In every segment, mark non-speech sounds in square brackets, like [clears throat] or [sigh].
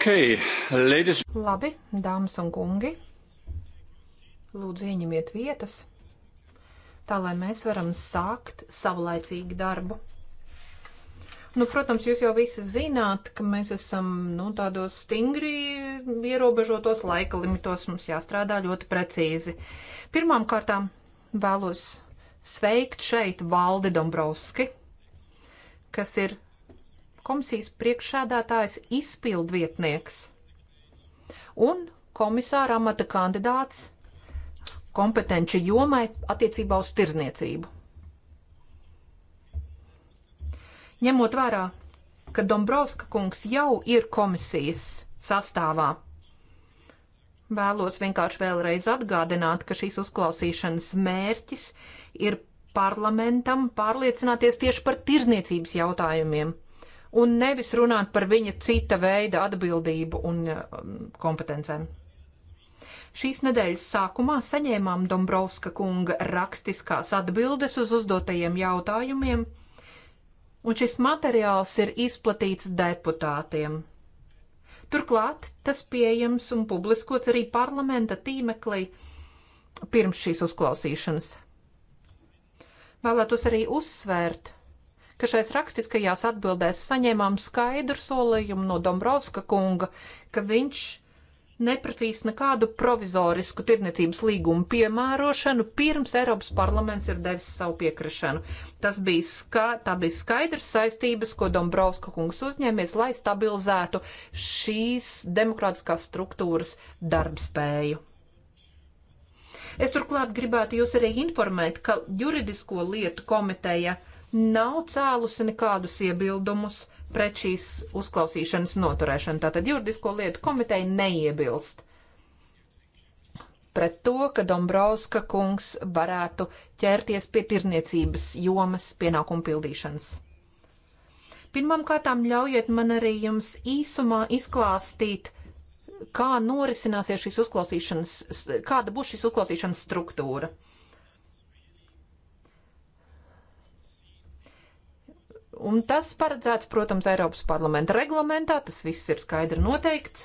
Okay, ladies... Labi, dāmas un kungi, lūdzu ieņemiet vietas, tā lai mēs varam sākt savlaicīgi darbu. Nu, protams, jūs jau visi zināt, ka mēs esam nu, tādos stingri ierobežotos laika limitos, mums jāstrādā ļoti precīzi. Pirmām kārtām vēlos sveikt šeit Valdi Dombrovski, kas ir komisijas priekšsēdētājs izpildvietnieks un komisāra amata kandidāts kompetenci jomai attiecībā uz tirzniecību. Ņemot vērā, ka Dombrovska kungs jau ir komisijas sastāvā, vēlos vienkārši vēlreiz atgādināt, ka šīs uzklausīšanas mērķis ir parlamentam pārliecināties tieši par tirzniecības jautājumiem – un nevis runāt par viņa cita veida atbildību un um, kompetencēm. Šīs nedēļas sākumā saņēmām Dombrovska kunga rakstiskās atbildes uz uzdotajiem jautājumiem, un šis materiāls ir izplatīts deputātiem. Turklāt tas pieejams un publiskots arī parlamenta tīmeklī pirms šīs uzklausīšanas. Vēlētos arī uzsvērt, ka šais rakstiskajās atbildēs saņēmām skaidru solījumu no Dombrovska kunga, ka viņš neprasīs nekādu provizorisku tirniecības līgumu piemērošanu, pirms Eiropas parlaments ir devis savu piekrišanu. Tas bija, ska, tā bija skaidrs saistības, ko Dombrovska kungs uzņēmies, lai stabilizētu šīs demokrātiskās struktūras darbspēju. Es turklāt gribētu jūs arī informēt, ka juridisko lietu komiteja nav cēlusi nekādus iebildumus pret šīs uzklausīšanas noturēšanu. Tātad juridisko lietu komiteja neiebilst pret to, ka Dombrovska kungs varētu ķerties pie tirniecības jomas pienākumu pildīšanas. Pirmām kārtām ļaujiet man arī jums īsumā izklāstīt, kā norisināsies šīs uzklausīšanas, kāda būs šīs uzklausīšanas struktūra. Un tas paredzēts, protams, Eiropas parlamenta reglamentā, tas viss ir skaidri noteikts.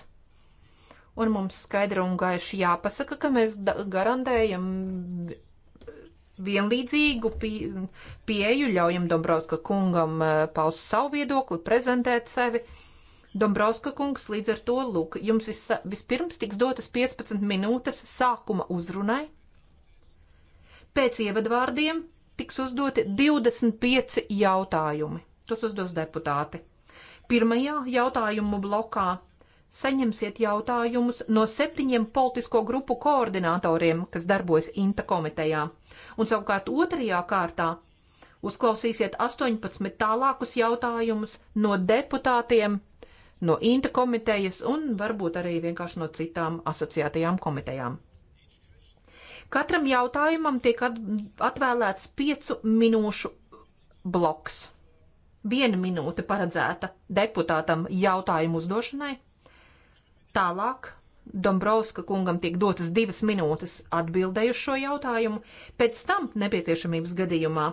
Un mums skaidri un gaiši jāpasaka, ka mēs garantējam vienlīdzīgu pieeju, ļaujam Dombrovska kungam eh, paust savu viedokli, prezentēt sevi. Dombrovska kungs līdz ar to, lūk, jums vis, vispirms tiks dotas 15 minūtes sākuma uzrunai, pēc ievadvārdiem tiks uzdoti 25 jautājumi. Tos uzdos deputāti. Pirmajā jautājumu blokā saņemsiet jautājumus no septiņiem politisko grupu koordinatoriem, kas darbojas INTA komitejā. Un savukārt otrajā kārtā uzklausīsiet 18 tālākus jautājumus no deputātiem, no INTA komitejas un varbūt arī vienkārši no citām asociētajām komitejām. Katram jautājumam tiek atvēlēts piecu minūšu bloks. Viena minūte paredzēta deputātam jautājumu uzdošanai. Tālāk Dombrovska kungam tiek dotas divas minūtes atbildēju šo jautājumu, pēc tam nepieciešamības gadījumā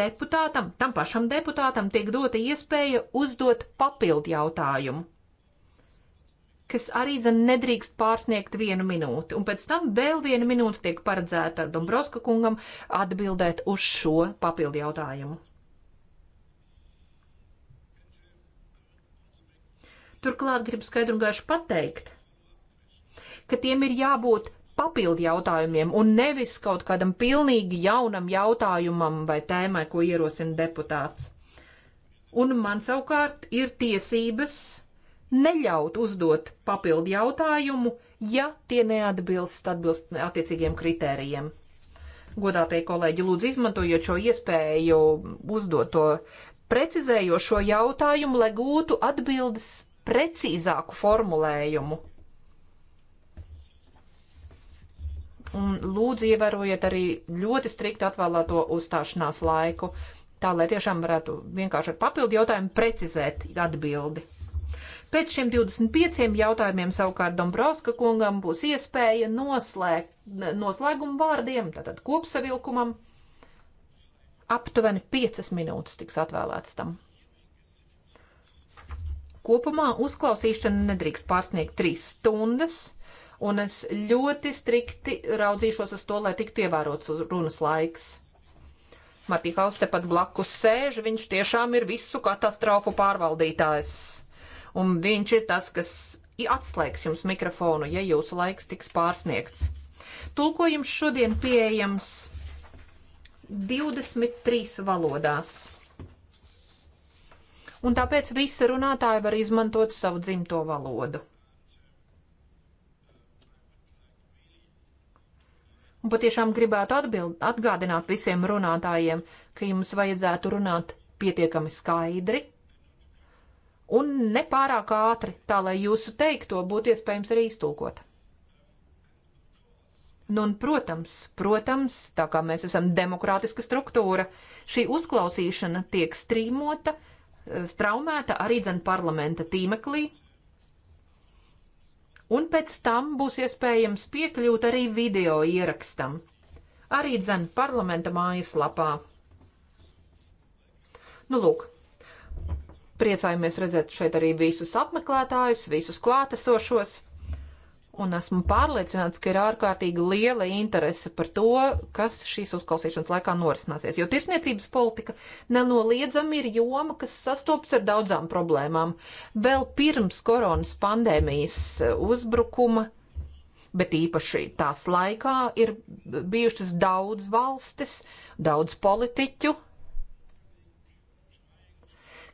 deputātam, tam pašam deputātam tiek dota iespēja uzdot papildu jautājumu kas arī zin nedrīkst pārsniegt vienu minūti, un pēc tam vēl viena minūte tiek paredzēta Dombrovska kungam atbildēt uz šo papildu jautājumu. Turklāt gribu skaidru un gaišu pateikt, ka tiem ir jābūt papildu jautājumiem un nevis kaut kādam pilnīgi jaunam jautājumam vai tēmai, ko ierosina deputāts. Un man savukārt ir tiesības neļaut uzdot papildu jautājumu, ja tie neatbilst atbilst attiecīgiem kritērijiem. Godātie kolēģi, lūdzu izmantojot šo iespēju uzdot to precizējošo jautājumu, lai gūtu atbildes precīzāku formulējumu. Un lūdzu ievērojiet arī ļoti strikti atvēlēto uzstāšanās laiku, tā lai tiešām varētu vienkārši ar papildu jautājumu precizēt atbildi. Pēc šiem 25 jautājumiem savukārt Dombrovska kungam būs iespēja noslēgt noslēgumu vārdiem, tātad kopsavilkumam. Aptuveni 5 minūtes tiks atvēlēts tam. Kopumā uzklausīšana nedrīkst pārsniegt 3 stundas un es ļoti strikti raudzīšos uz to, lai tiktu ievērots runas laiks. Martīkāls tepat blakus sēž, viņš tiešām ir visu katastrofu pārvaldītājs un viņš ir tas, kas atslēgs jums mikrofonu, ja jūsu laiks tiks pārsniegts. Tulkojums šodien pieejams 23 valodās. Un tāpēc visi runātāji var izmantot savu dzimto valodu. Un patiešām gribētu atbild, atgādināt visiem runātājiem, ka jums vajadzētu runāt pietiekami skaidri un nepārāk ātri, tā lai jūsu teikto būtu iespējams arī iztulkot. Nu, un, protams, protams, tā kā mēs esam demokrātiska struktūra, šī uzklausīšana tiek strīmota, eh, straumēta arī dzen parlamenta tīmeklī, un pēc tam būs iespējams piekļūt arī video ierakstam, arī dzen parlamenta mājaslapā. Nu, lūk, Priecājamies redzēt šeit arī visus apmeklētājus, visus klātesošos. Un esmu pārliecināts, ka ir ārkārtīgi liela interese par to, kas šīs uzklausīšanas laikā norisināsies. Jo tirsniecības politika nenoliedzami ir joma, kas sastopas ar daudzām problēmām. Vēl pirms koronas pandēmijas uzbrukuma bet īpaši tās laikā ir bijušas daudz valstis, daudz politiķu,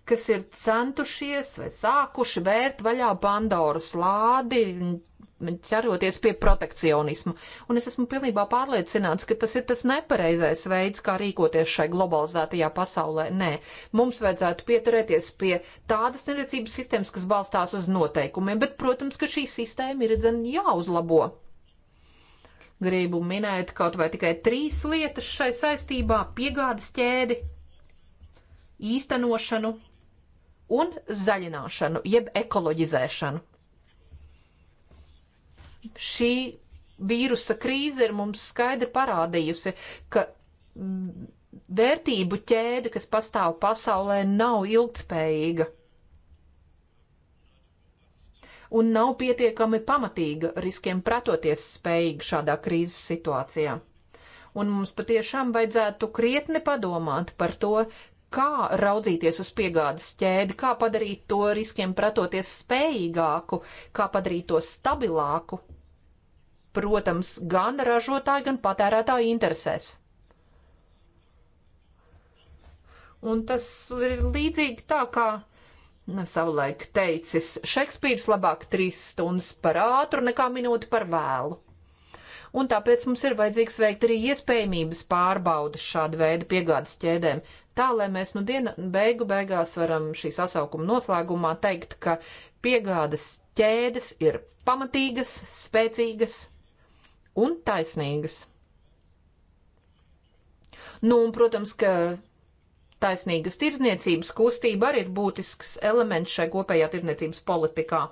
kas ir centušies vai sākuši vērt vaļā Pandoras lādi, ceroties pie protekcionismu. Un es esmu pilnībā pārliecināts, ka tas ir tas nepareizais veids, kā rīkoties šai globalizētajā pasaulē. Nē, mums vajadzētu pieturēties pie tādas neredzības sistēmas, kas balstās uz noteikumiem, bet, protams, ka šī sistēma ir dzen jāuzlabo. Gribu minēt kaut vai tikai trīs lietas šai saistībā - piegādes ķēdi, īstenošanu un zaļināšanu, jeb ekoloģizēšanu. Šī vīrusa krīze ir mums skaidri parādījusi, ka vērtību ķēde, kas pastāv pasaulē, nav ilgtspējīga un nav pietiekami pamatīga riskiem pretoties spējīga šādā krīzes situācijā. Un mums patiešām vajadzētu krietni padomāt par to, kā raudzīties uz piegādes ķēdi, kā padarīt to riskiem pretoties spējīgāku, kā padarīt to stabilāku. Protams, gan ražotāju, gan patērētāju interesēs. Un tas ir līdzīgi tā, kā savulaik teicis Šekspīrs, labāk trīs stundas par ātru nekā minūti par vēlu un tāpēc mums ir vajadzīgs veikt arī iespējamības pārbaudas šāda veida piegādes ķēdēm. Tā, lai mēs nu dienu beigu beigās varam šī sasaukuma noslēgumā teikt, ka piegādes ķēdes ir pamatīgas, spēcīgas un taisnīgas. Nu, un, protams, ka taisnīgas tirzniecības kustība arī ir būtisks elements šai kopējā tirzniecības politikā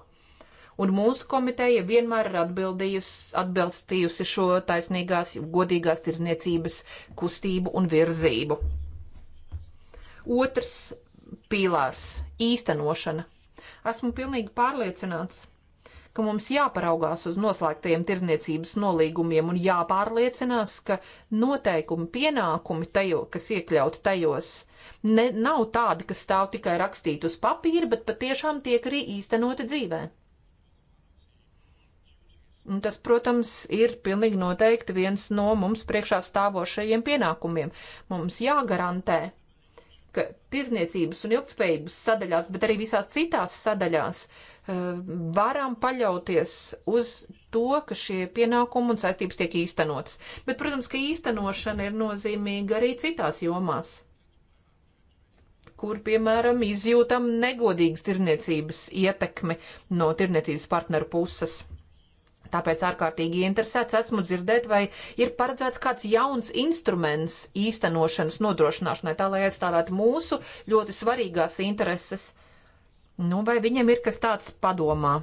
un mūsu komiteja vienmēr ir atbalstījusi šo taisnīgās, godīgās tirzniecības kustību un virzību. Otrs pīlārs - īstenošana. Esmu pilnīgi pārliecināts, ka mums jāparaugās uz noslēgtajiem tirzniecības nolīgumiem un jāpārliecinās, ka noteikumi, pienākumi, tajo, kas iekļauti tajos, ne, nav tādi, kas stāv tikai rakstīt uz papīra, bet patiešām tiek arī īstenoti dzīvē. Un tas, protams, ir pilnīgi noteikti viens no mums priekšā stāvošajiem pienākumiem. Mums jāgarantē, ka tirzniecības un ilgspējības sadaļās, bet arī visās citās sadaļās, eh, varam paļauties uz to, ka šie pienākumi un saistības tiek īstenotas. Bet, protams, ka īstenošana ir nozīmīga arī citās jomās kur, piemēram, izjūtam negodīgas tirniecības ietekmi no tirniecības partneru puses. Tāpēc ārkārtīgi interesēts esmu dzirdēt, vai ir paredzēts kāds jauns instruments īstenošanas nodrošināšanai, tā lai aizstāvētu mūsu ļoti svarīgās intereses. Nu, vai viņam ir kas tāds padomā?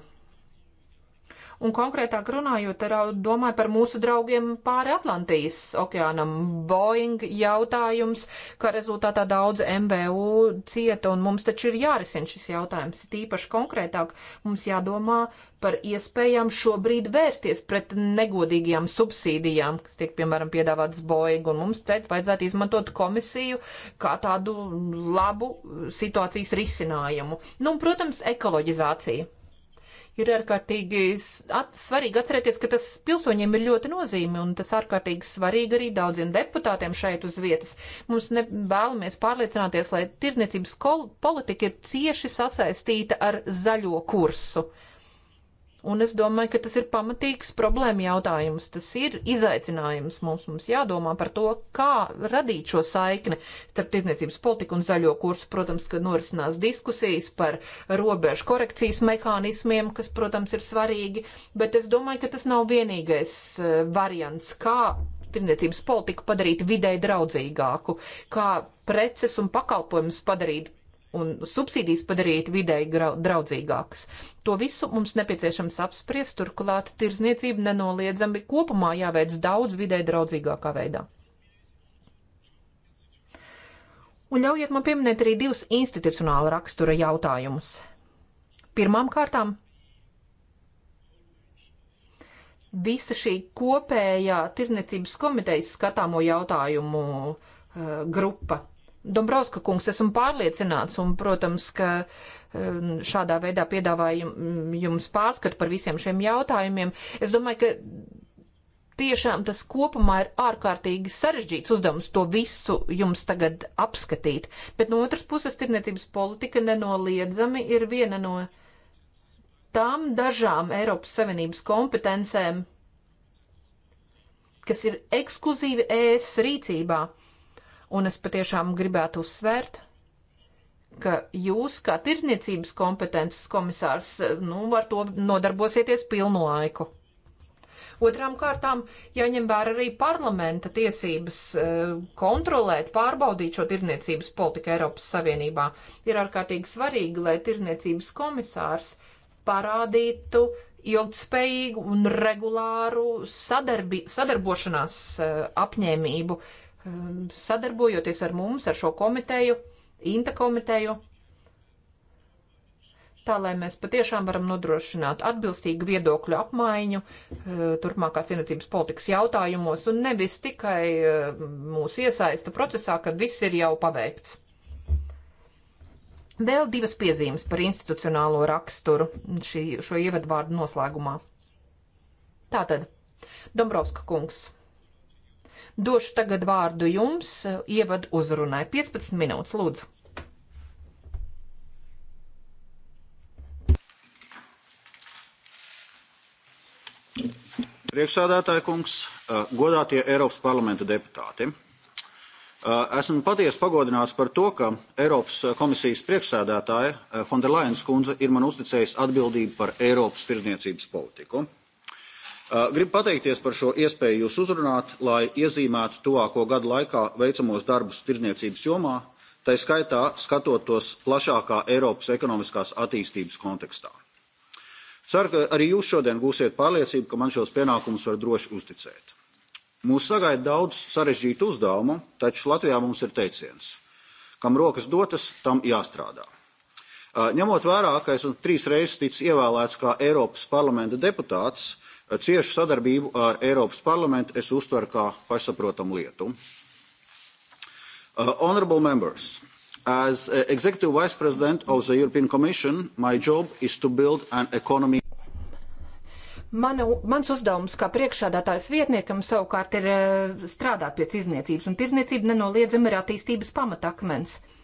Un konkrētāk runājot, domāju par mūsu draugiem pāri Atlantijas okeānam. Boeing jautājums, ka rezultātā daudz MVU cieta, un mums taču ir jārisina šis jautājums. Tīpaši konkrētāk mums jādomā par iespējām šobrīd vērsties pret negodīgajām subsīdijām, kas tiek, piemēram, piedāvātas Boeing, un mums te vajadzētu izmantot komisiju kā tādu labu situācijas risinājumu. Nu, un, protams, ekoloģizācija ir ārkārtīgi svarīgi atcerēties, ka tas pilsoņiem ir ļoti nozīmi un tas ārkārtīgi svarīgi arī daudziem deputātiem šeit uz vietas. Mums ne, vēlamies pārliecināties, lai tirdzniecības politika ir cieši sasaistīta ar zaļo kursu. Un es domāju, ka tas ir pamatīgs problēma jautājums. Tas ir izaicinājums mums. Mums jādomā par to, kā radīt šo saikni starp tirdzniecības politiku un zaļo kursu. Protams, ka norisinās diskusijas par robežu korekcijas mehānismiem, kas, protams, ir svarīgi. Bet es domāju, ka tas nav vienīgais eh, variants, kā tirdzniecības politiku padarīt vidē draudzīgāku, kā preces un pakalpojumus padarīt un subsīdijas padarīt videi draudzīgākas. To visu mums nepieciešams apspriest, turklāt tirzniecība nenoliedzami kopumā jāveic daudz videi draudzīgākā veidā. Un ļaujiet man pieminēt arī divus institucionāla rakstura jautājumus. Pirmām kārtām visa šī kopējā tirniecības komitejas skatāmo jautājumu uh, grupa Dombrovska kungs, esmu pārliecināts, un, protams, ka um, šādā veidā piedāvāju mm, jums pārskatu par visiem šiem jautājumiem. Es domāju, ka tiešām tas kopumā ir ārkārtīgi sarežģīts uzdevums to visu jums tagad apskatīt. Bet no otras puses, tirniecības politika nenoliedzami ir viena no tām dažām Eiropas Savienības kompetencēm, kas ir ekskluzīvi ES rīcībā. Un es patiešām gribētu uzsvērt, ka jūs, kā tirdzniecības kompetences komisārs, nu, ar to nodarbosieties pilnu laiku. Otrām kārtām jāņem vērā arī parlamenta tiesības eh, kontrolēt, pārbaudīt šo tirdzniecības politiku Eiropas Savienībā. Ir ārkārtīgi svarīgi, lai tirdzniecības komisārs parādītu ilgspējīgu un regulāru sadarbi, sadarbošanās eh, apņēmību uh, Um, sadarbojoties ar mums, ar šo komiteju, Inta komiteju, tā lai mēs patiešām varam nodrošināt atbilstīgu viedokļu apmaiņu uh, turpmākās ienācības politikas jautājumos un nevis tikai uh, mūsu iesaista procesā, kad viss ir jau paveikts. Vēl divas piezīmes par institucionālo raksturu šī, šo ievadvārdu noslēgumā. Tātad, Dombrovska kungs Došu tagad vārdu jums ievadu uzrunai. 15 minūtes, lūdzu. Priekšsādātāja kungs, godātie Eiropas parlamenta deputāti. Esmu patiesi pagodināts par to, ka Eiropas komisijas priekšsēdētāja Fonderlainas kundze ir man uzticējusi atbildību par Eiropas tirdzniecības politiku. Gribu pateikties par šo iespēju jūs uzrunāt, lai iezīmētu tuvāko gadu laikā veicamos darbus tirzniecības jomā, tai skaitā skatot tos plašākā Eiropas ekonomiskās attīstības kontekstā. Ceru, ka arī jūs šodien gūsiet pārliecību, ka man šos pienākumus var droši uzticēt. Mūs sagaida daudz sarežģītu uzdevumu, taču Latvijā mums ir teiciens - kam rokas dotas, tam jāstrādā. Ņemot vērā, ka esmu trīs reizes ticis ievēlēts kā Eiropas parlamenta deputāts, Ciešu sadarbību ar Eiropas parlamentu es uztveru kā pašsaprotamu lietu. Uh, honorable members, as uh, Executive Vice President of the European Commission, my job is to build an economy. Manu, mans uzdevums kā priekšādātājs vietniekam savukārt ir uh, strādāt pēc izniecības, un tirzniecība nenoliedzami ir attīstības pamatakmens. Uh,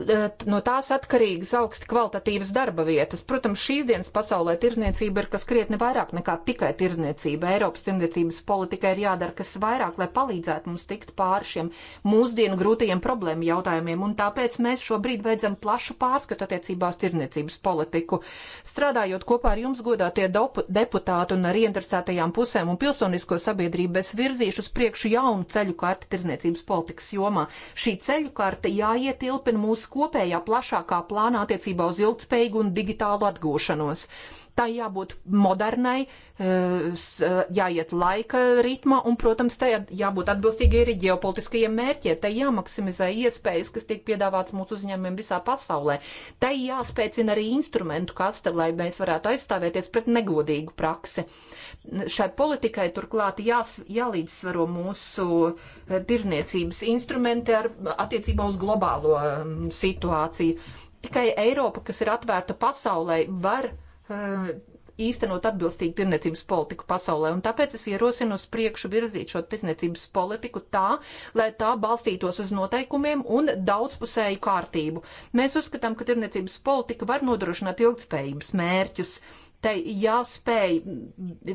Eh, no tās atkarīgas augsti kvalitatīvas darba vietas. Protams, šīs dienas pasaulē tirzniecība ir kas krietni vairāk nekā tikai tirzniecība. Eiropas tirzniecības politika ir jādara kas vairāk, lai palīdzētu mums tikt pāri šiem mūsdienu grūtajiem problēmu jautājumiem, un tāpēc mēs šobrīd veidzam plašu pārskatu attiecībā uz tirzniecības politiku. Strādājot kopā ar jums godātie deputāti un ar ieinteresētajām pusēm un pilsonisko sabiedrību, es virzīšu uz priekšu jaunu ceļu karti tirzniecības politikas jomā. Šī ceļu karta jāietilpina mūsu kopējā plašākā plānā attiecībā uz ilgspējīgu un digitālu atgūšanos tā jābūt modernai, eh, eh, jāiet laika ritmā un, protams, tai jābūt atbilstīgi arī ģeopolitiskajiem mērķiem. Tai jāmaksimizē iespējas, kas tiek piedāvāts mūsu uzņēmumiem visā pasaulē. Tai jāspēcina arī instrumentu kaste, lai mēs varētu aizstāvēties pret negodīgu praksi. Šai politikai turklāt jās, jālīdzsvaro mūsu eh, tirzniecības instrumenti ar attiecībā uz globālo mm, situāciju. Tikai Eiropa, kas ir atvērta pasaulē, var uh, Eh, īstenot atbilstīgu tirniecības politiku pasaulē. Un tāpēc es ierosinu uz priekšu virzīt šo tirniecības politiku tā, lai tā balstītos uz noteikumiem un daudzpusēju kārtību. Mēs uzskatām, ka tirniecības politika var nodrošināt ilgspējības mērķus tai jāspēj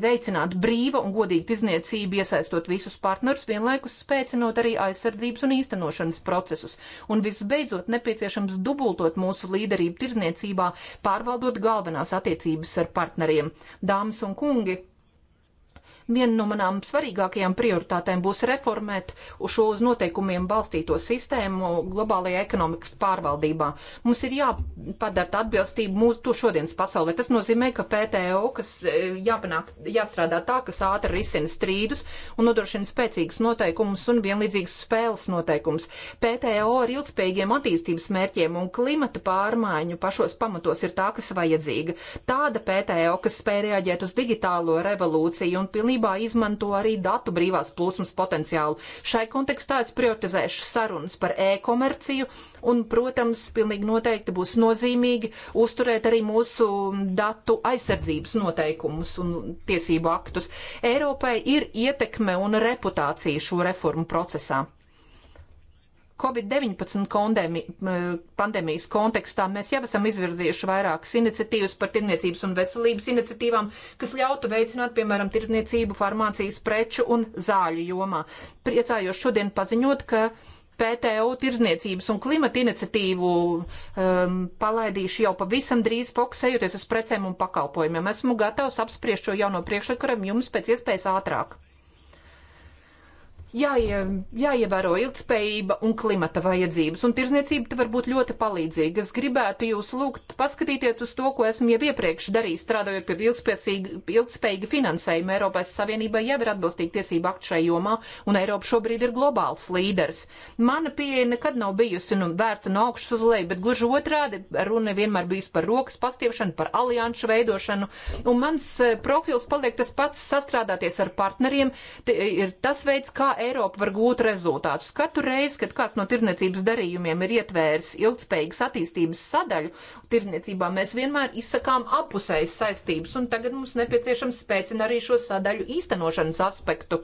veicināt brīva un godīga tirzniecība, iesaistot visus partnerus, vienlaikus spēcinot arī aizsardzības un īstenošanas procesus. Un visbeidzot, nepieciešams dubultot mūsu līderību tirzniecībā, pārvaldot galvenās attiecības ar partneriem. Dāmas un kungi! Viena no manām svarīgākajām prioritātēm būs reformēt uz šo uz noteikumiem balstīto sistēmu globālajā ekonomikas pārvaldībā. Mums ir jāpadara atbilstību mūsu to šodienas pasaulē. Tas nozīmē, ka PTO, kas e, jāpanāk, jāstrādā tā, kas ātri risina strīdus un nodrošina spēcīgas noteikumus un vienlīdzīgas spēles noteikumus. PTO ar ilgspējīgiem attīstības mērķiem un klimata pārmaiņu pašos pamatos ir tā, kas vajadzīga. Tāda PTO, kas spēj reaģēt uz digitālo revolūciju un pilnībā pilnībā izmanto arī datu brīvās plūsmas potenciālu. Šai kontekstā es prioritizēšu sarunas par e-komerciju un, protams, pilnīgi noteikti būs nozīmīgi uzturēt arī mūsu datu aizsardzības noteikumus un tiesību aktus. Eiropai ir ietekme un reputācija šo reformu procesā. Covid-19 pandēmijas kontekstā mēs jau esam izvirzījuši vairākas iniciatīvas par tirniecības un veselības iniciatīvām, kas ļautu veicināt, piemēram, tirniecību farmācijas preču un zāļu jomā. Priecājos šodien paziņot, ka PTO tirzniecības un klimata iniciatīvu um, palaidīšu jau pavisam drīz fokusējoties uz precēm un pakalpojumiem. Esmu gatavs apspriest šo jauno priekšlikumu jums pēc iespējas ātrāk jāie, jāievēro ilgspējība un klimata vajadzības, un tirzniecība te var būt ļoti palīdzīga. Es gribētu jūs lūgt paskatīties uz to, ko esmu jau iepriekš darījis, strādājot pie ilgspējīga finansējuma. Eiropas Savienībai jau ir atbilstīgi tiesība akti šai jomā, un Eiropa šobrīd ir globāls līderis. Mana pieeja nekad nav bijusi nu, vērsta no augšas uz leju, bet gluži otrādi runa vienmēr bijusi par rokas pastiepšanu, par alianšu veidošanu, un mans eh, profils paliek tas pats sastrādāties ar partneriem. Te ir tas veids, kā Eiropa var gūt rezultātus. Katru reizi, kad kāds no tirniecības darījumiem ir ietvērs ilgspējīgas attīstības sadaļu, tirniecībā mēs vienmēr izsakām apusējas saistības, un tagad mums nepieciešams spēcina arī šo sadaļu īstenošanas aspektu.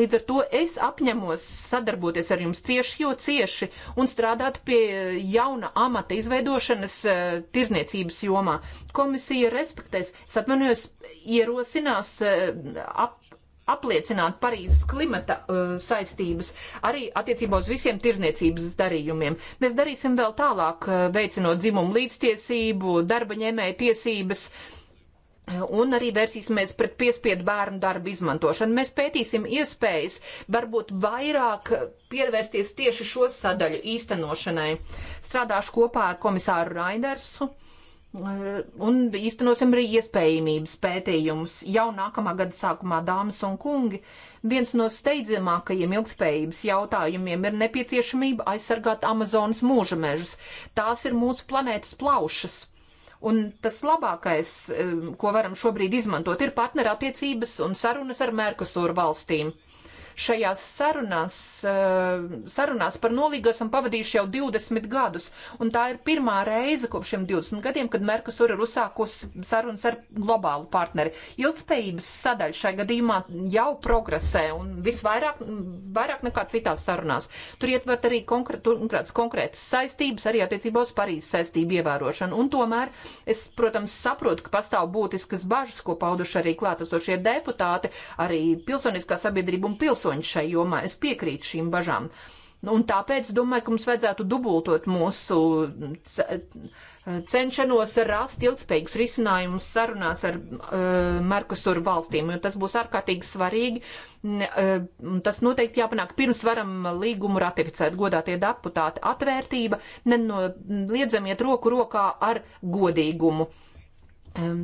Līdz ar to es apņemos sadarboties ar jums cieši, jo cieši un strādāt pie jauna amata izveidošanas uh, eh, tirzniecības jomā. Komisija respektēs, es atvainojos, ierosinās uh, ap, apliecināt Parīzes klimata uh, saistības arī attiecībā uz visiem tirzniecības darījumiem. Mēs darīsim vēl tālāk, uh, veicinot dzimumu līdztiesību, darba ņēmēja tiesības. Uh, un arī vērsīsimies pret piespiedu bērnu darbu izmantošanu. Mēs pētīsim iespējas varbūt vairāk pievērsties tieši šo sadaļu īstenošanai. Strādāšu kopā ar komisāru Rainersu Eh, un īstenosim arī iespējamības pētījumus jau nākamā gada sākumā, dāmas un kungi. Viens no steidzamākajiem ilgspējības jautājumiem ir nepieciešamība aizsargāt Amazonas mūža mežus. Tās ir mūsu planētas plaušas. Un tas labākais, eh, ko varam šobrīd izmantot, ir partnerattiecības un sarunas ar Merkusūru valstīm šajās sarunās, eh, sarunās par nolīgu esam pavadījuši jau 20 gadus, un tā ir pirmā reize kopš šiem 20 gadiem, kad Merkusur ir uzsākusi sarunas ar globālu partneri. Ilgspējības sadaļa šai gadījumā jau progresē un visvairāk vairāk nekā citās sarunās. Tur ietvert arī konkrētas, konkrētas saistības, arī attiecībā uz Parīzes saistību ievērošanu. Un tomēr es, protams, saprotu, ka pastāv būtiskas bažas, ko pauduši arī klātesošie deputāti, arī pilsoniskā sabiedrība un pilsēta pilsoņus šai jomā. Es piekrītu šīm bažām. Nu, un tāpēc domāju, ka mums vajadzētu dubultot mūsu cenšanos rast ilgspējīgus risinājumus sarunās ar uh, eh, Merkusuru valstīm, jo tas būs ārkārtīgi svarīgi. Uh, tas noteikti jāpanāk pirms varam līgumu ratificēt. Godātie deputāti, atvērtība, nenoliedzamiet roku rokā ar godīgumu. Um,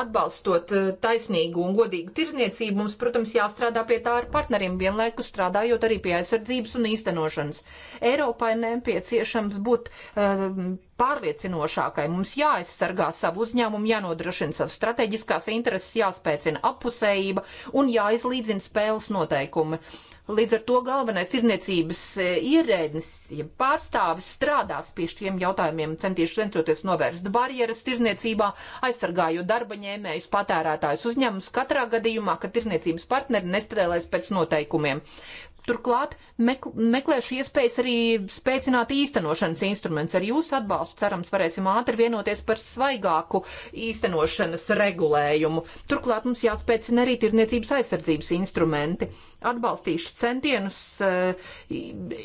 atbalstot eh, taisnīgu un godīgu tirzniecību, mums, protams, jāstrādā pie tā ar partneriem, vienlaikus strādājot arī pie aizsardzības un īstenošanas. Eiropai nepieciešams būt uh, pārliecinošākai. Mums jāaizsargā savu uzņēmumu, jānodrošina savas strateģiskās intereses, jāspēcina apusējība un jāizlīdzina spēles noteikumi. Līdz ar to galvenais tirniecības eh, ierēdnis, ja pārstāvis strādās pie šiem jautājumiem, centīšu centoties novērst barjeras tirniecībā, aizsargājot darba ņēmējus, patērētājus uzņēmumus katrā gadījumā, kad tirniecības partneri nestrēlēs pēc noteikumiem. Turklāt meklēšu iespējas arī spēcināt īstenošanas instruments. Ar jūsu atbalstu cerams varēsim ātri vienoties par svaigāku īstenošanas regulējumu. Turklāt mums jāspēcina arī tirniecības aizsardzības instrumenti. Atbalstīšu centienus eh,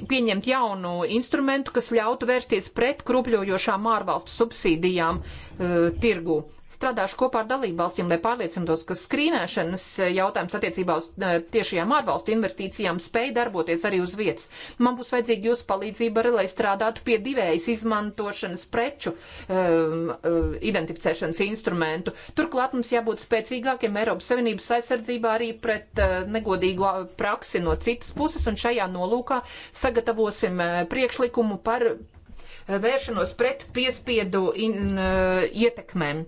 pieņemt jaunu instrumentu, kas ļautu vērsties pret krupļojošām ārvalstu subsīdijām eh, tirgu strādāšu kopā ar dalībvalstīm, lai pārliecinātos, ka skrīnēšanas jautājums attiecībā uz eh, tiešajām ārvalstu investīcijām spēj darboties arī uz vietas. Man būs vajadzīga jūsu palīdzība arī, lai strādātu pie divējas izmantošanas preču um, identificēšanas instrumentu. Turklāt mums jābūt spēcīgākiem Eiropas Savienības aizsardzībā arī pret uh, eh, negodīgo praksi no citas puses, un šajā nolūkā sagatavosim uh, priekšlikumu par vēršanos pret piespiedu in, uh, ietekmēm.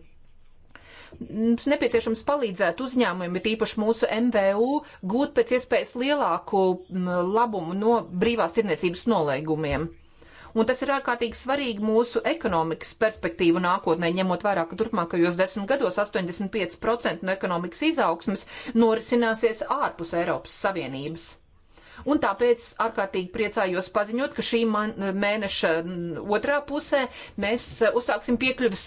Mums nepieciešams palīdzēt uzņēmumiem, bet īpaši mūsu MVU, gūt pēc iespējas lielāku labumu no brīvās tirniecības nolēgumiem. Un tas ir ārkārtīgi svarīgi mūsu ekonomikas perspektīvu nākotnē, ņemot vērā, ka turpmākajos desmit gados 85% no ekonomikas izaugsmas norisināsies ārpus Eiropas Savienības un tāpēc ārkārtīgi priecājos paziņot, ka šī man, mēneša otrā pusē mēs e, uzsāksim piekļuvis,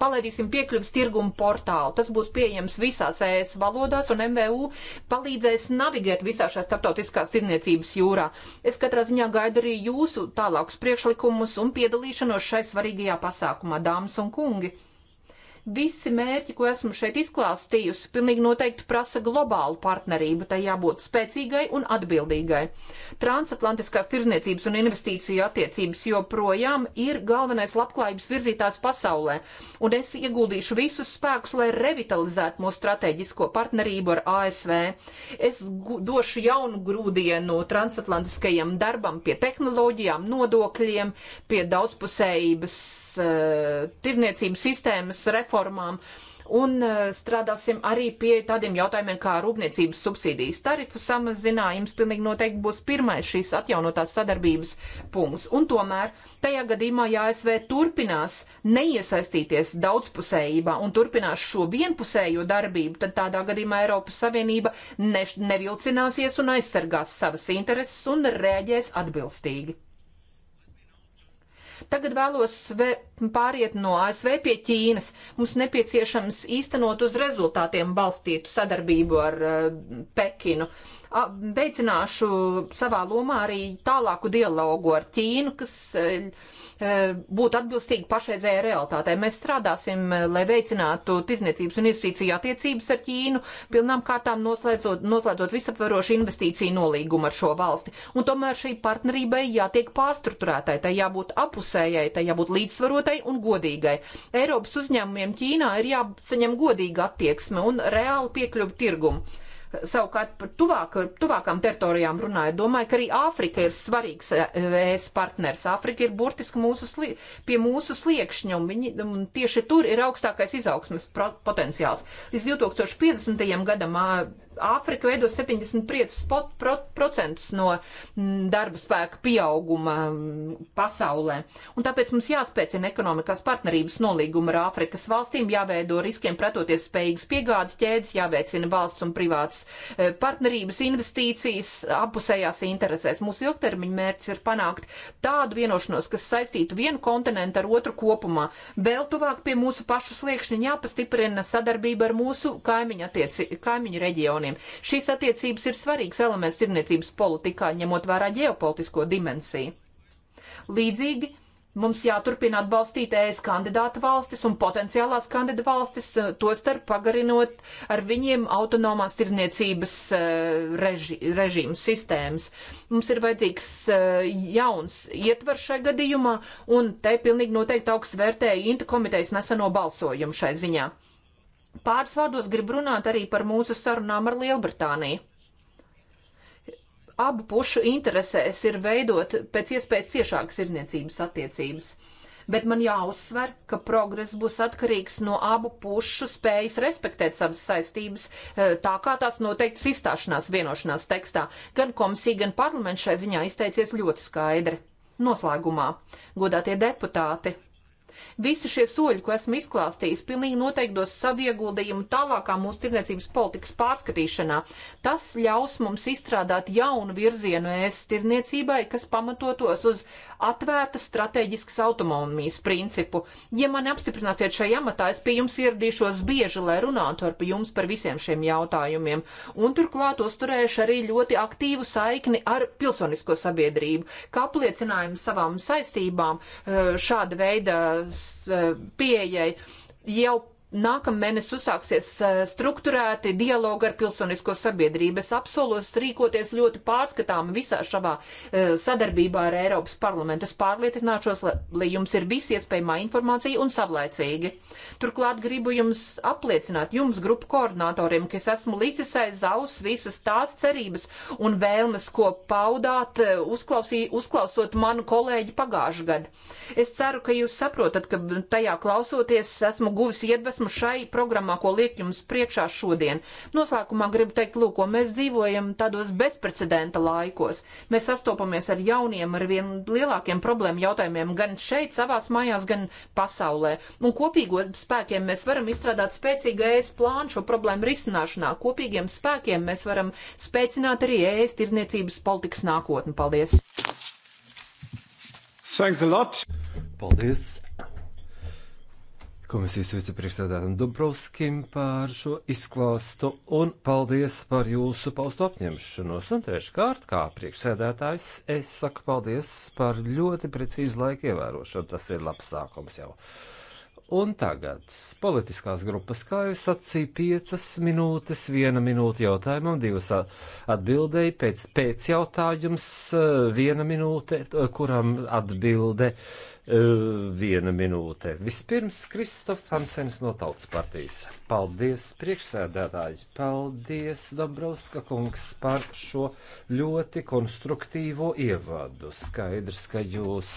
palaidīsim piekļuvis tirgumu portālu. Tas būs pieejams visās ES valodās un MVU palīdzēs navigēt visā šajā starptautiskās tirniecības jūrā. Es katrā ziņā gaidu arī jūsu tālākus priekšlikumus un piedalīšanos šai svarīgajā pasākumā, dāmas un kungi. Visi mērķi, ko esmu šeit izklāstījusi, pilnīgi noteikti prasa globālu partnerību, tai jābūt spēcīgai un atbildīgai. Transatlantiskās tirzniecības un investīciju attiecības joprojām ir galvenais labklājības virzītājs pasaulē, un es ieguldīšu visus spēkus, lai revitalizētu mūsu strateģisko partnerību ar ASV. Es došu jaunu grūdienu transatlantiskajam darbam pie tehnoloģijām, nodokļiem, pie daudzpusējības uh, eh, tirniecības sistēmas reformas platformām un e, strādāsim arī pie tādiem jautājumiem kā rūpniecības subsīdijas tarifu samazinājums. Pilnīgi noteikti būs pirmais šīs atjaunotās sadarbības punkts. Un tomēr tajā gadījumā, ja ASV turpinās neiesaistīties daudzpusējībā un turpinās šo vienpusējo darbību, tad tādā gadījumā Eiropas Savienība ne, nevilcināsies un aizsargās savas intereses un reaģēs atbilstīgi. Tagad vēlos pāriet no ASV pie Ķīnas. Mums nepieciešams īstenot uz rezultātiem balstītu sadarbību ar uh, Pekinu. Uh, veicināšu savā lomā arī tālāku dialogu ar Ķīnu, kas e, e, būtu atbilstīgi pašreizējai realitātei. Mēs strādāsim, e, lai veicinātu tirdzniecības un investīciju attiecības ar Ķīnu, pilnām kārtām noslēdzot, noslēdzot visaptverošu investīciju nolīgumu ar šo valsti. Un tomēr šī partnerībai jātiek pārstruktūrētai, tai jābūt apusējai, tai jābūt līdzsvarotai un godīgai. Eiropas uzņēmumiem Ķīnā ir jāsaņem godīga attieksme un reāli piekļuva tirgumu Savukārt par tuvāk, tuvākām teritorijām runājot, domāju, ka arī Āfrika ir svarīgs eh, ES partners. Āfrika ir burtiski mūsu slie, pie mūsu sliekšņa, un, viņi, un tieši tur ir augstākais izaugsmes potenciāls. Līdz 2050. gadam Āfrika veido 75% no mm, darba spēka pieauguma mm, pasaulē. Un tāpēc mums jāspēcina ekonomikās partnerības nolīguma ar Āfrikas valstīm, jāveido riskiem pretoties spējīgas piegādes ķēdes, jāveicina valsts un privātas eh, partnerības investīcijas apusējās interesēs. Mūsu ilgtermiņa mērķis ir panākt tādu vienošanos, kas saistītu vienu kontinentu ar otru kopumā. Vēl tuvāk pie mūsu pašu sliekšņa jāpastiprina sadarbība ar mūsu kaimiņu, attieci, kaimiņu reģionu sektoriem. Šīs attiecības ir svarīgs elements tirniecības politikā, ņemot vērā ģeopolitisko dimensiju. Līdzīgi mums jāturpina atbalstīt ES kandidāta valstis un potenciālās kandidāta valstis, eh, tostarp pagarinot ar viņiem autonomās tirzniecības eh, reži, režīmu sistēmas. Mums ir vajadzīgs eh, jauns ietvars šai gadījumā, un te pilnīgi noteikti augsts vērtēju Inta komitejas neseno balsojumu šai ziņā. Pāris vārdos gribu runāt arī par mūsu sarunām ar Lielbritāniju abu pušu interesēs ir veidot pēc iespējas ciešākas irniecības attiecības. Bet man jāuzsver, ka progress būs atkarīgs no abu pušu spējas respektēt savas saistības, e, tā kā tās noteikts izstāšanās vienošanās tekstā. Gan komisija, gan parlaments šai ziņā izteicies ļoti skaidri. Noslēgumā, godātie deputāti, Visi šie soļi, ko esmu izklāstījis, pilnīgi noteikti dos savu ieguldījumu tālākā mūsu tirdzniecības politikas pārskatīšanā. Tas ļaus mums izstrādāt jaunu virzienu ēs tirdzniecībai, kas pamatotos uz atvērtas strateģiskas autonomijas principu. Ja mani apstiprināsiet šajā amatā, es pie jums ieradīšos bieži, lai runātu ar jums par visiem šiem jautājumiem. Un turklāt uzturēšu arī ļoti aktīvu saikni ar pilsonisko sabiedrību, kā apliecinājumu savām saistībām eh, šāda veida Eh, pieejai jau nākamnedēļ uzsāksies eh, struktūrēti dialogi ar pilsonisko sabiedrību. Es apsolos rīkoties ļoti pārskatām visā šavā eh, sadarbībā ar Eiropas parlamentu. Es pārliecināšos, lai jums ir viss iespējamā informācija un savlaicīgi. Turklāt gribu jums apliecināt, jums grupu koordinatoriem, ka es esmu līdzisais zaus visas tās cerības un vēlmes, ko paudāt, eh, uzklausī, uzklausot manu kolēģi pagājušajā gadā. Es ceru, ka jūs saprotat, ka tajā klausoties esmu guvis iedvesmu gaismu šai programmā, ko liek jums priekšā šodien. Noslēgumā gribu teikt, lūk, mēs dzīvojam tādos bezprecedenta laikos. Mēs sastopamies ar jauniem, ar vien lielākiem problēmu jautājumiem gan šeit, savās mājās, gan pasaulē. Un kopīgiem spēkiem mēs varam izstrādāt spēcīgu ES plānu šo problēmu risināšanā. Kopīgiem spēkiem mēs varam spēcināt arī ES tirdzniecības politikas nākotni. Paldies! Thanks a lot! Paldies! komisijas vicepriekšsēdētājam Dubrovskim par šo izklāstu un paldies par jūsu paustu apņemšanos. Un treškārt, kā priekšsēdētājs, es saku paldies par ļoti precīzu laiku ievērošanu. Tas ir labs sākums jau. Un tagad politiskās grupas, kā jau sacīju, piecas minūtes, viena minūte jautājumam, divas atbildēji, pēc, pēc jautājums eh, viena minūte, eh, kuram atbilde viena minūte. Vispirms Kristofs Hansens no Tautas partijas. Paldies, priekšsēdētāji, paldies, Dombrovska kungs, par šo ļoti konstruktīvo ievadu. Skaidrs, ka jūs,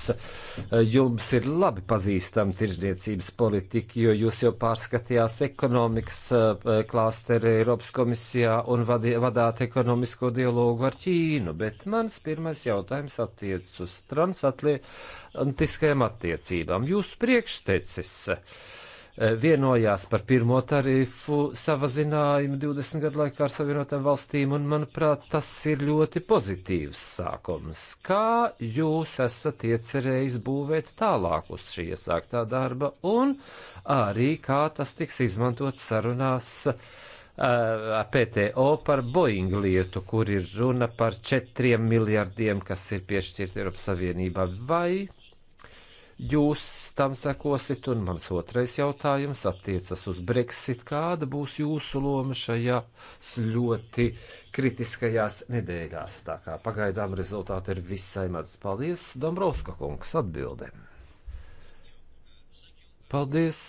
jums ir labi pazīstama tirzniecības politika, jo jūs jau pārskatījās ekonomikas klāsteri Eiropas komisijā un vadī, vadāt ekonomisko dialogu ar Ķīnu, bet mans pirmais jautājums attiec uz transatlē atlantiskajām attiecībām. Jūsu priekštecis eh, vienojās par pirmo tarifu savazinājuma 20 gadu laikā ar Savienotām valstīm, un, manuprāt, tas ir ļoti pozitīvs sākums. Kā jūs esat iecerējis būvēt tālāk uz šī iesāktā darba, un arī kā tas tiks izmantot sarunās uh, eh, PTO par Boeing lietu, kur ir runa par četriem miljardiem, kas ir piešķirti Eiropas Savienībā, vai jūs tam sekosit, un mans otrais jautājums attiecas uz Brexit. Kāda būs jūsu loma šajās ļoti kritiskajās nedēļās? Tā kā pagaidām rezultāti ir visai maz. Paldies, Dombrovska kungs, atbildēm. Paldies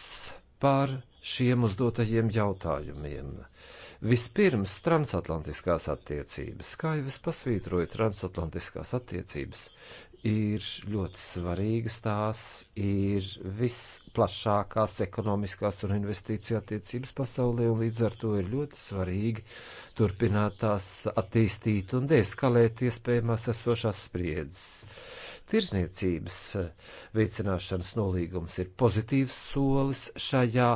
par šiem uzdotajiem jautājumiem. Vispirms transatlantiskās attiecības, kā jau es pasvītroju, transatlantiskās attiecības ir ļoti svarīgas. Tās ir visplašākās ekonomiskās un investīciju attiecības pasaulē, un līdz ar to ir ļoti svarīgi turpināt tās attīstīt un deeskalēt iespējamās esošās spriedzes tirzniecības eh, veicināšanas nolīgums ir pozitīvs solis šajā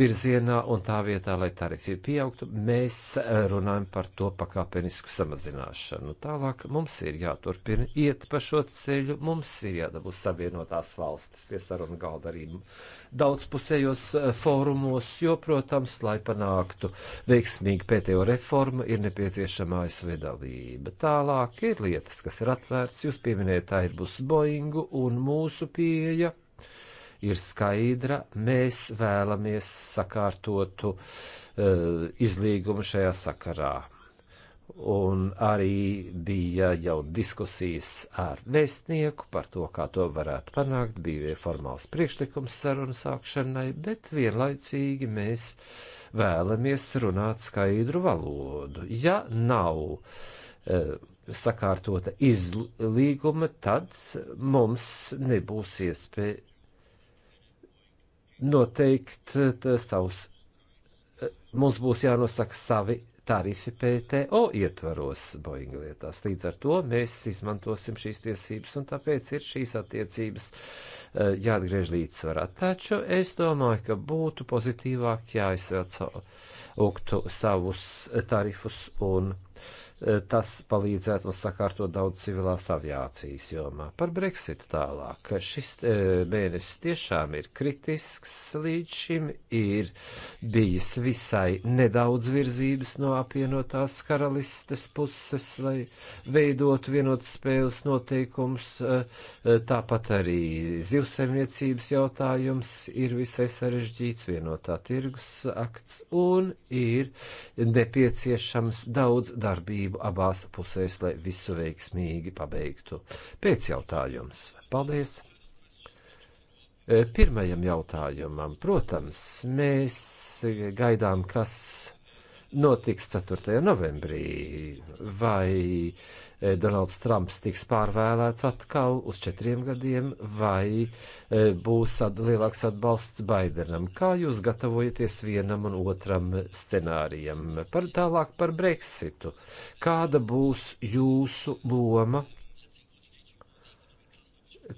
virzienā, un tā vietā, lai tarifi pieaugtu, mēs eh, runājam par to pakāpenisku samazināšanu. Tālāk mums ir jāturpina iet pa šo ceļu, mums ir jādabū savienotās valstis pie sarunu galda arī daudzpusējos eh, fórumos, jo, protams, lai panāktu veiksmīgu pētējo reformu, ir nepieciešama ASV dalība. Tālāk ir lietas, kas ir atvērts, jūs pieminējat, tā ir bus Boeingu un mūsu pieeja ir skaidra. Mēs vēlamies sakārtotu uh, izlīgumu šajā sakarā. Un arī bija jau diskusijas ar vēstnieku par to, kā to varētu panākt. Bija formāls priekšlikums sarunu sākšanai, bet vienlaicīgi mēs vēlamies runāt skaidru valodu. Ja nav e, sakārtota izlīguma, tad mums nebūs iespēja noteikt e, savus. E, mums būs jānosaka savi tarifi PTO ietvaros Boeing lietās. Līdz ar to mēs izmantosim šīs tiesības, un tāpēc ir šīs attiecības eh, jāatgriež līdzsvarā. Taču es domāju, ka būtu pozitīvāk, ja aizsvērt savu, savus tarifus un Eh, tas palīdzētu mums sakārtot daudz civilās aviācijas jomā. Par Brexit tālāk. Šis eh, mēnesis tiešām ir kritisks. Līdz šim ir bijis visai nedaudz virzības no apvienotās karalistes puses, lai veidotu vienotas spēles noteikums. Eh, tāpat arī zivsaimniecības jautājums ir visai sarežģīts vienotā tirgus akts un ir nepieciešams daudz darbību sadarbību abās pusēs, lai visu veiksmīgi pabeigtu. Pēc jautājums. Paldies! E, pirmajam jautājumam, protams, mēs gaidām, kas notiks 4. novembrī, vai e, Donalds Trumps tiks pārvēlēts atkal uz četriem gadiem, vai e, būs at lielāks atbalsts Baidenam. Kā jūs gatavojaties vienam un otram scenārijam? Par tālāk par Brexitu. Kāda būs jūsu loma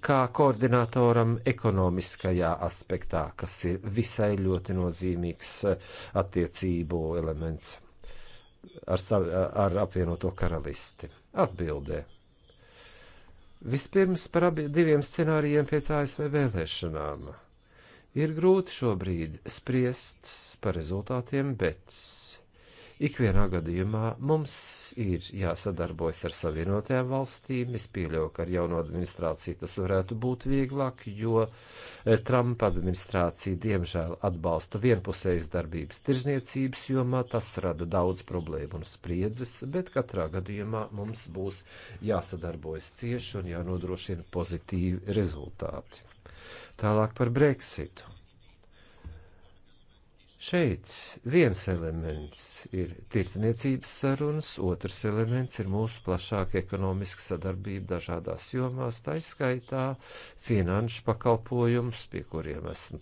kā koordinatoram ekonomiskajā aspektā, kas ir visai ļoti nozīmīgs eh, attiecību elements ar, savu, ar apvienoto karalisti. Atbildē. Vispirms par abi, diviem scenārijiem pēc ASV vēlēšanām. Ir grūti šobrīd spriest par rezultātiem, bet Ikvienā gadījumā mums ir jāsadarbojas ar savienotajām valstīm. Es pieļauju, ka ar jauno administrāciju tas varētu būt vieglāk, jo eh, Trumpa administrācija diemžēl atbalsta vienpusējas darbības tirzniecības jomā. Tas rada daudz problēmu un spriedzes, bet katrā gadījumā mums būs jāsadarbojas cieši un jānodrošina pozitīvi rezultāti. Tālāk par Brexitu. Šeit viens elements ir tirdzniecības sarunas, otrs elements ir mūsu plašāka ekonomiska sadarbība dažādās jomās, tā izskaitā finanšu pakalpojums, pie kuriem esmu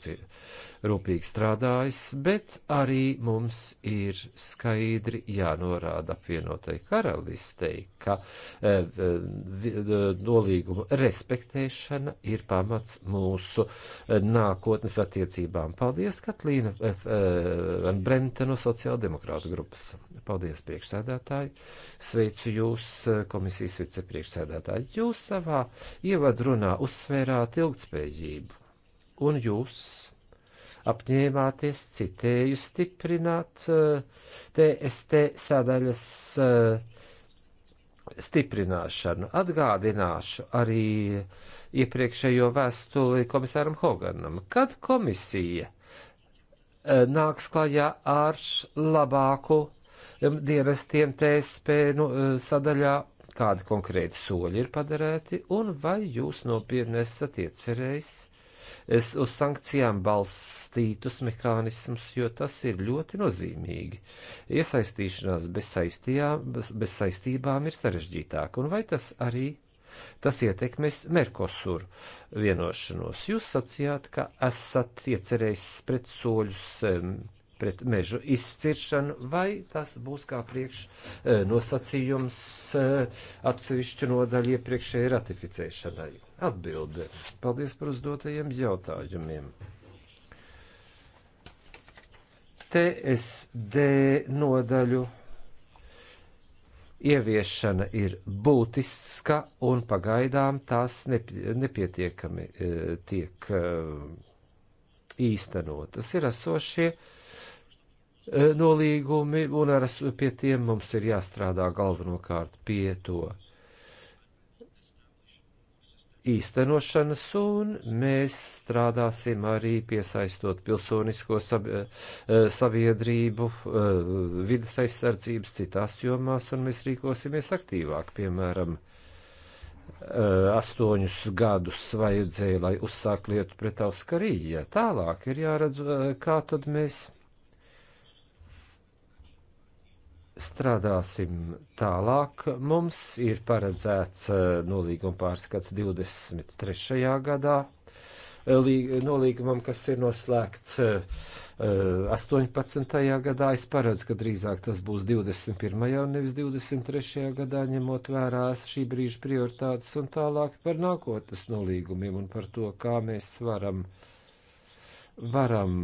rūpīgi strādājis, bet arī mums ir skaidri jānorāda apvienotai karalistei, ka e, e, e nolīguma respektēšana ir pamats mūsu e, nākotnes attiecībām. Paldies, Katlīna! E, Van Bremte no sociāldemokrāta grupas. Paldies, priekšsēdētāji. Sveicu jūs, eh, komisijas vicepriekšsēdētāji. Jūs savā ievadrunā uzsvērāt ilgtspējību, un jūs apņēmāties citēju stiprināt TST eh, sadaļas eh, stiprināšanu. Atgādināšu arī iepriekšējo vēstuli komisāram Hoganam, kad komisija Eh, nāks klajā ar labāku eh, dienestiem TSP nu, eh, sadaļā, kādi konkrēti soļi ir padarēti, un vai jūs nopietni esat iecerējis es uz sankcijām balstītus mehānismus, jo tas ir ļoti nozīmīgi. Iesaistīšanās bez, saistījām, bez, bez saistībām ir sarežģītāk, un vai tas arī tas ietekmēs Merkosur vienošanos. Jūs sacījāt, ka esat iecerējis pret soļus pret mežu izciršanu, vai tas būs kā priekš eh, nosacījums eh, atsevišķu nodaļu iepriekšēji ratificēšanai? Atbilde. Paldies par uzdotajiem jautājumiem. TSD nodaļu ieviešana ir būtiska un pagaidām tās nepietiekami e, tiek e, īstenotas. Ir esošie e, nolīgumi un ar, pie tiem mums ir jāstrādā galvenokārt pie to īstenošanas, un mēs strādāsim arī piesaistot pilsonisko sab eh, sabiedrību, eh, vidas aizsardzības citās jomās, un mēs rīkosimies aktīvāk, piemēram, eh, astoņus gadus vajadzēja, lai uzsāk lietu pret Auskariju. Tālāk ir jāredz, kā tad mēs strādāsim tālāk. Mums ir paredzēts eh, nolīguma pārskats 23. gadā. Eh, nolīgumam, kas ir noslēgts 18. Eh, gadā, es paredzu, ka drīzāk tas būs 21. un nevis 23. gadā, ņemot vērā šī brīža prioritātes un tālāk par nākotnes nolīgumiem un par to, kā mēs varam uh, varam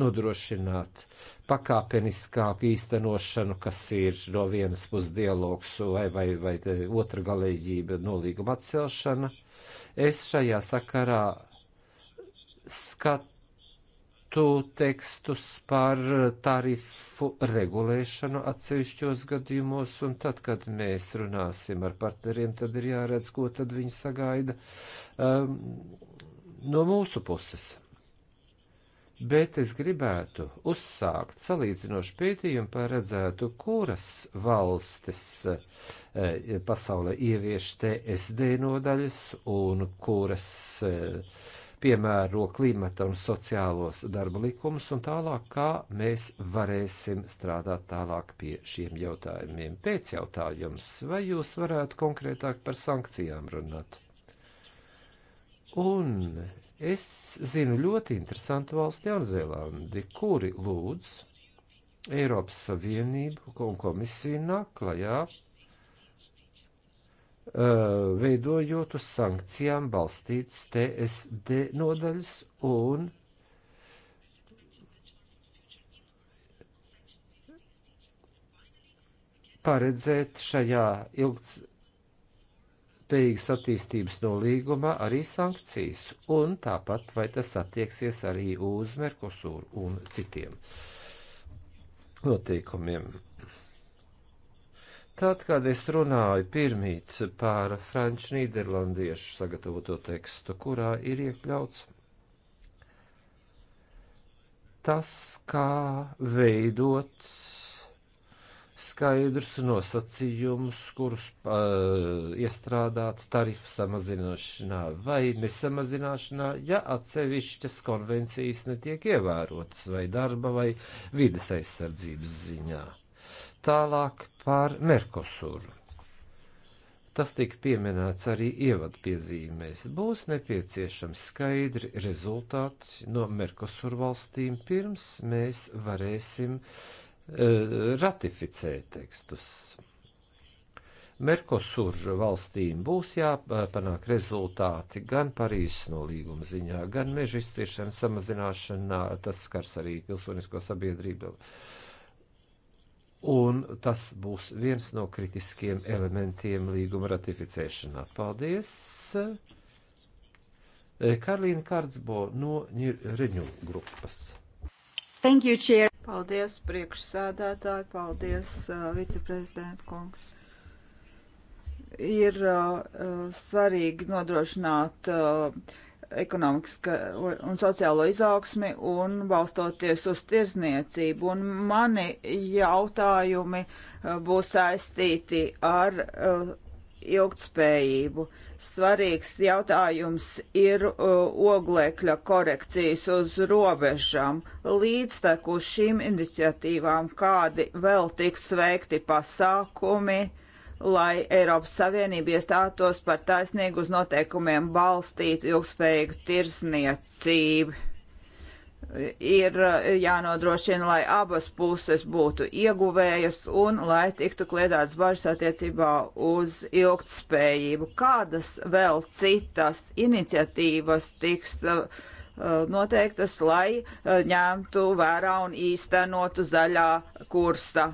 nodrošināt pakāpeniskāku īstenošanu, kas ir no vienas puses dialogs vai, vai, vai otra galīgība nolīguma atcelšana. Es šajā sakarā skatu tekstus par tarifu regulēšanu atsevišķos gadījumos, un tad, kad mēs runāsim ar partneriem, tad ir jāredz, ko tad viņi sagaida um, no mūsu puses bet es gribētu uzsākt salīdzinošu pētījumu paredzētu, kuras valstis e, pasaulē ievieš TSD nodaļas un kuras e, piemēro klimata un sociālos darba likumus un tālāk, kā mēs varēsim strādāt tālāk pie šiem jautājumiem. Pēc jautājums, vai jūs varētu konkrētāk par sankcijām runāt? Un Es zinu ļoti interesantu valsti Jaunzēlandi, kuri lūdz Eiropas Savienību un komisiju nāk klajā, veidojot uz sankcijām balstītas TSD nodaļas un paredzēt šajā ilgs ilgspējīgas attīstības nolīgumā arī sankcijas, un tāpat vai tas attieksies arī uz Merkosūru un citiem noteikumiem. Tad, kad es runāju pirmīt par franču nīderlandiešu sagatavoto tekstu, kurā ir iekļauts tas, kā veidots skaidrus nosacījumus, kurus uh, iestrādāt tarifu samazināšanā vai nesamazināšanā, ja atsevišķas konvencijas netiek ievērotas vai darba vai vides aizsardzības ziņā. Tālāk par Merkosuru. Tas tika pieminēts arī ievadpiezīmēs. Būs nepieciešams skaidri rezultāti no Merkosur valstīm, pirms mēs varēsim uh, E, ratificē tekstus. Merkosur valstīm būs jāpanāk rezultāti gan Parīzes nolīguma ziņā, gan meža izciršanas samazināšanā, tas skars arī pilsonisko sabiedrību. Un tas būs viens no kritiskiem elementiem līguma ratificēšanā. Paldies! Karlīna Kārdsbo no Reņu grupas. Thank you, Chair! Paldies, priekšsēdētāji, paldies, uh, viceprezidenta kungs. Ir uh, svarīgi nodrošināt uh, ekonomisko un sociālo izaugsmi un balstoties uz tirzniecību. Un mani jautājumi būs saistīti ar uh, ilgtspējību. Svarīgs jautājums ir uh, oglekļa korekcijas uz robežām. Līdzteku šīm iniciatīvām kādi vēl tiks veikti pasākumi, lai Eiropas Savienība iestātos par taisnīgu uz noteikumiem balstītu ilgspējīgu tirsniecību ir eh, jānodrošina, lai abas puses būtu ieguvējas un lai tiktu kliedāts bažas attiecībā uz ilgtspējību. Kādas vēl citas iniciatīvas tiks eh, eh, noteiktas, lai ņemtu vērā un īstenotu zaļā kursa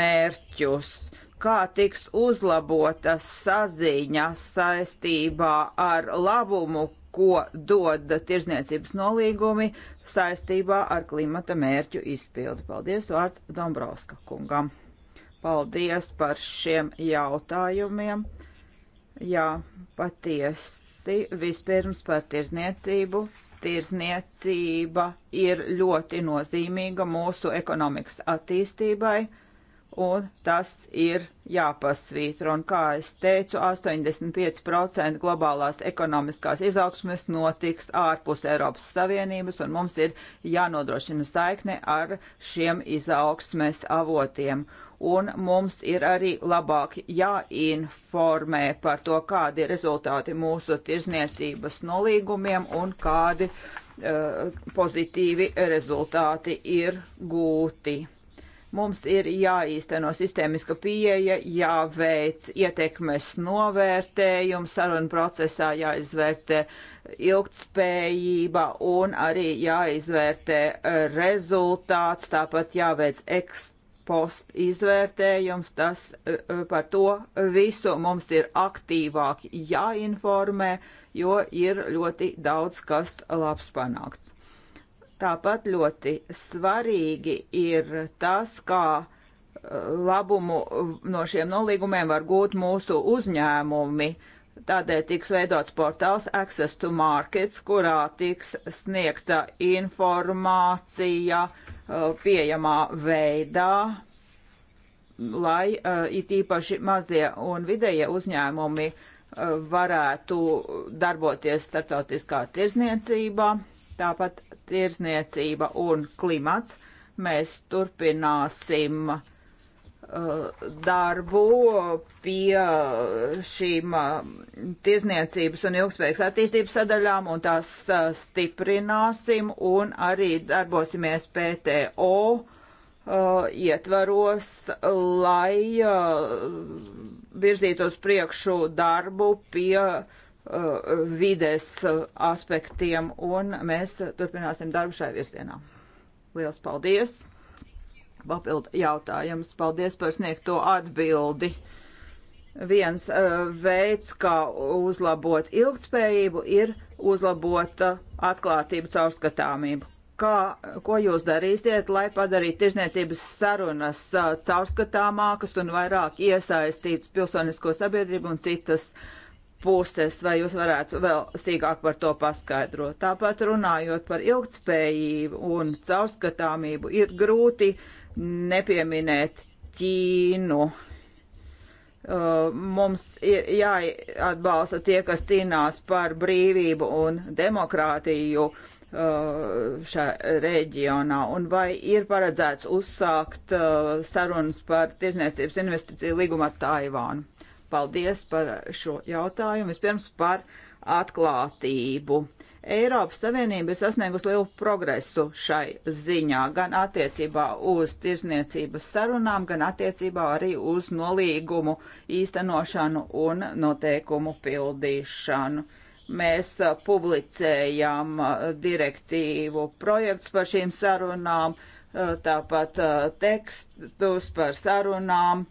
mērķus? Kā tiks uzlabota saziņa saistībā ar labumu, ko dod tirzniecības nolīgumi saistībā ar klimata mērķu izpildi. Paldies vārds Dombrovska kungam. Paldies par šiem jautājumiem. Jā, patiesi vispirms par tirzniecību. Tirzniecība ir ļoti nozīmīga mūsu ekonomikas attīstībai un tas ir jāpasvītro. Un kā es teicu, 85% globālās ekonomiskās izaugsmes notiks ārpus Eiropas Savienības, un mums ir jānodrošina saikne ar šiem izaugsmes avotiem. Un mums ir arī labāk jāinformē par to, kādi ir rezultāti mūsu tirzniecības nolīgumiem un kādi uh, pozitīvi rezultāti ir gūti Mums ir jāīsteno sistēmiska pieeja, jāveic ietekmes novērtējums, saruna procesā jāizvērtē ilgtspējība un arī jāizvērtē rezultāts, tāpat jāveic ekstra post izvērtējums, tas e, e, par to visu mums ir aktīvāk jāinformē, jo ir ļoti daudz kas labs panākts. Tāpat ļoti svarīgi ir tas, kā uh, labumu no šiem nolīgumiem var gūt mūsu uzņēmumi. Tādēļ tiks veidots portāls Access to Markets, kurā tiks sniegta informācija uh, pieejamā veidā, lai uh, it īpaši mazie un vidējie uzņēmumi varētu darboties starptautiskā tirzniecībā Tāpat tirzniecība un klimats. Mēs turpināsim uh, darbu pie šīm uh, tirzniecības un ilgspējīgas attīstības sadaļām, un tās uh, stiprināsim, un arī darbosimies PTO ietvaros, lai virzītos priekšu darbu pie Uh, vides uh, aspektiem, un mēs turpināsim darbu šai virzienā. Lielas paldies! Papildu jautājums. Paldies par sniegto atbildi. Viens uh, veids, kā uzlabot ilgtspējību, ir uzlabota atklātību caurskatāmību kā, ko jūs darīsiet, lai padarītu tirzniecības sarunas caurskatāmākas un vairāk iesaistītu pilsonisko sabiedrību un citas uh, puses, vai jūs varētu vēl sīkāk par to paskaidrot. Tāpat runājot par ilgtspējību un caurskatāmību, ir grūti nepieminēt Ķīnu. Uh, mums ir jāatbalsta tie, kas cīnās par brīvību un demokrātiju uh, šajā reģionā, un vai ir paredzēts uzsākt uh, sarunas par tirzniecības investīciju līgumu ar Taivānu? Paldies par šo jautājumu. Vispirms par atklātību. Eiropas Savienība ir sasniegusi lielu progresu šai ziņā, gan attiecībā uz tirzniecības sarunām, gan attiecībā arī uz nolīgumu īstenošanu un noteikumu pildīšanu. Mēs uh, publicējām uh, direktīvu projektus par šīm sarunām, uh, tāpat tekstus par sarunām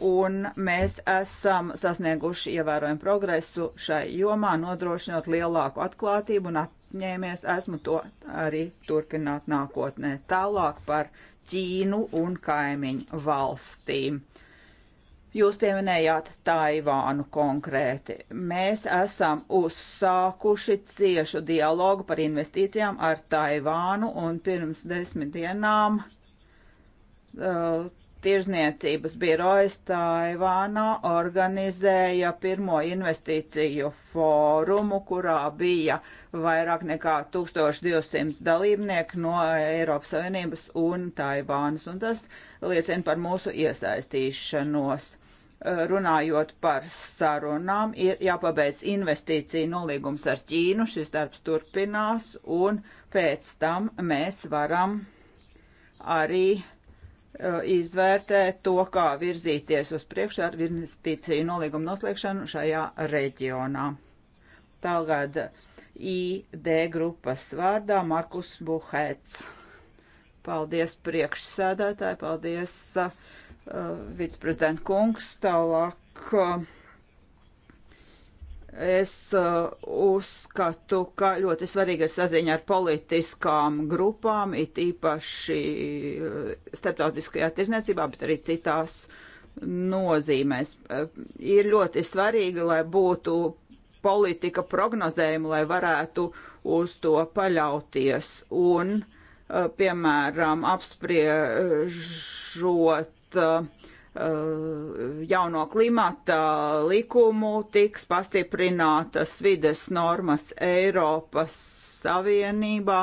un mēs esam sasnieguši ievērojumu progresu šai jomā, nodrošinot lielāku atklātību un apņēmies esmu to arī turpināt nākotnē. Tālāk par Ķīnu un kaimiņu valstīm. Jūs pieminējāt Taivānu konkrēti. Mēs esam uzsākuši ciešu dialogu par investīcijām ar Taivānu, un pirms desmit dienām uh, tirzniecības birojas Taivānā organizēja pirmo investīciju fórumu, kurā bija vairāk nekā 1200 dalībnieku no Eiropas Savienības un Taivānas, un tas liecina par mūsu iesaistīšanos runājot par sarunām, ir jāpabeidz investīcija nolīgums ar Ķīnu, šis darbs turpinās, un pēc tam mēs varam arī Uh, izvērtē to, kā virzīties uz priekšu ar investīciju nolīgumu noslēgšanu šajā reģionā. Tagad ID grupas vārdā Markus Buhēts. Paldies priekšsēdētāji, paldies uh, viceprezidenta kungs, tālāk. Uh, Es uh, uzskatu, ka ļoti svarīga ir saziņa ar politiskām grupām, it īpaši uh, starptautiskajā tirzniecībā, bet arī citās nozīmēs. Uh, ir ļoti svarīgi, lai būtu politika prognozējuma, lai varētu uz to paļauties. Un, uh, piemēram, apspriežot uh, Eh, jauno klimata likumu tiks pastiprinātas vides normas Eiropas Savienībā.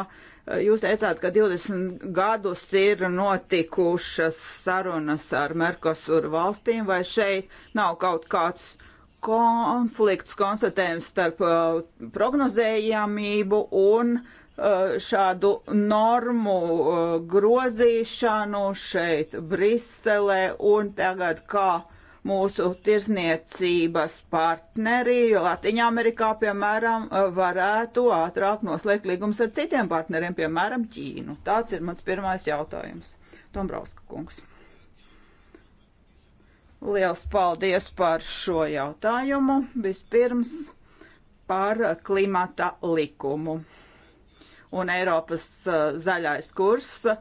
Eh, jūs teicāt, ka 20 gadus ir notikušas sarunas ar Merkosur valstīm, vai šeit nav kaut kāds konflikts konstatējums starp eh, prognozējamību un uh, Eh, šādu normu eh, grozīšanu šeit Briselē un tagad kā mūsu tirzniecības partneri Latvijā, Amerikā, piemēram, eh, varētu ātrāk noslēgt līgumus ar citiem partneriem, piemēram, Ķīnu? Tāds ir mans pirmais jautājums. Tombrauska kungs. Liels paldies par šo jautājumu. Vispirms par klimata likumu un Eiropas uh, zaļais kurs uh,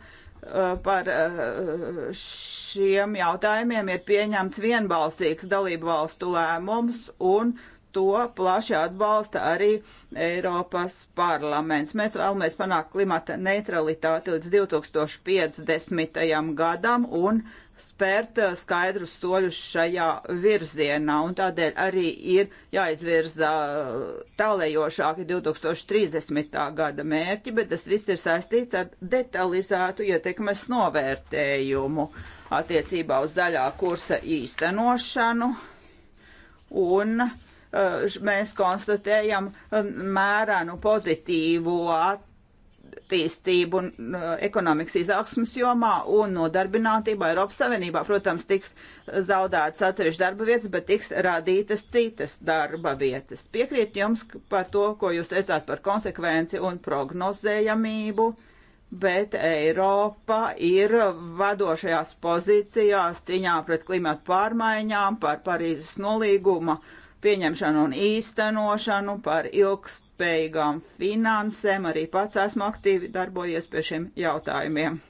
par uh, šiem jautājumiem ir pieņemts vienbalsīgs dalību valstu lēmums un to plaši atbalsta arī Eiropas parlaments. Mēs vēlamies panākt klimata neutralitāti līdz 2050. gadam un spērt skaidrus soļus šajā virzienā, un tādēļ arī ir jāizvirza tālējošāki 2030. gada mērķi, bet tas viss ir saistīts ar detalizētu ietekmes novērtējumu attiecībā uz zaļā kursa īstenošanu un uh, mēs konstatējam um, mērenu pozitīvu attīstību attīstību un uh, ekonomikas izaugsmas jomā un nodarbinātība Eiropas Savienībā. Protams, tiks zaudētas atsevišķas darba vietas, bet tiks radītas citas darba vietas. Piekrīt jums par to, ko jūs teicāt par konsekvenci un prognozējamību, bet Eiropa ir vadošajās pozīcijās cīņā pret klimatu pārmaiņām, par Parīzes nolīguma uh, pieņemšanu un īstenošanu, par ilgspējīgām finansēm. Arī pats esmu aktīvi darbojies pie šiem jautājumiem.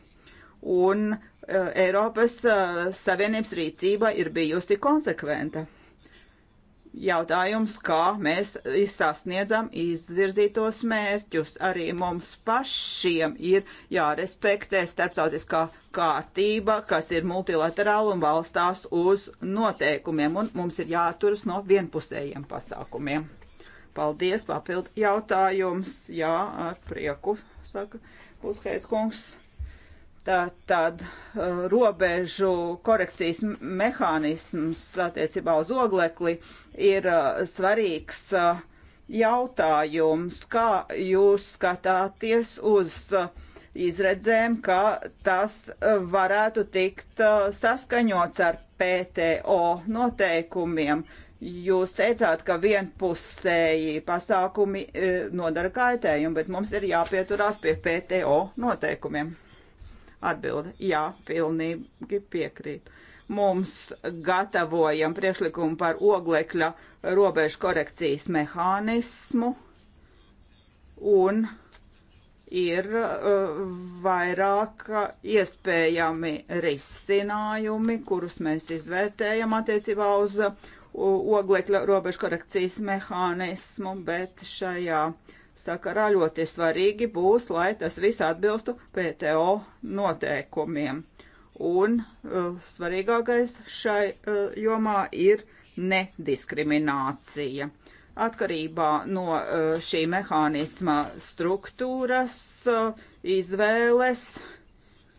Un uh, Eiropas uh, Savienības rīcība ir bijusi konsekventa jautājums, kā mēs izsasniedzam izvirzītos mērķus. Arī mums pašiem ir jārespektē starptautiskā kārtība, kas ir multilaterāla un valstās uz noteikumiem, un mums ir jāturas no vienpusējiem pasākumiem. Paldies, papildu jautājums. Jā, ar prieku, saka Uzheits kungs. Tātad uh, robežu korekcijas mehānisms attiecībā uz oglekli ir uh, svarīgs uh, jautājums, kā jūs skatāties uz izredzēm, ka tas varētu tikt saskaņots ar PTO noteikumiem. Jūs teicāt, ka vienpusēji pasākumi nodara kaitējumu, bet mums ir jāpieturās pie PTO noteikumiem. Atbilde - jā, pilnīgi piekrīt. Mums gatavojam priekšlikumu par oglekļa robežu korekcijas mehānismu un ir uh, vairāk iespējami risinājumi, kurus mēs izvērtējam attiecībā uz uh, oglekļa robežu korekcijas mehānismu, bet šajā uh, sakarā ļoti svarīgi būs, lai tas viss atbilstu PTO noteikumiem. Un uh, svarīgākais šai uh, jomā ir nediskriminācija. Atkarībā no uh, šī mehānisma struktūras uh, izvēles uh,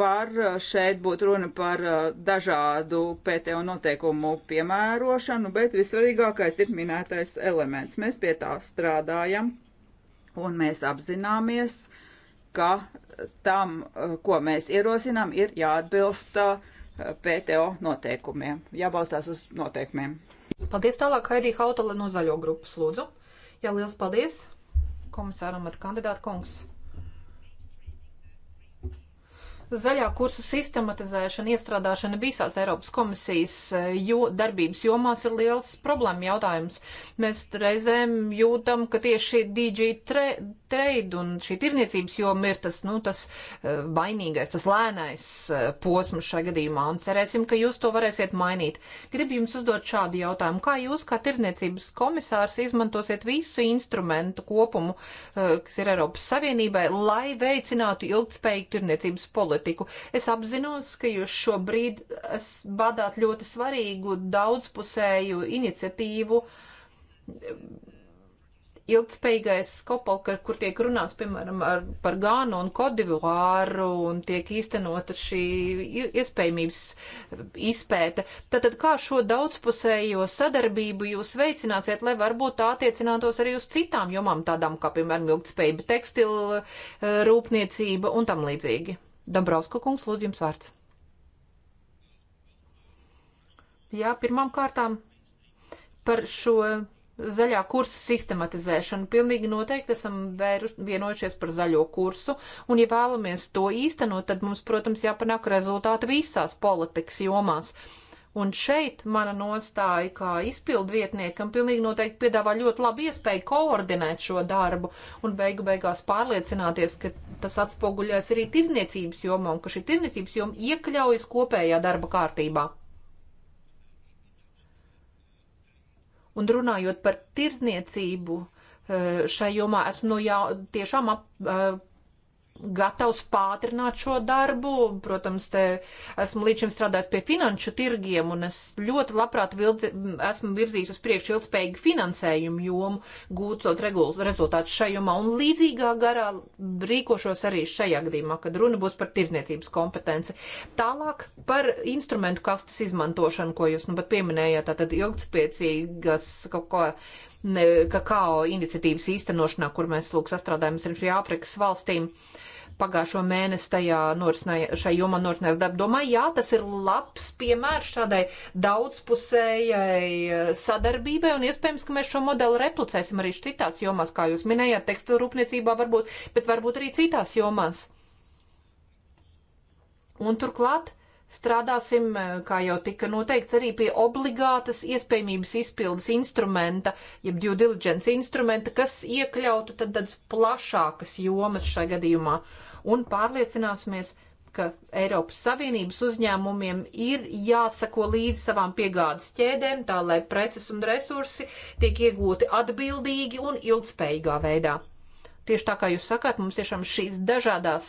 var uh, šeit būt runa par uh, dažādu PTO noteikumu piemērošanu, bet visvarīgākais ir minētais elements. Mēs pie tā strādājam. Un mēs apzināmies, ka tam, ko mēs ierosinām, ir jāatbilst uh, PTO noteikumiem, jābalstās uz noteikumiem. Paldies tālāk, Haidī Hautala no Zaļo grupas, lūdzu. Jā, liels paldies komisāram at kandidātu kungs. Zaļā kursa sistematizēšana, iestrādāšana visās Eiropas komisijas e, jo, darbības jomās ir liels problēma jautājums. Mēs reizēm jūtam, ka tieši DG tre, trade un šī tirniecības joma ir tas, nu, tas eh, vainīgais, tas lēnais eh, posms šajā gadījumā, un cerēsim, ka jūs to varēsiet mainīt. Gribu jums uzdot šādu jautājumu. Kā jūs, kā tirniecības komisārs, izmantosiet visu instrumentu kopumu, eh, kas ir Eiropas Savienībai, lai veicinātu ilgspējīgu tirniecības politiku? Es apzinos, ka jūs šobrīd vadāt ļoti svarīgu daudzpusēju iniciatīvu ilgspējīgais skopalka, kur tiek runāts, piemēram, ar, par Gānu un Kodivuāru un tiek īstenota šī iespējamības izpēta. Tātad kā šo daudzpusējo sadarbību jūs veicināsiet, lai varbūt tā attiecinātos arī uz citām jomām, tādām kā, piemēram, ilgspējība, tekstila eh, rūpniecība un tam līdzīgi? Dabrauska kungs, lūdzu jums vārds. Jā, pirmām kārtām par šo zaļā kursa sistematizēšanu. Pilnīgi noteikti esam vēruš, vienojušies par zaļo kursu, un ja vēlamies to īstenot, tad mums, protams, jāpanāk rezultāti visās politikas jomās. Un šeit mana nostāja kā izpildvietniekam pilnīgi noteikti piedāvā ļoti labu iespēju koordinēt šo darbu un beigu beigās pārliecināties, ka tas atspoguļojas arī tirdzniecības jomā un ka šī tirdzniecības joma iekļaujas kopējā darba kārtībā. Un runājot par tirdzniecību, eh, šai jomā esmu no nu jau, tiešām ap, eh, gatavs pātrināt šo darbu. Protams, te esmu līdz šim strādājis pie finanšu tirgiem, un es ļoti labprāt vilzi, esmu virzījis uz priekšu ilgspējīgu finansējumu jomu, gūcot regulas rezultātus šajā jomā, un līdzīgā garā rīkošos arī šajā gadījumā, kad runa būs par tirzniecības kompetenci. Tālāk par instrumentu kastes izmantošanu, ko jūs nu pat pieminējāt, tātad ilgspēcīgas kaut ko kakao iniciatīvas īstenošanā, kur mēs lūk sastrādājamies ar šī Āfrikas valstīm. Uh, pagājušo mēnesi tajā šai jomā norisinājās darbu. Domāju, jā, tas ir labs piemērs šādai daudzpusējai eh, sadarbībai, un iespējams, ka mēs šo modeli replicēsim arī citās jomās, kā jūs minējāt, tekstu rūpniecībā varbūt, bet varbūt arī citās jomās. Un turklāt strādāsim, eh, kā jau tika noteikts, arī pie obligātas iespējamības izpildes instrumenta, jeb due diligence instrumenta, kas iekļautu tad tādas plašākas jomas šajā gadījumā un pārliecināsimies, ka Eiropas Savienības uzņēmumiem ir jāsako līdz savām piegādes ķēdēm, tā lai preces un resursi tiek iegūti atbildīgi un ilgspējīgā veidā. Tieši tā kā jūs sakāt, mums tiešām šīs dažādās,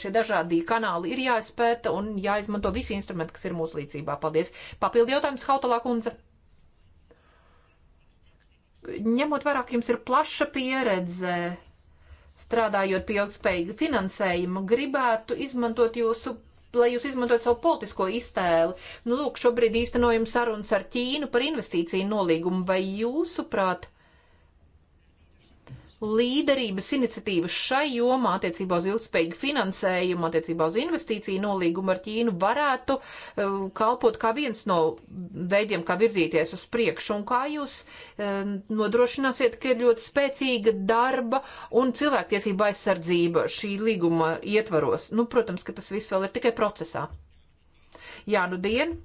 šie dažādie kanāli ir jāizpēta un jāizmanto visi instrumenti, kas ir mūsu līdzībā. Paldies! Papildi jautājums, Hautalā kundze! Ņemot vairāk, jums ir plaša pieredze strādājot pie ilgspējīga finansējuma, gribētu izmantot jūsu lai jūs izmantotu savu politisko iztēli. Nu, lūk, šobrīd īstenojam sarunas ar Ķīnu par investīciju nolīgumu. Vai jūsuprāt, uh, līderības iniciatīvas šai jomā attiecībā uz ilgspējīgu finansējumu, attiecībā uz investīciju nolīgumu ar Ķīnu varētu eh, kalpot kā viens no veidiem, kā virzīties uz priekšu un kā jūs eh, nodrošināsiet, ka ir ļoti spēcīga darba un cilvēktiesība aizsardzība šī līguma ietvaros. Nu, protams, ka tas viss vēl ir tikai procesā. Jā, nu dien!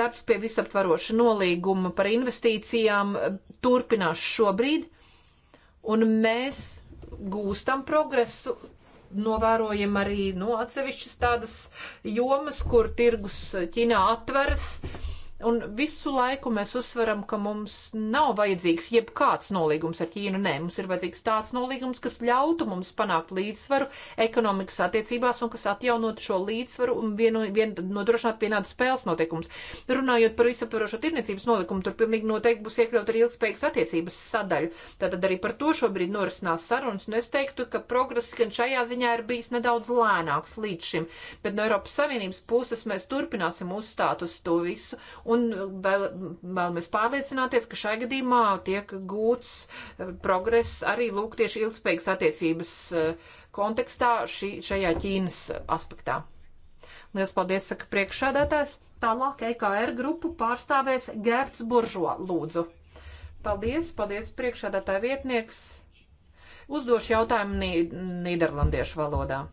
Darbs pie visaptvaroša nolīguma par investīcijām eh, turpinās šobrīd un mēs gūstam progresu. Novērojam arī nu, atsevišķas tādas jomas, kur tirgus Ķīnā atveras. Uh, Un visu laiku mēs uzsveram, ka mums nav vajadzīgs jebkāds nolīgums ar Ķīnu. Nē, mums ir vajadzīgs tāds nolīgums, kas ļautu mums panākt līdzsvaru ekonomikas attiecībās un kas atjaunot šo līdzsvaru un vieno, vien, nodrošināt vienādu spēles noteikumus. Runājot par visaptvarošo tirniecības nolikumu, tur pilnīgi noteikti būs iekļaut arī ilgspējīgas attiecības sadaļa. Tātad arī par to šobrīd norisinās sarunas, un es teiktu, ka progress gan šajā ziņā ir bijis nedaudz lēnāks līdz šim, bet no Eiropas Savienības puses mēs turpināsim uzstāt uz to visu un vēl, vēlamies pārliecināties, ka šai gadījumā tiek gūts eh, progress arī lūk tieši ilgspējīgas attiecības eh, kontekstā šī, šajā Ķīnas aspektā. Lielas paldies, saka priekšsēdētājs. Tālāk EKR grupu pārstāvēs Gērts Buržo lūdzu. Paldies, paldies priekšsēdētāja vietnieks. Uzdošu jautājumu Nīderlandiešu valodā.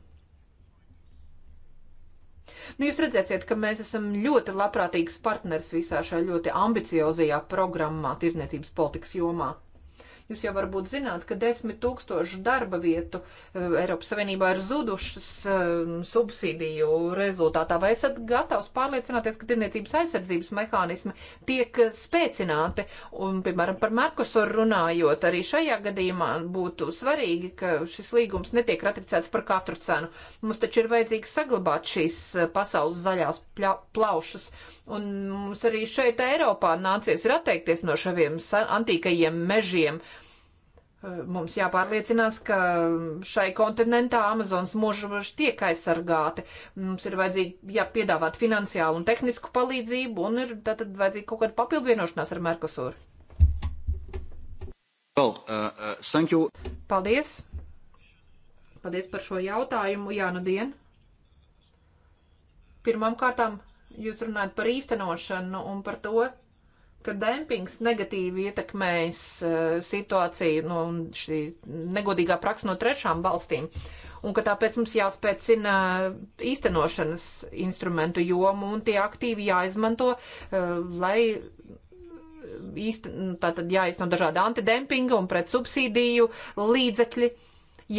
Nu, jūs redzēsiet, ka mēs esam ļoti labprātīgs partners visā šajā ļoti ambiciozajā programmā tirniecības politikas jomā. Jūs jau varbūt zināt, ka desmit tūkstoši darba vietu e, Eiropas Savienībā ir zudušas e, subsīdiju rezultātā. Vai esat gatavs pārliecināties, ka tirniecības aizsardzības mehānismi tiek spēcināti? Un, piemēram, par Merkosur runājot, arī šajā gadījumā būtu svarīgi, ka šis līgums netiek ratificēts par katru cenu. Mums taču ir vajadzīgs saglabāt šīs e, pasaules zaļās plaušas. Un mums arī šeit Eiropā nācies ir atteikties no šaviem antīkajiem mežiem, Mums jāpārliecinās, ka šai kontinentā Amazonas mūžas tiek aizsargāti. Mums ir vajadzīgi jāpiedāvāt finansiālu un tehnisku palīdzību, un ir tātad vajadzīga kaut kāda papildvienošanās ar Merkosuru. Well, uh, uh, Paldies! Paldies par šo jautājumu, Jānu Dienu. Pirmām kārtām jūs runājat par īstenošanu un par to, ka dempings negatīvi ietekmēs uh, eh, situāciju no nu, šī negodīgā praksa no trešām valstīm. Un ka tāpēc mums jāspēcina īstenošanas instrumentu jomu un tie aktīvi jāizmanto, uh, lai īsti, nu, tātad jāizno dažādi antidempinga un pret subsīdiju līdzekļi.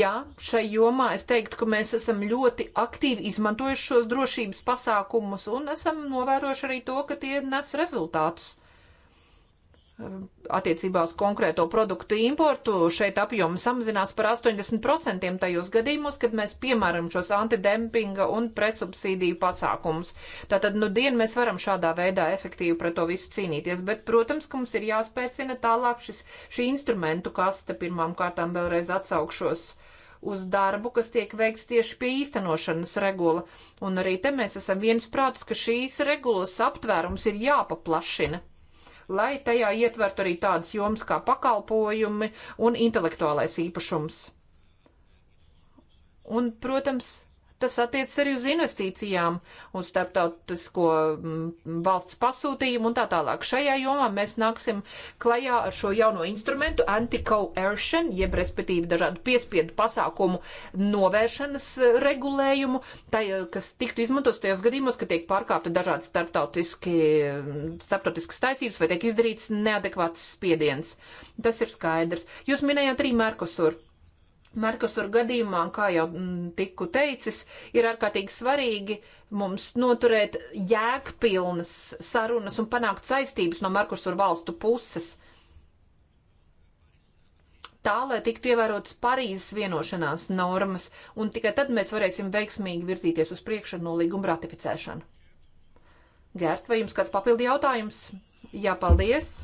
Jā, šai jomā es teiktu, ka mēs esam ļoti aktīvi izmantojuši šos drošības pasākumus un esam novērojuši arī to, ka tie nes rezultātus attiecībā uz konkrēto produktu importu, šeit apjoms samazinās par 80% tajos gadījumos, kad mēs piemēram šos antidempinga un pretsubsīdiju pasākumus. Tātad, nu, dienu mēs varam šādā veidā efektīvi pret to visu cīnīties, bet, protams, ka mums ir jāspēcina tālāk šis, šī instrumentu kaste pirmām kārtām vēlreiz atsaukšos uz darbu, kas tiek veikts tieši pie īstenošanas regula. Un arī te mēs esam viensprātus, ka šīs regulas aptvērums ir jāpaplašina lai tajā ietvertu arī tādas jomas kā pakalpojumi un intelektuālais īpašums. Un, protams, Tas attiecas arī uz investīcijām, uz starptautisko mm, valsts pasūtījumu un tā tālāk. Šajā jomā mēs nāksim klajā ar šo jauno instrumentu anti-coercion, jeb respektīvi dažādu piespiedu pasākumu novēršanas eh, regulējumu, tā, eh, kas tiktu izmantos tajos gadījumos, ka tiek pārkāpta dažādi starptautiski, mm, starptautiskas taisības vai tiek izdarīts neadekvāts spiediens. Tas ir skaidrs. Jūs minējāt arī Merkosuru. Merkusur gadījumā, kā jau mm, tiku teicis, ir ārkārtīgi svarīgi mums noturēt jēgpilnas sarunas un panākt saistības no Merkusur valstu puses. Tā, lai tiktu ievērotas Parīzes vienošanās normas, un tikai tad mēs varēsim veiksmīgi virzīties uz priekšu no līguma ratificēšanu. Gērt, vai jums kāds papildi jautājums? Jā, paldies!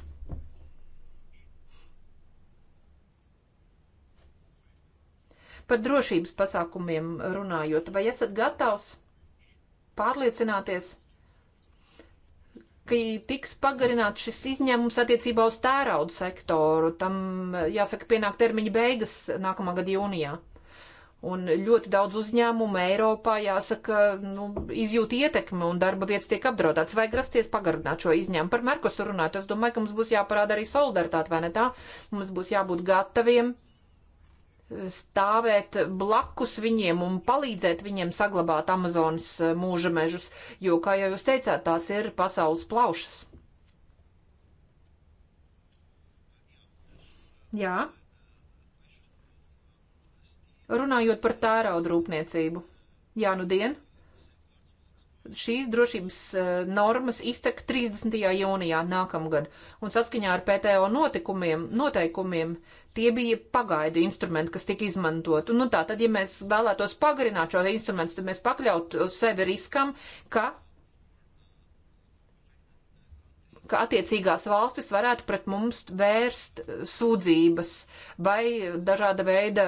Par drošības pasākumiem runājot, vai esat gatavs pārliecināties, ka tiks pagarināts šis izņēmums attiecībā uz tērauda sektoru? Tam, jāsaka, pienāk termiņa beigas nākamā gada jūnijā. Un ļoti daudz uzņēmumu Eiropā, jāsaka, nu, izjūt ietekmi un darba vietas tiek apdraudētas. Vai grasties pagarināt šo izņēmumu? Par Merkosuru runāt, es domāju, ka mums būs jāparāda arī solidaritāte, vai ne tā? Mums būs jābūt gataviem stāvēt blakus viņiem un palīdzēt viņiem saglabāt Amazonas eh, mūža mežus, jo, kā jau jūs teicāt, tās ir pasaules plaušas. Jā. Runājot par tērauda rūpniecību. Jā, nu dien. Šīs drošības eh, normas iztek 30. jūnijā nākamgad, un saskaņā ar PTO notikumiem, noteikumiem Tie bija pagaidu instrumenti, kas tika izmantot. Un, nu, tā tad, ja mēs vēlētos pagarināt šo instrumentu, tad mēs pakļautu sevi riskam, ka ka attiecīgās valstis varētu pret mums vērst sūdzības vai dažāda veida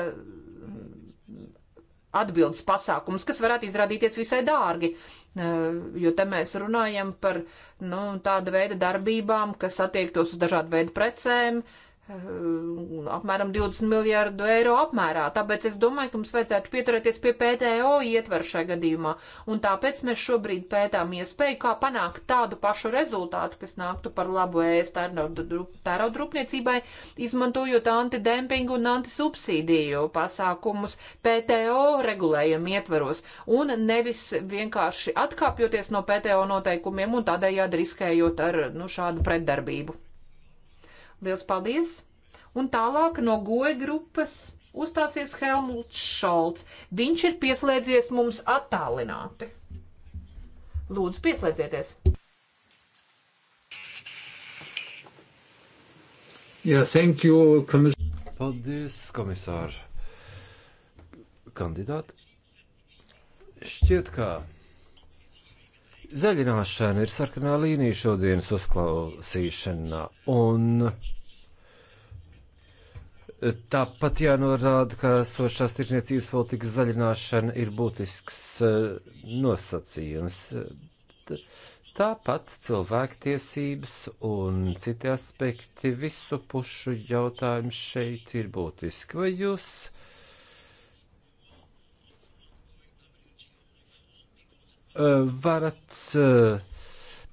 atbildes pasākums, kas varētu izrādīties visai dārgi, jo te mēs runājam par nu, tādu veidu darbībām, kas attiektos uz dažādu veidu precēm, uh, apmēram 20 miljārdu eiro apmērā. Tāpēc es domāju, ka mums vajadzētu pieturēties pie PTO ietvaru šajā gadījumā. Un tāpēc mēs šobrīd pētām iespēju, kā panākt tādu pašu rezultātu, kas nāktu par labu ēst tērauda rūpniecībai, izmantojot antidempingu un antisubsīdiju pasākumus PTO regulējumu ietvaros. Un nevis vienkārši atkāpjoties no PTO noteikumiem un tādējādi riskējot ar nu, šādu pretdarbību. Liels paldies! Un tālāk no goja grupas uzstāsies Helmuts Šolts. Viņš ir pieslēdzies mums attālināti. Lūdzu, pieslēdzieties! Yeah, thank you, komis Paldies, komisār! Kandidāti! Šķiet, ka zaļināšana ir sarkanā līnija šodienas uzklausīšanā, un Tāpat jānorāda, ka sošās tirzniecības politikas zaļināšana ir būtisks eh, nosacījums. Tāpat cilvēktiesības un citi aspekti visu pušu jautājumi šeit ir būtiski. Vai jūs eh, varat uh,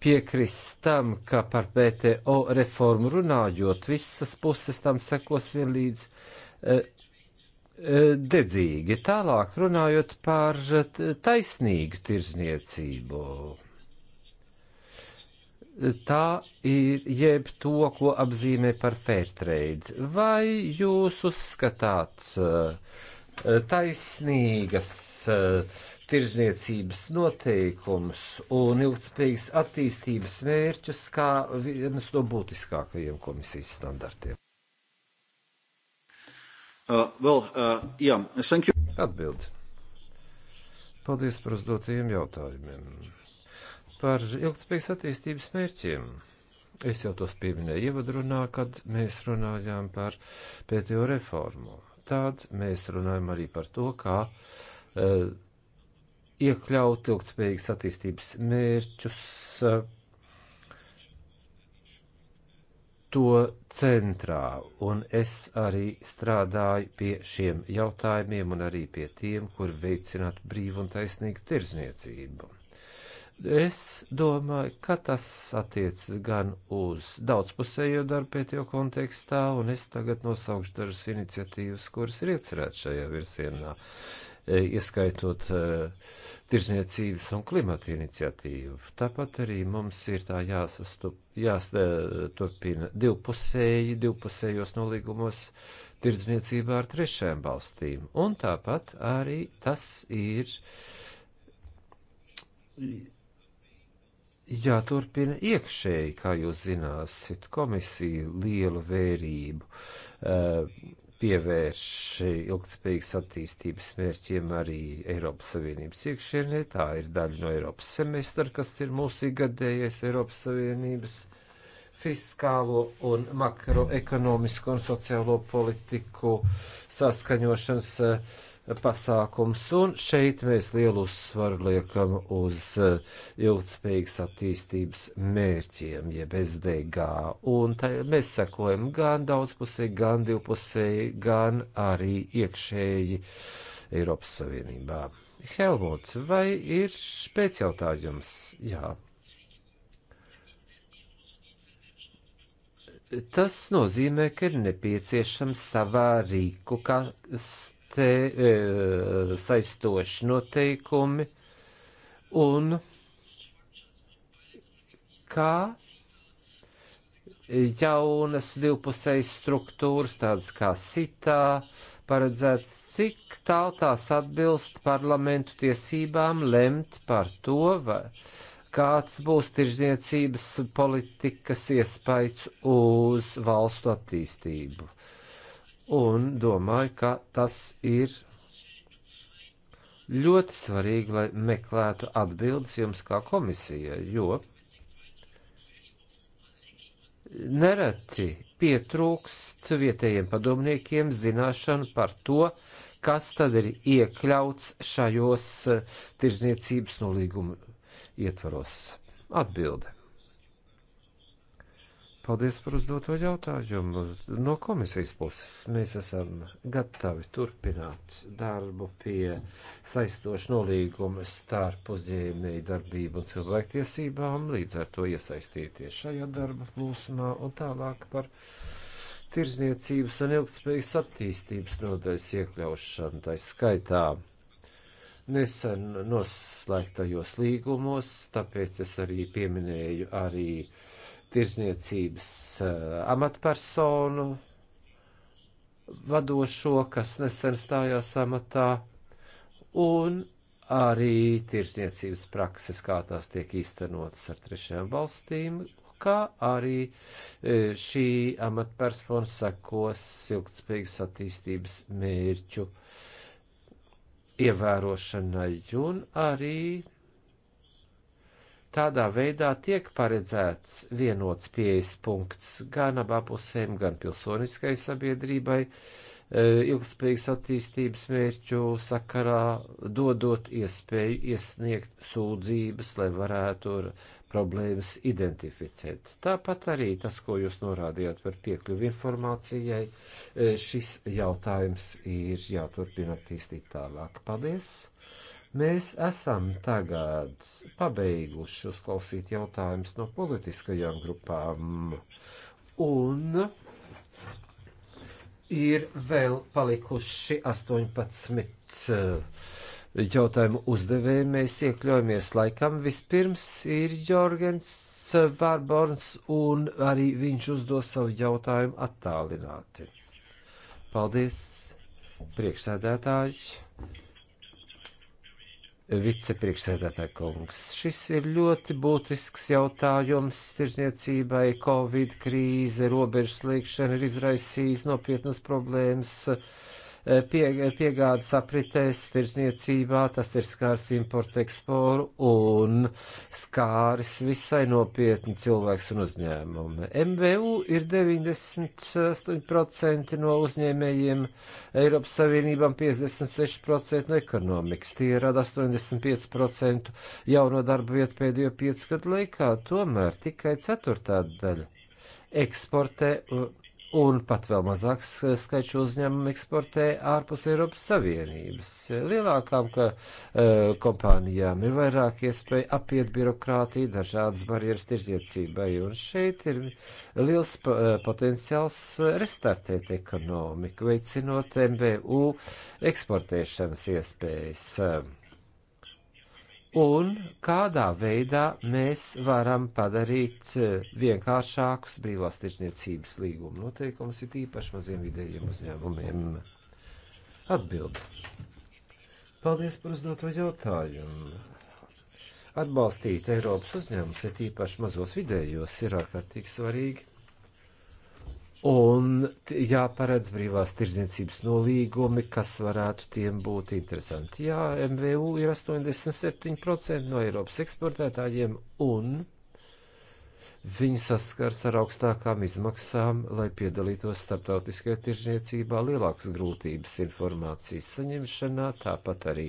piekrist tam, ka par PTO reformu runājot, visas puses tam sekos vienlīdz e, e, dedzīgi. Tālāk runājot par taisnīgu tirzniecību. Tā ir jeb to, ko apzīmē par fairtrade. Vai jūs uzskatāt e, taisnīgas uh, tirzniecības noteikumus un ilgspējīgas attīstības mērķus kā vienus no būtiskākajiem komisijas standartiem? Uh, well, uh, yeah, Atbildi. Paldies par uzdotajiem jautājumiem. Par ilgspējīgas attīstības mērķiem. Es jau tos pieminēju ievadrunā, kad mēs runājām par pētējo reformu. Tad mēs runājam arī par to, kā uh, iekļaut ilgtspējīgas attīstības mērķus to centrā, un es arī strādāju pie šiem jautājumiem un arī pie tiem, kur veicināt brīvu un taisnīgu tirzniecību. Es domāju, ka tas attiecas gan uz daudzpusējo darbu pētījo kontekstā, un es tagad nosaukšu dažas iniciatīvas, kuras ir iecerētas šajā virzienā. E, ieskaitot e, tirzniecības un klimata iniciatīvu. Tāpat arī mums ir tā jāsasturpina e, divpusēji, divpusējos nolīgumos tirdzniecībā ar trešajām valstīm. Un tāpat arī tas ir jāturpina iekšēji, kā jūs zināsiet, komisija lielu vērību. Uh, pievērš ilgtspējīgas attīstības mērķiem arī Eiropas Savienības iekšienē. Tā ir daļa no Eiropas semestra, kas ir mūsu ikgadējais Eiropas Savienības fiskālo un makroekonomisko un sociālo politiku saskaņošanas uh, pasākums, un šeit mēs lielu uzsvaru liekam uz eh, ilgtspējīgas attīstības mērķiem, jeb SDG, un tā, mēs sekojam gan daudzpusēji, gan divpusēji, gan arī iekšēji Eiropas Savienībā. Helmut, vai ir pēc jautājums? Jā. Tas nozīmē, ka ir nepieciešams savā rīku, kas jārespektē e, saistoši noteikumi un kā jaunas divpusējas struktūras, tādas kā sitā, paredzēts, cik tālu tās atbilst parlamentu tiesībām lemt par to, vai, kāds būs tirzniecības politikas iespējas uz valstu attīstību un domāju, ka tas ir ļoti svarīgi, lai meklētu atbildes jums kā komisijai, jo nereti pietrūkst vietējiem padomniekiem zināšanu par to, kas tad ir iekļauts šajos tirzniecības nolīguma ietvaros. Atbilde. Paldies par uzdoto jautājumu. No komisijas puses mēs esam gatavi turpināt darbu pie saistošu nolīguma starp uzņēmēju darbību un cilvēktiesībām, līdz ar to iesaistīties šajā darba plūsmā un tālāk par tirzniecības un ilgtspējas attīstības nodaļas iekļaušanu, tā skaitā nesen noslēgtajos līgumos, tāpēc es arī pieminēju arī uh, tirzniecības eh, amatpersonu vadošo, kas nesen stājās amatā, un arī tirsniecības prakses, kā tās tiek īstenotas ar trešajām valstīm, kā arī eh, šī amatpersona sekos ilgtspējīgas attīstības mērķu ievērošanai un arī Tādā veidā tiek paredzēts vienots pieejas punkts gan abapusēm, gan pilsoniskai sabiedrībai, e, ilgspējīgas attīstības mērķu sakarā, dodot iespēju iesniegt sūdzības, lai varētu problēmas identificēt. Tāpat arī tas, ko jūs norādījāt par piekļuvi informācijai, e, šis jautājums ir jāturpina attīstīt tālāk. Paldies! Mēs esam tagad pabeiguši uzklausīt jautājumus no politiskajām grupām. Un ir vēl palikuši 18 eh, jautājumu uzdevēji. Mēs iekļaujamies laikam. Vispirms ir Jorgens Vārborns, un arī viņš uzdos savu jautājumu attālināti. Paldies, priekšsēdētāji! vicepriekšsēdētāja kungs. Šis ir ļoti būtisks jautājums tirzniecībai. Covid krīze, robežu slēgšana ir izraisījis nopietnas problēmas uh, Eh, pie, eh, piegādes apritēs, tirzniecībā, tas ir skārs importu eksporu un skāris visai nopietni cilvēks un uzņēmumi. MVU ir 98% no uzņēmējiem, Eiropas Savienībām 56% no ekonomikas. Tie rada 85% jauno darba vietu pēdējo piecu gadu laikā, tomēr tikai ceturtā daļa eksportē un pat vēl mazāks skaits uzņēmumu eksportē ārpus Eiropas Savienības. Lielākām ka, uh, kompānijām ir vairāk iespēja apiet birokrātiju, dažādas barjeras tirdzniecībai, un šeit ir liels uh, potenciāls restartēt ekonomiku, veicinot MBU eksportēšanas iespējas. Uh, un kādā veidā mēs varam padarīt e, vienkāršākus brīvās tirsniecības līguma noteikumus, it īpaši maziem vidējiem uzņēmumiem. Atbildi. Paldies par uzdoto jautājumu. Atbalstīt Eiropas uzņēmumus, it īpaši mazos vidējos, ir ārkārtīgi svarīgi un jāparedz brīvās tirdzniecības nolīgumi, kas varētu tiem būt interesanti. Jā, MVU ir 87% no Eiropas eksportētājiem, un viņi saskars ar augstākām izmaksām, lai piedalītos starptautiskajā tirdzniecībā, lielākas grūtības informācijas saņemšanā, tāpat arī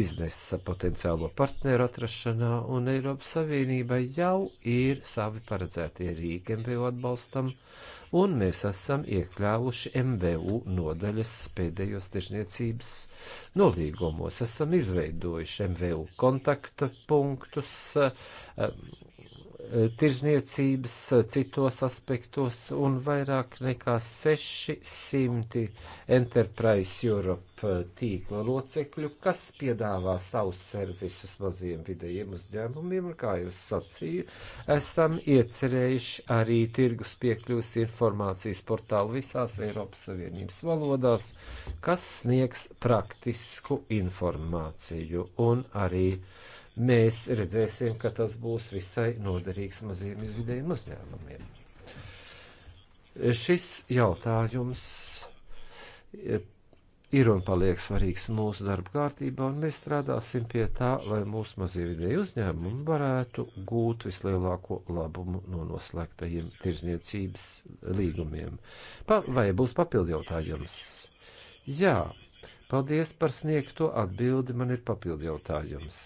biznesa potenciālo partneru atrašanā, un Eiropas Savienībai jau ir savi paredzētie rīki MVU atbalstam un mēs esam iekļāvuši MVU nodaļas pēdējos tiešniecības nolīgumos. Esam izveidojuši MVU kontakta punktus, eh, tirzniecības eh, citos aspektos un vairāk nekā 600 Enterprise Europe eh, tīkla locekļu, kas piedāvā savus servisus maziem vidējiem uzņēmumiem, un kā jūs sacīju, esam iecerējuši arī tirgus piekļūs informācijas portālu visās Eiropas Savienības valodās, kas sniegs praktisku informāciju un arī uh, mēs redzēsim, ka tas būs visai noderīgs maziem izvidējiem uzņēmumiem. Šis jautājums e, ir un paliek svarīgs mūsu darba kārtībā, un mēs strādāsim pie tā, lai mūsu mazie vidēji uzņēmumi varētu gūt vislielāko labumu no noslēgtajiem tirzniecības līgumiem. Pa, vai būs papildi jautājums? Jā, paldies par sniegto atbildi, man ir papildi jautājums.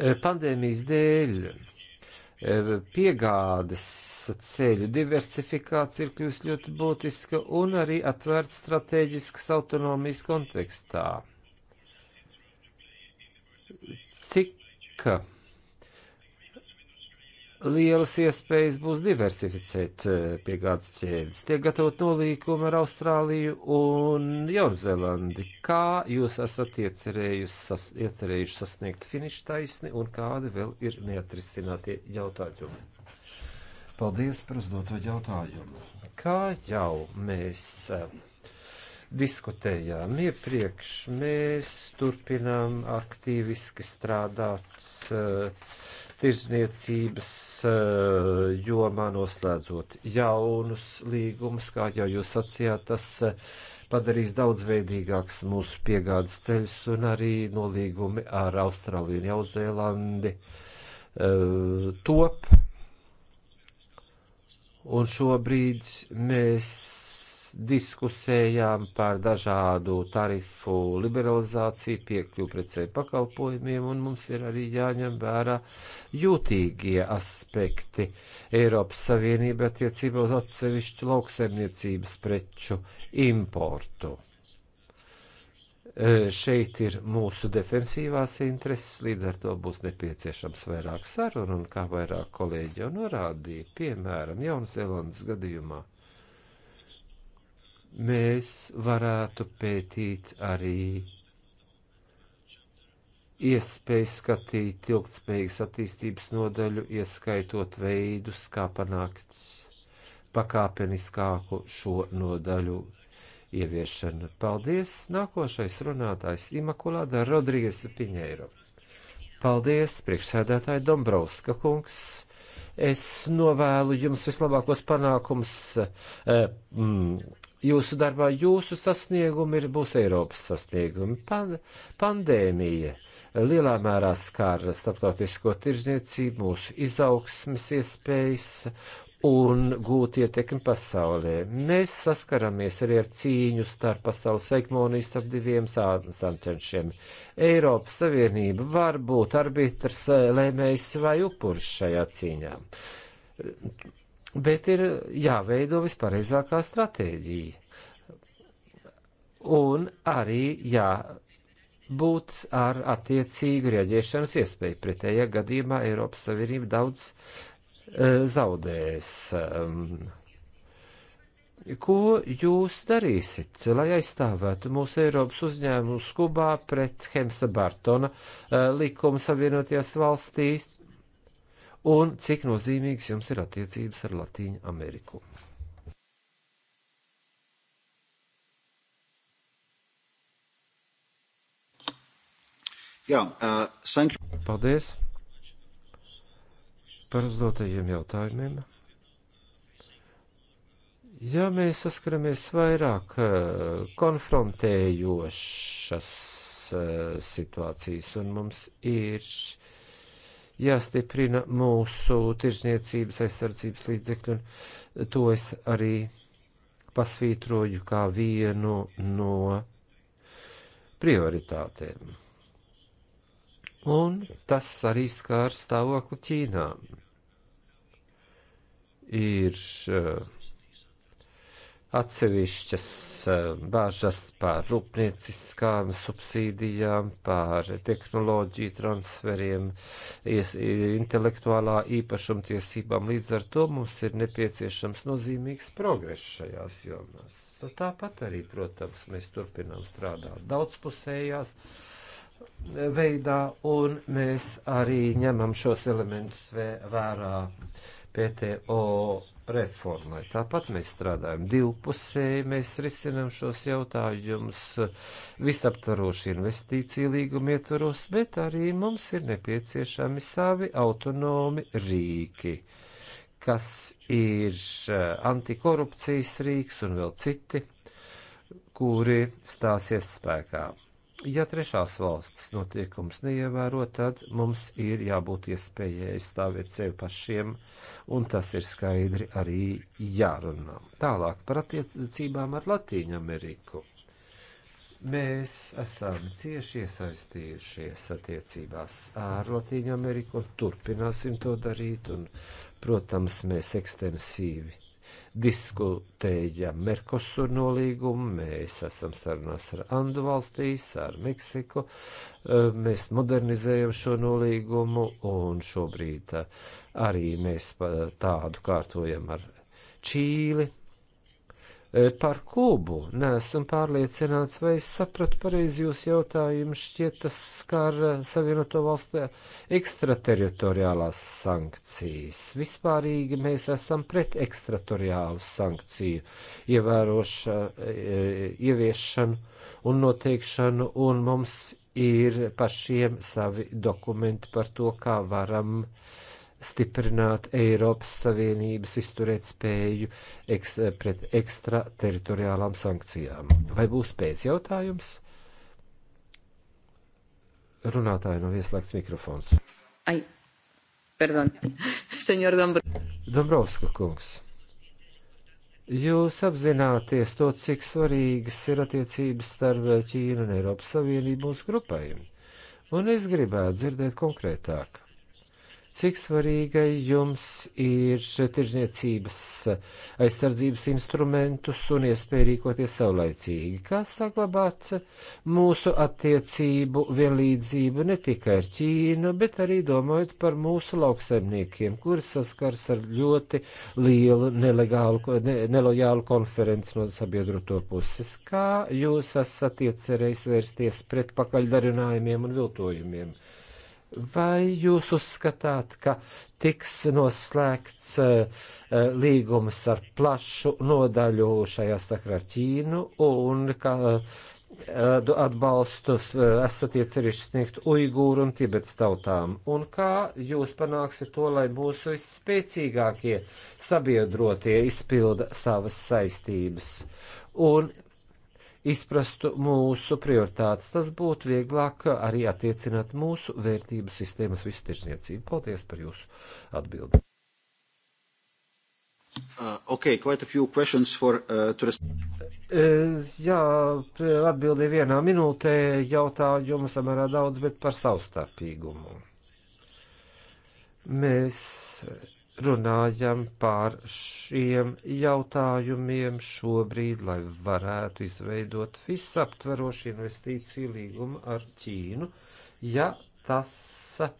Eh, pandēmijas dēļ eh, piegādes ceļu diversifikācija ir kļuvusi ļoti būtiska un arī atvērta strateģiskas autonomijas kontekstā. Cik lielas iespējas būs diversificēt eh, piegādes ķēdes. Tiek gatavot nolīkumi ar Austrāliju un Jaunzelandi. Kā jūs esat iecerējuši, sas, iecerējuši sasniegt finišu taisni un kādi vēl ir neatrisinātie jautājumi? Paldies par uzdoto jautājumu. Kā jau mēs eh, diskutējām iepriekš, mēs turpinām aktīviski strādāt uh, tirzniecības eh, jomā noslēdzot jaunus līgumus, kā jau jūs sacījāt, tas eh, padarīs daudzveidīgāks mūsu piegādes ceļus un arī nolīgumi ar Austrāliju un Jauzēlandi eh, top. Un šobrīd mēs diskusējām par dažādu tarifu liberalizāciju, piekļuvu precēju pakalpojumiem, un mums ir arī jāņem vērā jūtīgie aspekti Eiropas Savienība attiecībā uz atsevišķu lauksaimniecības preču importu. E, šeit ir mūsu defensīvās intereses, līdz ar to būs nepieciešams vairāk sarunu, un kā vairāk kolēģi jau norādīja, piemēram, Jaunzēlandes gadījumā mēs varētu pētīt arī iespēju skatīt ilgtspējīgas attīstības nodaļu, ieskaitot veidus, kā panākt pakāpeniskāku šo nodaļu ieviešanu. Paldies! Nākošais runātājs Imakulāda Rodrīgas Piņēro. Paldies, priekšsēdētāji Dombrovska kungs! Es novēlu jums vislabākos panākums. Eh, mm, jūsu darbā jūsu sasniegumi ir, būs Eiropas sasniegumi. Pan, pandēmija lielā mērā skāra starptautisko tirzniecību, mūsu izaugsmes iespējas un gūt ietekmi pasaulē. Mēs saskaramies arī ar cīņu starp pasaules hegemoniju, starp diviem sāncenšiem. Eiropas Savienība var būt arbitrs, lēmējs vai upurs šajā cīņā bet ir jāveido vispareizākā stratēģija. Un arī jābūt ar attiecīgu rieģiešanas iespēju. Pretējā gadījumā Eiropas Savienība daudz uh, zaudēs. Um, Ko jūs darīsiet, lai aizstāvētu mūsu Eiropas uzņēmumus Kubā pret Hemsa Bartona uh, e, likumu Savienotajās valstīs? un cik nozīmīgas jums ir attiecības ar Latīņu Ameriku. Jā, uh, Paldies par uzdotajiem jautājumiem. Ja mēs saskaramies vairāk uh, konfrontējošas uh, situācijas un mums ir uh, jāstiprina mūsu tirzniecības aizsardzības līdzekļu, un to es arī pasvītroju kā vienu no prioritātēm. Un tas arī skārs stāvokli Ķīnā. Ir uh, atsevišķas eh, bāžas par rūpnieciskām subsīdijām, par tehnoloģiju transferiem, ies, intelektuālā īpašumtiesībām. Līdz ar to mums ir nepieciešams nozīmīgs progress šajās jomās. Nu, tāpat arī, protams, mēs turpinām strādāt daudzpusējās eh, veidā, un mēs arī ņemam šos elementus vērā PTO reformai. Tāpat mēs strādājam divpusēji, mēs risinam šos jautājumus visaptvaroši investīciju līguma ietvaros, bet arī mums ir nepieciešami savi autonomi rīki, kas ir eh, antikorupcijas rīks un vēl citi, kuri stāsies spēkā. Ja trešās valstis notiekums neievēro, tad mums ir jābūt iespējai stāvēt sevi pašiem, un tas ir skaidri arī jārunā. Tālāk par attiecībām ar Latīņu Ameriku. Mēs esam cieši iesaistījušies attiecībās ar Latīņu Ameriku un turpināsim to darīt, un, protams, mēs ekstensīvi diskutējam Merkosur nolīgumu, mēs esam sarunās ar Andu valstīs, ar Meksiku, e, mēs modernizējam šo nolīgumu un šobrīd e, arī mēs tādu kārtojam ar Čīli. E, par Kubu nesmu pārliecināts, vai es sapratu pareizi jūsu jautājumu, šķiet tas skar e, Savienoto valstu ekstrateritoriālās sankcijas. Vispārīgi mēs esam pret ekstrateritoriālu sankciju ievēroša, e, ieviešanu un noteikšanu, un mums ir pašiem savi dokumenti par to, kā varam uh, stiprināt Eiropas Savienības izturēt spēju eks, pret ekstrateritoriālām sankcijām. Vai būs pēc jautājums? Runātāji nav no ieslēgts mikrofons. Ai, pardon, [laughs] senjor Dombrovska. Dombrovska kungs. Jūs apzināties to, cik svarīgas ir attiecības starp Ķīnu un Eiropas Savienību mūsu grupai. Un es gribētu dzirdēt konkrētāk cik svarīga jums ir tirzniecības aizsardzības instrumentus un iespēja rīkoties saulaicīgi, kā saglabāt mūsu attiecību vienlīdzību ne tikai ar Ķīnu, bet arī domājot par mūsu lauksaimniekiem, kuri saskars ar ļoti lielu nelegālu, ne, nelojālu konferenci no sabiedroto puses. Kā jūs esat iecerējis vērsties pret pakaļdarinājumiem un viltojumiem? Vai jūs uzskatāt, ka tiks noslēgts uh, līgums ar plašu nodaļu šajā sakrā ar Ķīnu un ka eh, uh, atbalstus uh, esat iecerīši sniegt uigūru un tibets tautām? Un kā jūs panāksiet to, lai mūsu visspēcīgākie sabiedrotie izpilda savas saistības? Un izprastu mūsu prioritātes. Tas būtu vieglāk arī attiecināt mūsu vērtību sistēmas visu tiešniecību. Paldies par jūsu atbildi. Uh, okay, quite a few questions for uh, to es, Jā, atbildi vienā minūtē jautājumu samērā daudz, bet par savstarpīgumu. Mēs runājam pār šiem jautājumiem šobrīd, lai varētu izveidot visaptverošu investīciju līgumu ar Ķīnu, ja tas uh,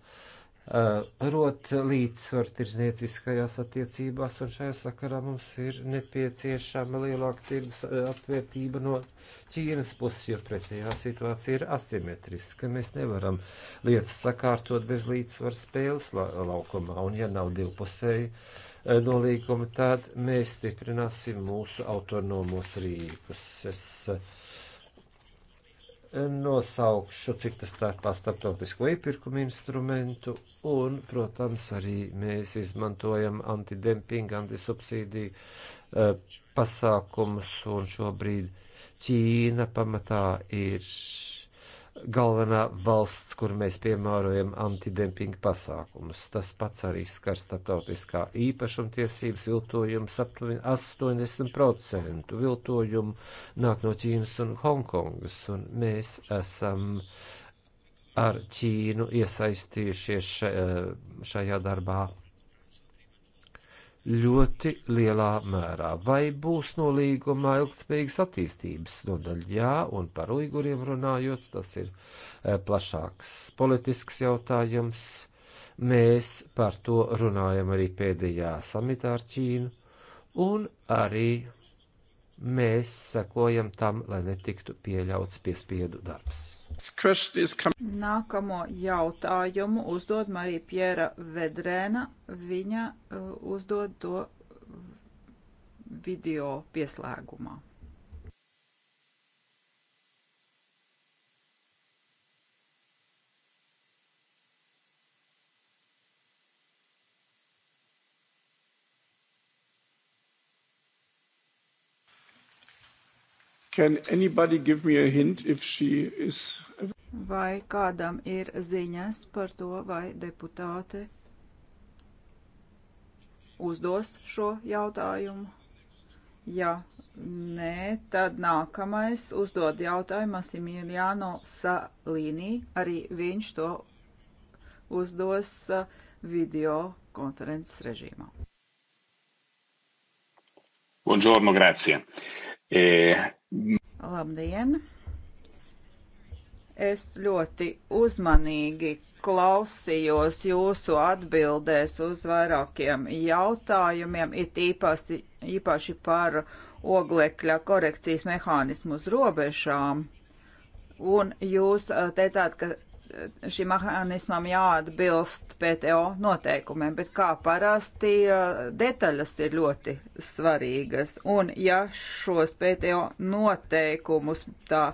Eh, rot līdzsvaru tirzniecīskajās attiecībās, un šajā sakarā mums ir nepieciešama lielāka tirgus eh, atvērtība no Ķīnas puses, jo pretējā situācija ir asimetriska. Mēs nevaram lietas sakārtot bez līdzsvaru spēles la laukumā, un ja nav divpusēji eh, nolīgumi, tad mēs stiprināsim mūsu autonomos rīkus. Es, nosaukšu, cik tas tā kā starptautisko iepirkumu instrumentu un, protams, arī mēs izmantojam antidempingu, antisubsīdiju uh, pasākumus, un šobrīd Ķīna pamatā ir galvenā valsts, kur mēs piemērojam antidempinga pasākumus. Tas pats arī skar starptautiskā īpašumtiesības viltojums aptuveni 80% viltojumu nāk no Ķīnas un Hongkongas, un mēs esam uh, ar Ķīnu iesaistījušies eh, šajā darbā ļoti lielā mērā. Vai būs no līgumā ilgtspējīgas attīstības nodaļa? Jā, un par uiguriem runājot, tas ir eh, plašāks politisks jautājums. Mēs par to runājam arī pēdējā samitā ar Ķīnu, un arī mēs sekojam tam, lai netiktu pieļauts piespiedu darbs. Nākamo jautājumu uzdod Marija Piera Vedrēna. Viņa eh, uzdod to video pieslēgumā. Can anybody give me a hint if she is... Vai kādam ir ziņas par to, vai deputāte uzdos šo jautājumu? Ja nē, tad nākamais uzdod jautājumu Masimiljāno Salīnī. Arī viņš to uzdos uh, video konferences režīmā. Buongiorno, grazie. Uh, Labdien! Es ļoti uzmanīgi klausījos jūsu atbildēs uz vairākiem jautājumiem, it īpaši, īpaši par oglekļa korekcijas mehānismu uz robežām. Un jūs eh, teicāt, ka šim mehānismam jāatbilst PTO noteikumiem, bet kā parasti detaļas ir ļoti svarīgas. Un ja šos PTO noteikumus tā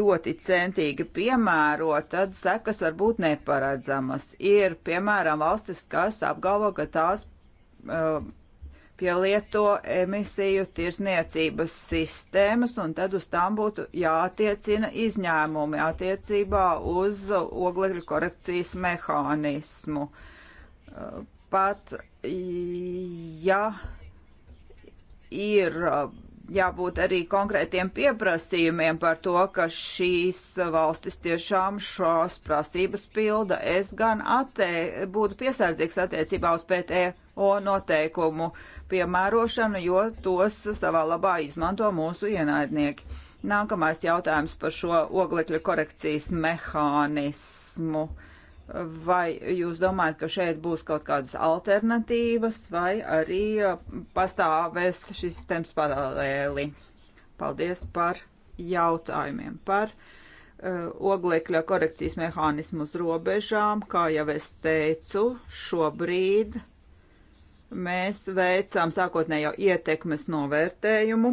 ļoti centīgi piemēro, tad sekas var būt neparedzamas. Ir, piemēram, valstis, kas apgalvo, ka tās uh, jāpielieto emisiju tirzniecības sistēmas, un tad uz tām būtu jātiecina izņēmumi attiecībā uz oglekļu korekcijas mehānismu. Pat ja ir jābūt arī konkrētiem pieprasījumiem par to, ka šīs valstis tiešām šās prasības pilda. Es gan atē, būtu piesardzīgs attiecībā uz PT un noteikumu piemērošanu, jo tos savā labā izmanto mūsu ienaidnieki. Nākamais jautājums par šo oglekļa korekcijas mehānismu. Vai jūs domājat, ka šeit būs kaut kādas alternatīvas, vai arī uh, pastāvēs šis sistēmas paralēli? Paldies par jautājumiem par uh, oglekļa korekcijas mehānismu uz robežām. Kā jau es teicu, šobrīd Mēs veicām sākotnējo ietekmes novērtējumu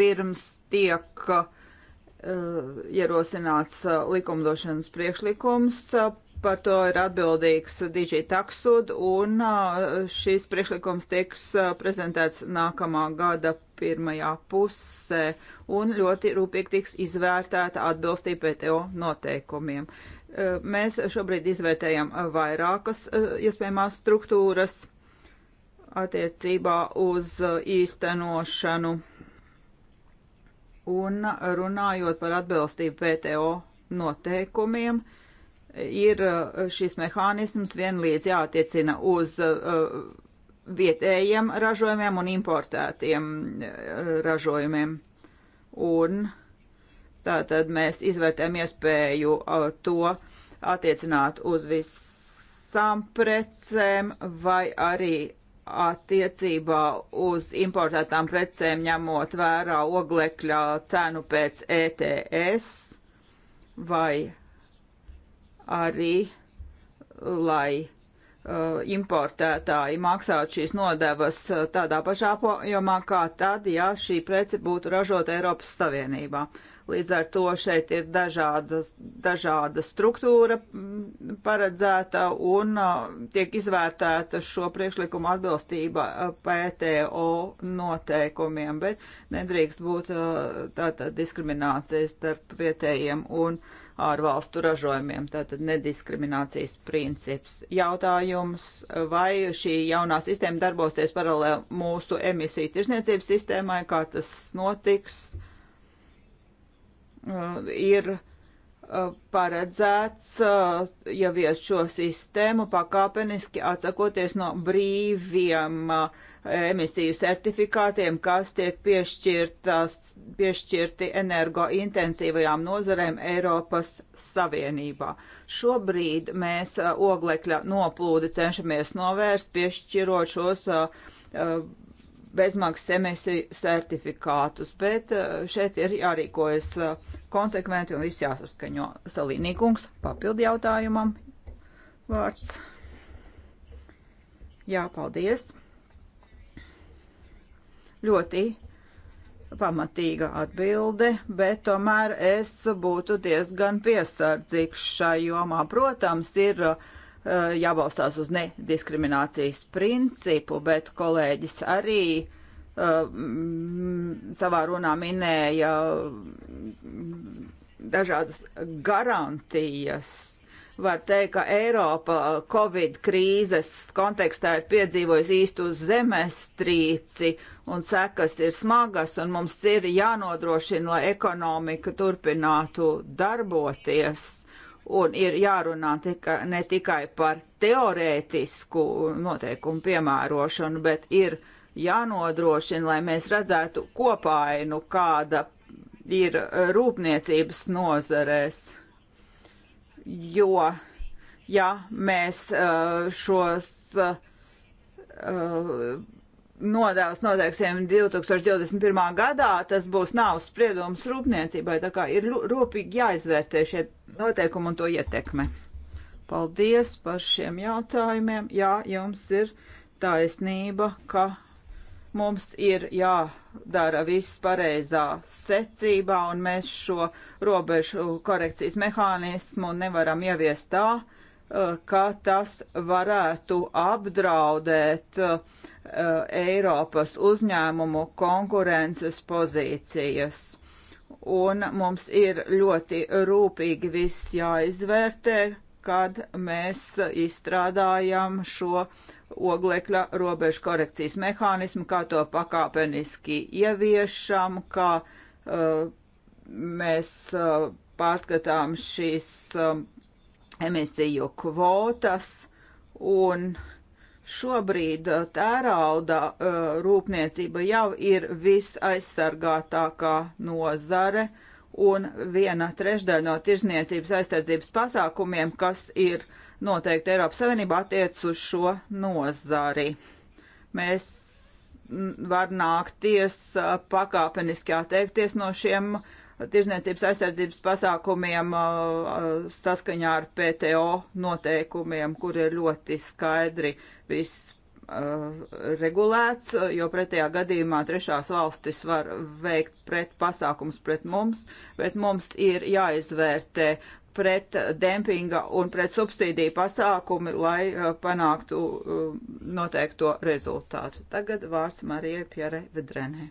pirms tiek uh, ierosināts uh, likumdošanas priekšlikums. Uh, par to ir atbildīgs Digitaxud, un šis priekšlikums tiks prezentēts nākamā gada pirmajā pusē, un ļoti rūpīgi tiks izvērtēta atbilstība PTO noteikumiem. Eh, mēs šobrīd izvērtējam eh, vairākas eh, iespējamās struktūras attiecībā uz īstenošanu un runājot par atbilstību PTO noteikumiem, ir šis mehānisms vienlīdz jātiecina uz vietējiem ražojumiem un importētiem ražojumiem. Un Tātad mēs izvērtējam iespēju to attiecināt uz visām precēm vai arī attiecībā uz importētām precēm ņemot vērā oglekļa cenu pēc ETS vai arī lai uh, importētāji maksātu šīs nodevas tādā pašā apjomā kā tad, ja šī prece būtu ražota Eiropas Savienībā. Uh, Līdz ar to šeit ir dažādas, dažāda struktūra mm, paredzēta un tiek izvērtēta šo priekšlikumu atbilstība PTO noteikumiem, bet nedrīkst būt tātad diskriminācijas starp vietējiem un ārvalstu ražojumiem, tātad nediskriminācijas princips. Jautājums, vai šī jaunā sistēma darbosies paralēli mūsu emisiju tirsniecības sistēmai, kā tas notiks? Uh, ir uh, paredzēts uh, ieviest ja šo sistēmu pakāpeniski atsakoties no brīviem emisiju certifikātiem, kas tiek piešķirti energointensīvajām nozarēm Eiropas Savienībā. Šobrīd mēs oglekļa noplūdi cenšamies novērst, piešķirot šos uh, bezmaksas emisiju certifikātus, bet eh, šeit ir jārīkojas eh, konsekventi un viss jāsaskaņo. Salīnīkums papildu jautājumam vārds. Jā, paldies. Ļoti pamatīga atbilde, bet tomēr es būtu diezgan piesardzīgs šai jomā. Protams, ir uh, Eh, jābalstās uz nediskriminācijas principu, bet kolēģis arī eh, mm, savā runā minēja mm, dažādas garantijas. Var teikt, ka Eiropa eh, Covid krīzes kontekstā ir piedzīvojusi īstu zemestrīci un sekas ir smagas un mums ir jānodrošina, lai ekonomika turpinātu darboties un ir jārunā tika, ne tikai par teorētisku noteikumu piemērošanu, bet ir jānodrošina, lai mēs redzētu kopainu, kāda ir rūpniecības nozarēs. Jo, ja mēs uh, šos uh, nodevs noteiksim 2021. gadā, tas būs nav spriedums rūpniecībai, tā kā ir rūpīgi jāizvērtē šie noteikumi un to ietekme. Paldies par šiem jautājumiem. Jā, jums ir taisnība, ka mums ir jādara viss pareizā secībā, un mēs šo robežu korekcijas mehānismu nevaram ieviest tā, uh, Uh, ka tas varētu apdraudēt uh, Eiropas uzņēmumu konkurences pozīcijas. Un mums ir ļoti rūpīgi viss jāizvērtē, kad mēs izstrādājam šo oglekļa robežu korekcijas mehānismu, kā to pakāpeniski ieviešam, kā uh, mēs uh, pārskatām šīs um, emisiju kvotas un šobrīd uh, tērauda uh, rūpniecība jau ir visaizsargātākā nozare un viena trešdaļa no tirzniecības aizsardzības pasākumiem, kas ir noteikti Eiropas Savienība attiec uz šo nozari. Mēs var nākties uh, pakāpeniski atteikties no šiem uh, tirzniecības aizsardzības pasākumiem uh, uh, saskaņā ar PTO noteikumiem, kur ir ļoti skaidri viss uh, regulēts, jo pretējā gadījumā trešās valstis var veikt pret pasākums pret mums, bet mums ir jāizvērtē pret dempinga un pret subsīdiju pasākumi, lai panāktu noteikto rezultātu. Tagad vārds Marijai Pjare Vedrenē.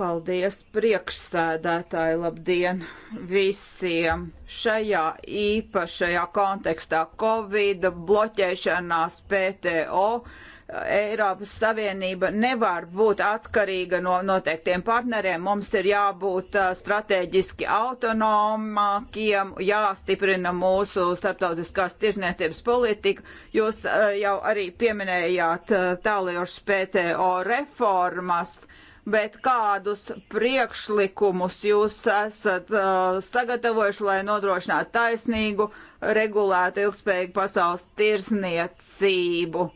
Paldies priekšsēdētāji, labdien visiem! Šajā īpašajā kontekstā Covid bloķēšanās PTO Eiropas Savienība nevar būt atkarīga no noteiktiem partneriem. Mums ir jābūt strateģiski autonomākiem, jāstiprina mūsu starptautiskās tirzniecības politika. Jūs jau arī pieminējāt tālajošas PTO reformas bet kādus priekšlikumus jūs esat uh, sagatavojuši, lai nodrošinātu taisnīgu, regulētu, ilgspējīgu pasaules tirsniecību?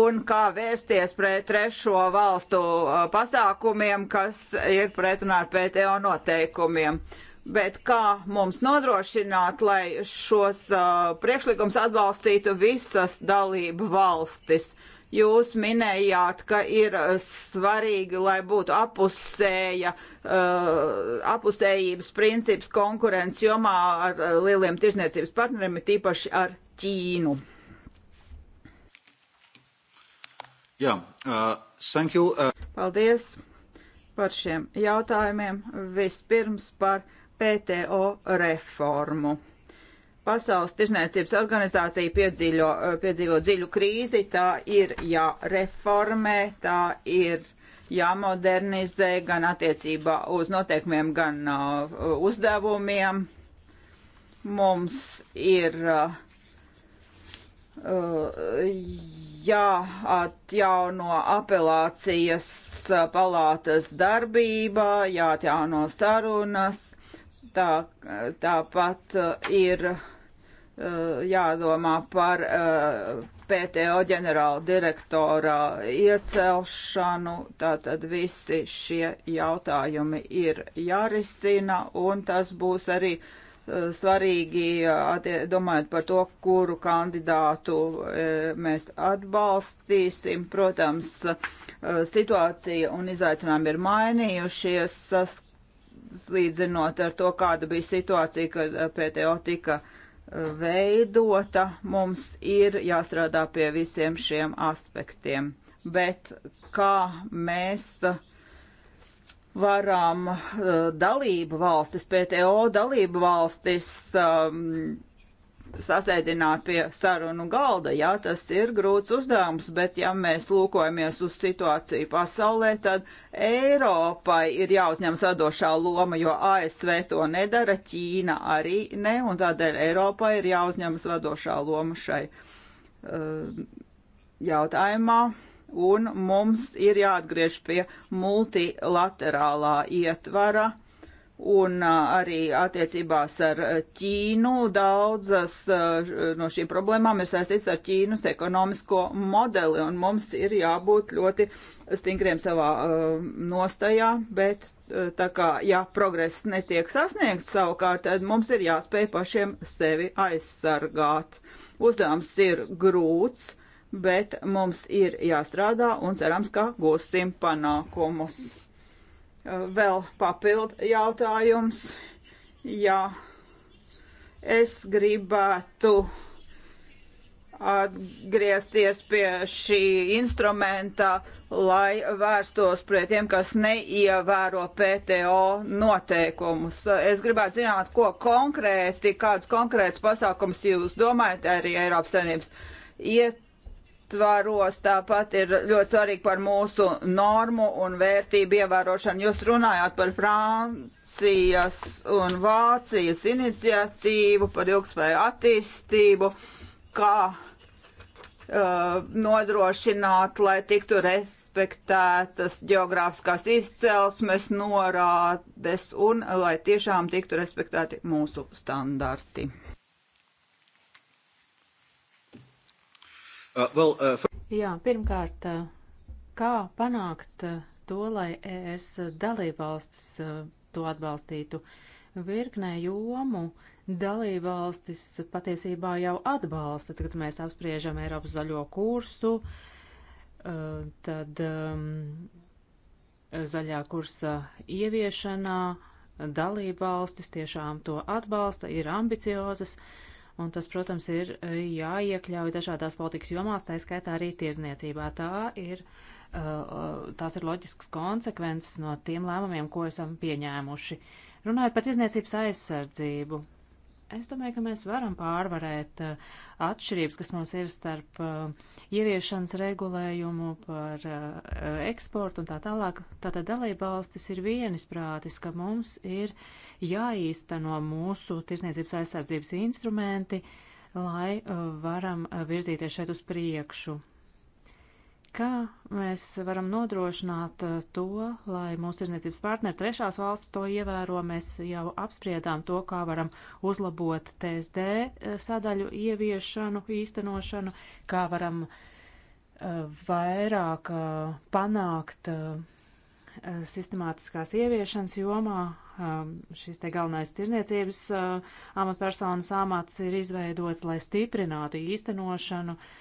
Un kā vērsties pret trešo valstu uh, pasākumiem, kas ir pretrunā ar PTO noteikumiem? Bet kā mums nodrošināt, lai šos uh, priekšlikums atbalstītu visas dalību valstis? Uh, Jūs minējāt, ka ir uh, svarīgi, lai būtu apusēja, uh, apusējības princips konkurences jomā ar uh, lieliem tirzniecības partneriem, tīpaši ar Ķīnu. Jā, uh, thank you. Uh... Paldies par šiem jautājumiem. Vispirms par PTO reformu. Pasaules tirzniecības organizācija piedzīvo, eh, piedzīvo dziļu krīzi, tā ir jāreformē, tā ir jāmodernizē gan attiecībā uz noteikumiem, gan uh, uzdevumiem. Mums ir uh, jāatjauno apelācijas palātas darbība, jāatjauno sarunas, tā, tāpat ir Eh, jādomā par eh, PTO ģenerāla direktora iecelšanu. Tātad visi šie jautājumi ir jārisina, un tas būs arī eh, svarīgi, domājot par to, kuru kandidātu mēs atbalstīsim. Protams, situācija un izaicinājumi ir mainījušies, līdzinot ar to, kāda bija situācija, kad PTO tika uh, veidota, mums ir jāstrādā pie visiem šiem aspektiem. Bet kā mēs varam eh, dalību valstis, PTO dalību valstis um, sasēdināt pie sarunu galda. Jā, tas ir grūts uzdevums, bet ja mēs lūkojamies uz situāciju pasaulē, tad Eiropai ir jāuzņems vadošā loma, jo ASV to nedara, Ķīna arī ne, un tādēļ Eiropai ir jāuzņems vadošā loma šai uh, jautājumā. Un mums ir jāatgriež pie multilaterālā ietvara. Uh, un arī attiecībās ar Ķīnu. Daudzas no šīm problēmām ir saistīts ar Ķīnas ekonomisko modeli, un mums ir jābūt ļoti stingriem savā uh, nostajā, bet uh, tā kā, ja progress netiek sasniegts savukārt, tad mums ir jāspēj pašiem sevi aizsargāt. Uzdevums ir grūts, bet mums ir jāstrādā un cerams, ka gūsim panākumus. Eh, vēl papildu jautājums. Jā, es gribētu atgriezties pie šī instrumenta, lai vērstos pret tiem, kas neievēro PTO noteikumus. Es gribētu zināt, ko konkrēti, kādus konkrētus pasākumus jūs domājat arī Eiropas Savienības iet ietvaros, tāpat ir ļoti svarīgi par mūsu normu un vērtību ievērošanu. Jūs runājāt par Francijas un Vācijas iniciatīvu par ilgspēju attīstību, kā uh, nodrošināt, lai tiktu respektētas geogrāfiskās izcelsmes norādes un lai tiešām tiktu respektēti mūsu standarti. Uh, well, uh, for... Jā, pirmkārt, uh, kā panākt uh, to, lai ES uh, dalībvalstis to atbalstītu? Virknē jomu dalībvalstis patiesībā jau atbalsta. Tagad mēs apspriežam Eiropas zaļo kursu, tad um, zaļā kursa ieviešanā dalībvalstis tiešām to atbalsta, ir ambiciozas. Uh, un tas, protams, ir e, jāiekļauj dažādās politikas jomās, tā skaitā arī tirzniecībā. Tā ir, e, e, tās ir loģiskas konsekvences no tiem lēmumiem, ko esam pieņēmuši. Runājot par tirzniecības aizsardzību, Es domāju, ka mēs varam pārvarēt uh, atšķirības, kas mums ir starp uh, ieviešanas regulējumu par uh, eksportu un tā tālāk. Tātad dalībvalstis ir vienisprātis, ka mums ir jāīsteno mūsu tirsniecības aizsardzības instrumenti, lai varam virzīties šeit uz priekšu. Kā mēs varam nodrošināt eh, to, lai mūsu tirzniecības partneri trešās valsts to ievēro? Mēs jau apspriedām to, kā varam uzlabot TSD eh, sadaļu ieviešanu, īstenošanu, kā varam eh, vairāk panākt sistemātiskās ieviešanas jomā. Ehm, šis te galvenais tirzniecības amatpersonas amats ir izveidots, lai stiprinātu īstenošanu. Uh,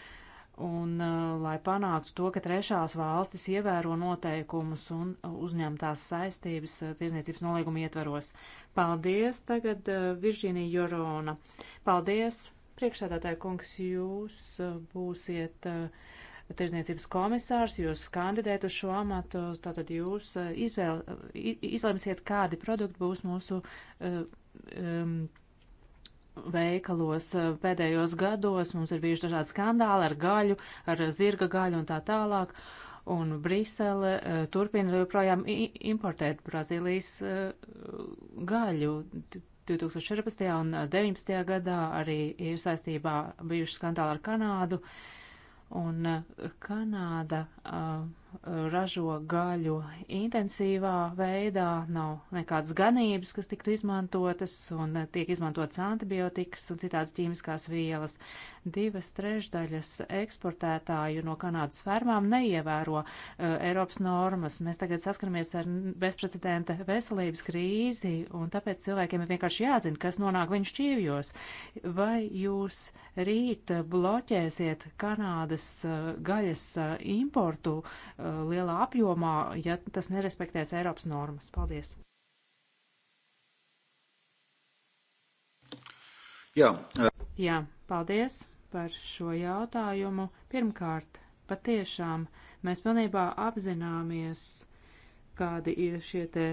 un uh, lai panāktu to, ka trešās valstis ievēro noteikumus un uh, uzņemtās saistības uh, tirzniecības nolīguma ietvaros. Paldies tagad uh, Viržīnija Jorona. Paldies, priekšsādātāja kungs, jūs uh, būsiet uh, tirzniecības komisārs, jūs kandidēt uz šo amatu, tātad jūs izvēl, izlemsiet, kādi produkti būs mūsu um, veikalos eh, pēdējos gados. Mums ir bijuši dažādi skandāli ar gaļu, ar zirga gaļu un tā tālāk. Un Brisele eh, turpina joprojām importēt Brazīlijas eh, gaļu. 2014. un 2019. gadā arī ir saistībā bijuši skandāli ar Kanādu. Un Kanāda uh, ražo gaļu intensīvā veidā, nav nekādas ganības, kas tiktu izmantotas, un tiek izmantotas antibiotikas un citādas ķīmiskās vielas. Divas trešdaļas eksportētāju no Kanādas fermām neievēro uh, Eiropas normas. Mēs tagad saskaramies ar bezprecedenta veselības krīzi, un tāpēc cilvēkiem ir vienkārši jāzina, kas nonāk viņu šķīvjos. Vai jūs rīt bloķēsiet Kanādas uh, gaļas uh, importu? Uh, Eh, lielā apjomā, ja tas nerespektēs Eiropas normas. Paldies! Jā. Jā, paldies par šo jautājumu. Pirmkārt, patiešām mēs pilnībā apzināmies, kādi ir šie te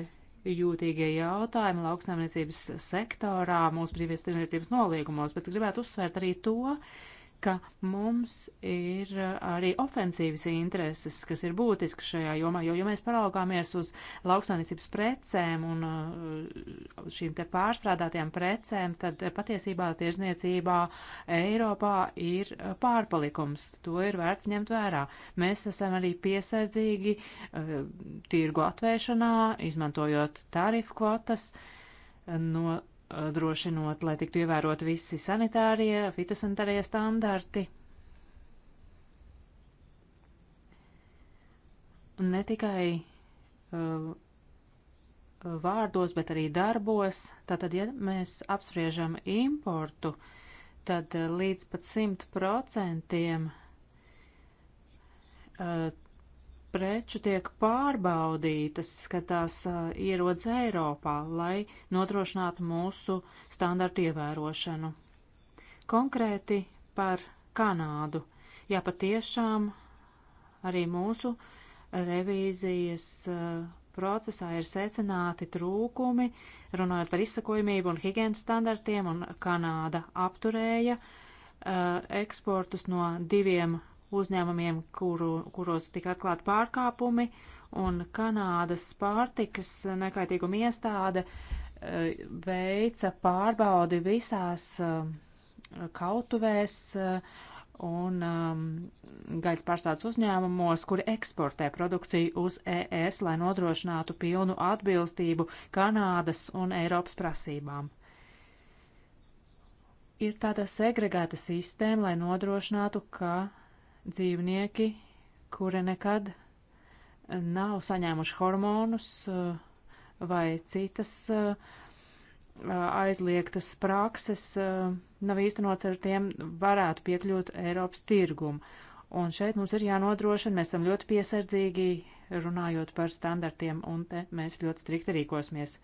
jūtīgie jautājumi lauksaimniecības sektorā, mūsu brīvies tirniecības noliegumos, bet gribētu uzsvērt arī to, uh, ka mums ir uh, arī ofensīvas intereses, kas ir būtiskas šajā jomā, jo, ja mēs paraugāmies uz lauksainicības precēm un uh, šīm te pārstrādātajām precēm, tad uh, patiesībā tiešniecībā Eiropā ir pārpalikums. To ir vērts ņemt vērā. Mēs esam arī piesardzīgi tirgu atvēršanā, izmantojot tarifu kvotas no nodrošinot, lai tiktu ievērot visi sanitārie, fitosanitārie standarti. Ne tikai uh, vārdos, bet arī darbos. Tātad, ja mēs apspriežam importu, tad uh, līdz pat simt procentiem uh, preču tiek pārbaudītas, ka tās uh, ierodas Eiropā, lai notrošinātu mūsu standartu ievērošanu. Konkrēti par Kanādu. Jā, patiešām arī mūsu revīzijas uh, procesā ir secināti trūkumi, runājot par izsakojumību un higienas standartiem, un Kanāda apturēja uh, eksportus no diviem uzņēmumiem, kuru, kuros tika atklāti pārkāpumi, un Kanādas pārtikas nekaitīguma iestāde eh, veica pārbaudi visās eh, kautuvēs eh, un um, gaisa pārstādes uzņēmumos, kuri eksportē produkciju uz ES, lai nodrošinātu pilnu atbilstību Kanādas un Eiropas prasībām. Ir tāda segregēta sistēma, lai nodrošinātu, ka dzīvnieki, kuri nekad nav saņēmuši hormonus eh, vai citas eh, aizliegtas prakses, eh, nav īstenots ar tiem, varētu piekļūt Eiropas tirgumu. Un šeit mums ir jānodrošina, mēs esam ļoti piesardzīgi runājot par standartiem, un te mēs ļoti strikti rīkosimies.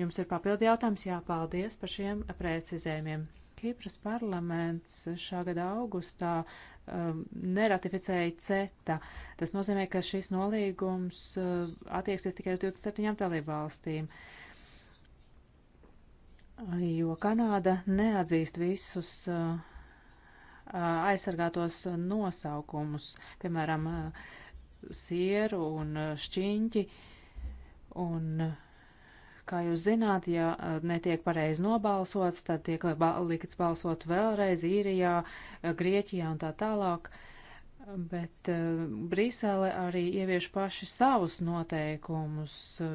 Jums ir papildi jautājums, jāpaldies par šiem precizējumiem. Kipras parlaments šā gada augustā um, neratificēja CETA. Tas nozīmē, ka šis nolīgums uh, attieksies tikai uz 27 dalībvalstīm, jo Kanāda neatzīst visus uh, aizsargātos nosaukumus, piemēram, uh, sieru un uh, šķiņķi. Un, uh, Kā jūs zināt, ja netiek pareizi nobalsots, tad tiek likts balsot vēlreiz īrijā, Grieķijā un tā tālāk. Bet uh, Brīsele arī ievieš paši savus noteikumus.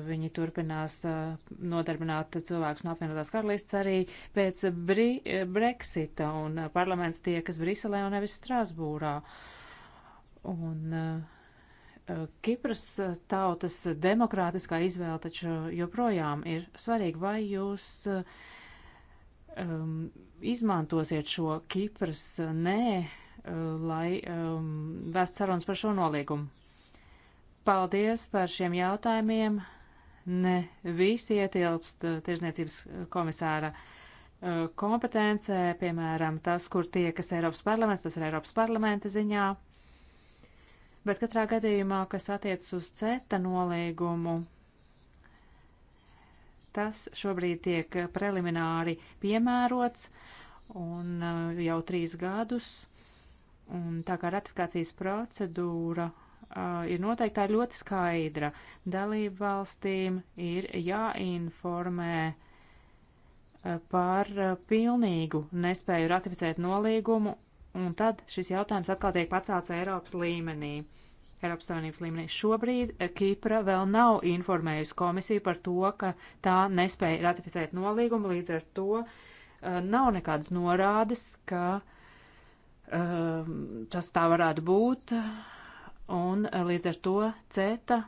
Viņi turpinās uh, nodarbināt cilvēkus no apvienotās karalists arī pēc Bri Brexita, un parlaments tiekas Brīselē un nevis Strasbūrā. Un, uh, Kipras tautas demokrātiskā izvēle taču joprojām ir svarīga. Vai jūs um, izmantosiet šo Kipras nē, lai um, vēst sarunas par šo noliegumu? Paldies par šiem jautājumiem. Ne visi ietilpst tirzniecības komisāra kompetencē, piemēram, tas, kur tiekas Eiropas parlaments, tas ir Eiropas parlamenta ziņā. Bet katrā gadījumā, kas attiecas uz CETA nolīgumu, tas šobrīd tiek prelimināri piemērots un uh, jau trīs gadus. Un tā kā ratifikācijas procedūra uh, ir noteikta ir ļoti skaidra, dalību valstīm ir jāinformē uh, par uh, pilnīgu nespēju ratificēt nolīgumu un tad šis jautājums atkal tiek pacelts Eiropas līmenī. Eiropas Savienības līmenī. Šobrīd eh, Kipra vēl nav informējusi komisiju par to, ka tā nespēja ratificēt nolīgumu, līdz ar to uh, nav nekādas norādes, ka uh, tas tā varētu būt, un uh, līdz ar to CETA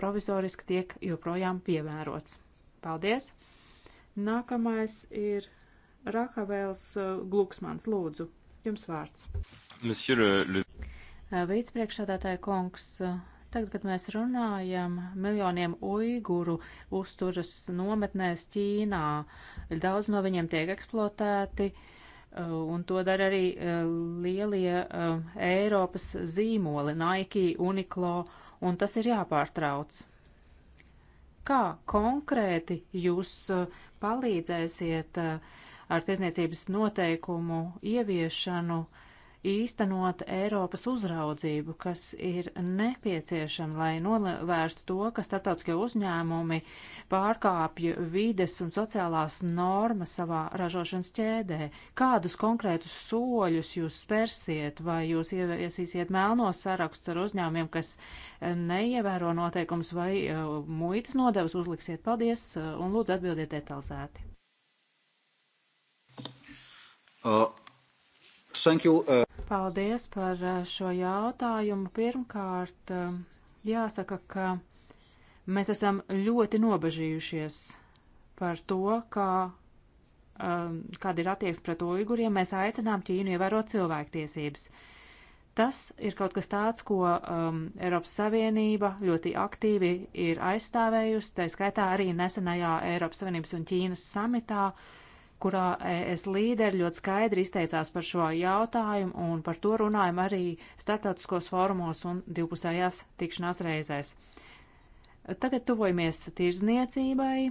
provizoriski tiek joprojām piemērots. Paldies! Nākamais ir Rahavēls Gluksmans, lūdzu. Jums vārds. Monsieur le, le... Vīdspriekšādātāja kungs, tagad, kad mēs runājam, miljoniem uiguru uzturas nometnēs Ķīnā, daudz no viņiem tiek eksploatēti, un to dara arī lielie Eiropas zīmoli Nike, Uniqlo, un tas ir jāpārtrauc kā konkrēti jūs palīdzēsiet uh, ar tirzniecības noteikumu ieviešanu īstenot Eiropas uzraudzību, kas ir nepieciešama, lai novērstu to, ka starptautiskie uzņēmumi pārkāpj vides un sociālās normas savā ražošanas ķēdē. Kādus konkrētus soļus jūs spērsiet, vai jūs ieviesīsiet melnos sarakstus ar uzņēmumiem, kas eh, neievēro noteikumus, vai eh, muitas nodevas uzliksiet? Paldies eh, un lūdzu atbildiet detalizēti. Uh, thank you. Uh, Paldies par uh, šo jautājumu. Pirmkārt, um, jāsaka, ka mēs esam ļoti nobežījušies par to, kā, um, kāda ir attieksme pret uiguriem. Mēs aicinām Ķīnu ievērot cilvēktiesības. Tas ir kaut kas tāds, ko um, Eiropas Savienība ļoti aktīvi ir aizstāvējusi, tā skaitā arī nesenajā Eiropas Savienības un Ķīnas samitā, uh, kurā es līderi ļoti skaidri izteicās par šo jautājumu un par to runājam arī startautiskos fórumos un divpusējās tikšanās reizēs. Tagad tuvojamies tirzniecībai.